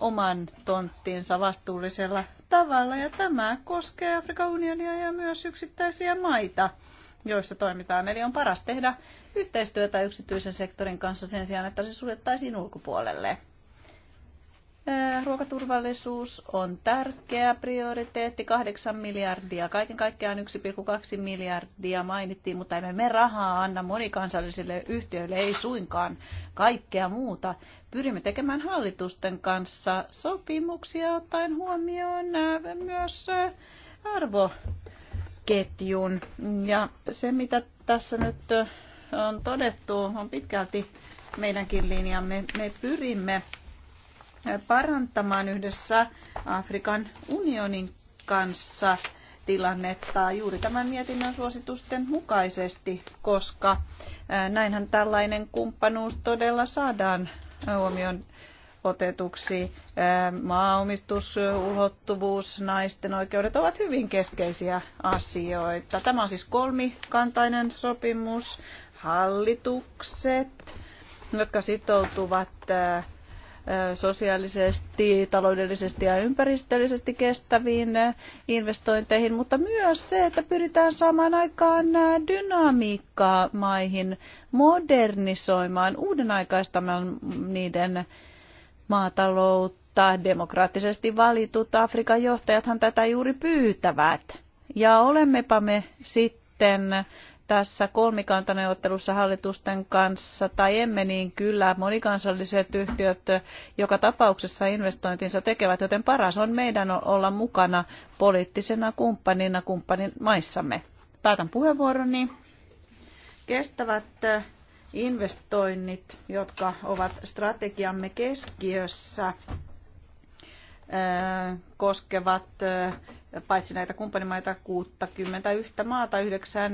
oman tonttinsa vastuullisella tavalla. Ja tämä koskee Afrikan unionia ja myös yksittäisiä maita, joissa toimitaan. Eli on paras tehdä yhteistyötä yksityisen sektorin kanssa sen sijaan, että se suljettaisiin ulkopuolelle. Äh, ruokaturvallisuus on tärkeä prioriteetti, 8 miljardia, kaiken kaikkiaan 1,2 miljardia mainittiin, mutta emme me rahaa anna monikansallisille yhtiöille, ei suinkaan kaikkea muuta. Pyrimme tekemään hallitusten kanssa sopimuksia ottaen huomioon äh, myös äh, arvoketjun. Ja se, mitä tässä nyt on todettu, on pitkälti meidänkin linjamme. Me pyrimme parantamaan yhdessä Afrikan unionin kanssa tilannetta juuri tämän mietinnön suositusten mukaisesti, koska näinhän tällainen kumppanuus todella saadaan huomioon otetuksi. ulottuvuus, naisten oikeudet ovat hyvin keskeisiä asioita. Tämä on siis kolmikantainen sopimus. Hallitukset, jotka sitoutuvat sosiaalisesti, taloudellisesti ja ympäristöllisesti kestäviin investointeihin, mutta myös se, että pyritään saamaan aikaan dynamiikkaa maihin modernisoimaan, uudenaikaistamaan niiden maataloutta. Demokraattisesti valitut Afrikan johtajathan tätä juuri pyytävät. Ja olemmepa me sitten tässä kolmikantaneuvottelussa hallitusten kanssa tai emme, niin kyllä monikansalliset yhtiöt joka tapauksessa investointinsa tekevät, joten paras on meidän olla mukana poliittisena kumppanina kumppanin maissamme. Päätän puheenvuoroni. Kestävät investoinnit, jotka ovat strategiamme keskiössä, koskevat paitsi näitä kumppanimaita 61 maata 9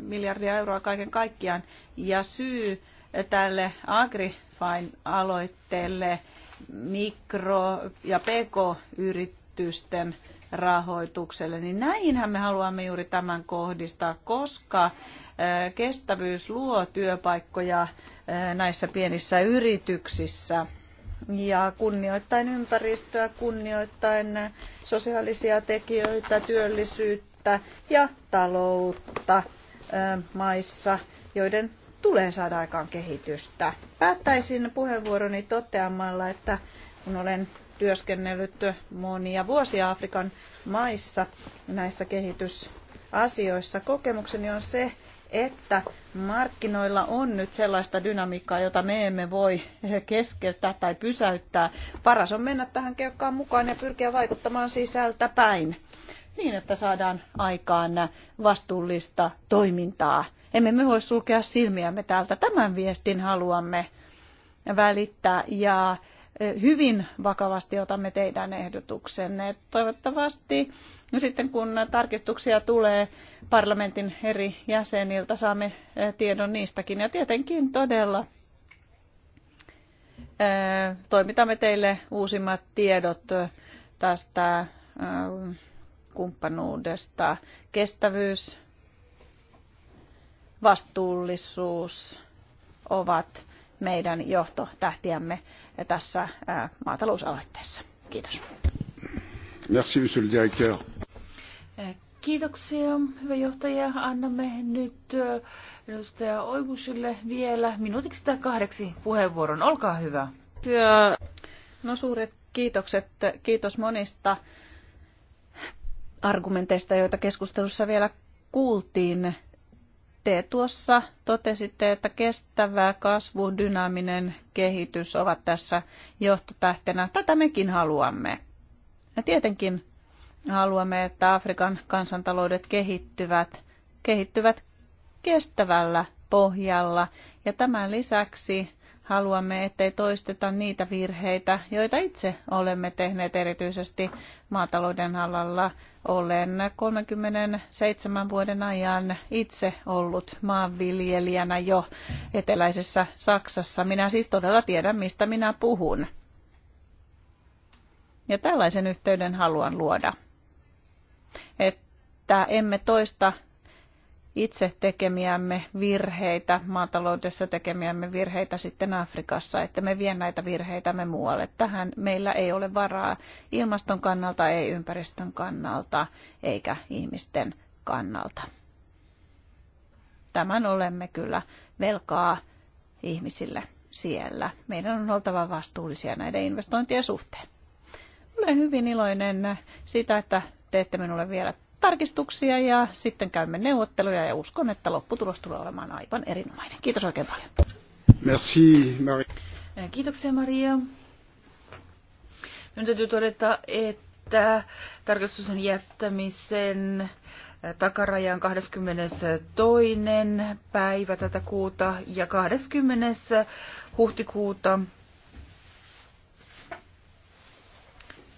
miljardia euroa kaiken kaikkiaan. Ja syy tälle AgriFine-aloitteelle mikro- ja pk-yritysten rahoitukselle, niin näihinhän me haluamme juuri tämän kohdistaa, koska kestävyys luo työpaikkoja näissä pienissä yrityksissä – ja kunnioittain ympäristöä, kunnioittain sosiaalisia tekijöitä, työllisyyttä ja taloutta maissa, joiden tulee saada aikaan kehitystä. Päättäisin puheenvuoroni toteamalla, että kun olen työskennellyt monia vuosia Afrikan maissa näissä kehitysasioissa, kokemukseni on se, että markkinoilla on nyt sellaista dynamiikkaa, jota me emme voi keskeyttää tai pysäyttää. Paras on mennä tähän kelkkaan mukaan ja pyrkiä vaikuttamaan sisältä päin niin, että saadaan aikaan vastuullista toimintaa. Emme me voi sulkea silmiämme täältä. Tämän viestin haluamme välittää ja eh, hyvin vakavasti otamme teidän ehdotuksenne. Toivottavasti No sitten kun tarkistuksia tulee parlamentin eri jäseniltä, saamme tiedon niistäkin. Ja tietenkin todella toimitamme teille uusimmat tiedot tästä kumppanuudesta. Kestävyys, vastuullisuus ovat meidän johtotähtiämme tässä maatalousaloitteessa. Kiitos. Merci, monsieur le directeur. Kiitoksia, hyvä johtaja. Annamme nyt edustaja Oivusille vielä minuutiksi tai kahdeksi puheenvuoron. Olkaa hyvä. No suuret kiitokset. Kiitos monista argumenteista, joita keskustelussa vielä kuultiin. Te tuossa totesitte, että kestävä kasvu, dynaaminen kehitys ovat tässä johtotähtenä. Tätä mekin haluamme. Ja tietenkin haluamme, että Afrikan kansantaloudet kehittyvät, kehittyvät kestävällä pohjalla. Ja tämän lisäksi haluamme, ettei toisteta niitä virheitä, joita itse olemme tehneet erityisesti maatalouden alalla. Olen 37 vuoden ajan itse ollut maanviljelijänä jo eteläisessä Saksassa. Minä siis todella tiedän, mistä minä puhun. Ja tällaisen yhteyden haluan luoda, että emme toista itse tekemiämme virheitä, maataloudessa tekemiämme virheitä sitten Afrikassa, että me vien näitä me muualle. Tähän meillä ei ole varaa ilmaston kannalta, ei ympäristön kannalta, eikä ihmisten kannalta. Tämän olemme kyllä velkaa ihmisille siellä. Meidän on oltava vastuullisia näiden investointien suhteen. Olen hyvin iloinen sitä, että teette minulle vielä tarkistuksia ja sitten käymme neuvotteluja ja uskon, että lopputulos tulee olemaan aivan erinomainen. Kiitos oikein paljon. Merci, Marie. Kiitoksia Maria. Minun täytyy todeta, että tarkistuksen jättämisen takarajan 22. päivä tätä kuuta ja 20. huhtikuuta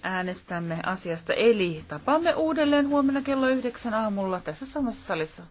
äänestämme asiasta. Eli tapaamme uudelleen huomenna kello yhdeksän aamulla tässä samassa salissa.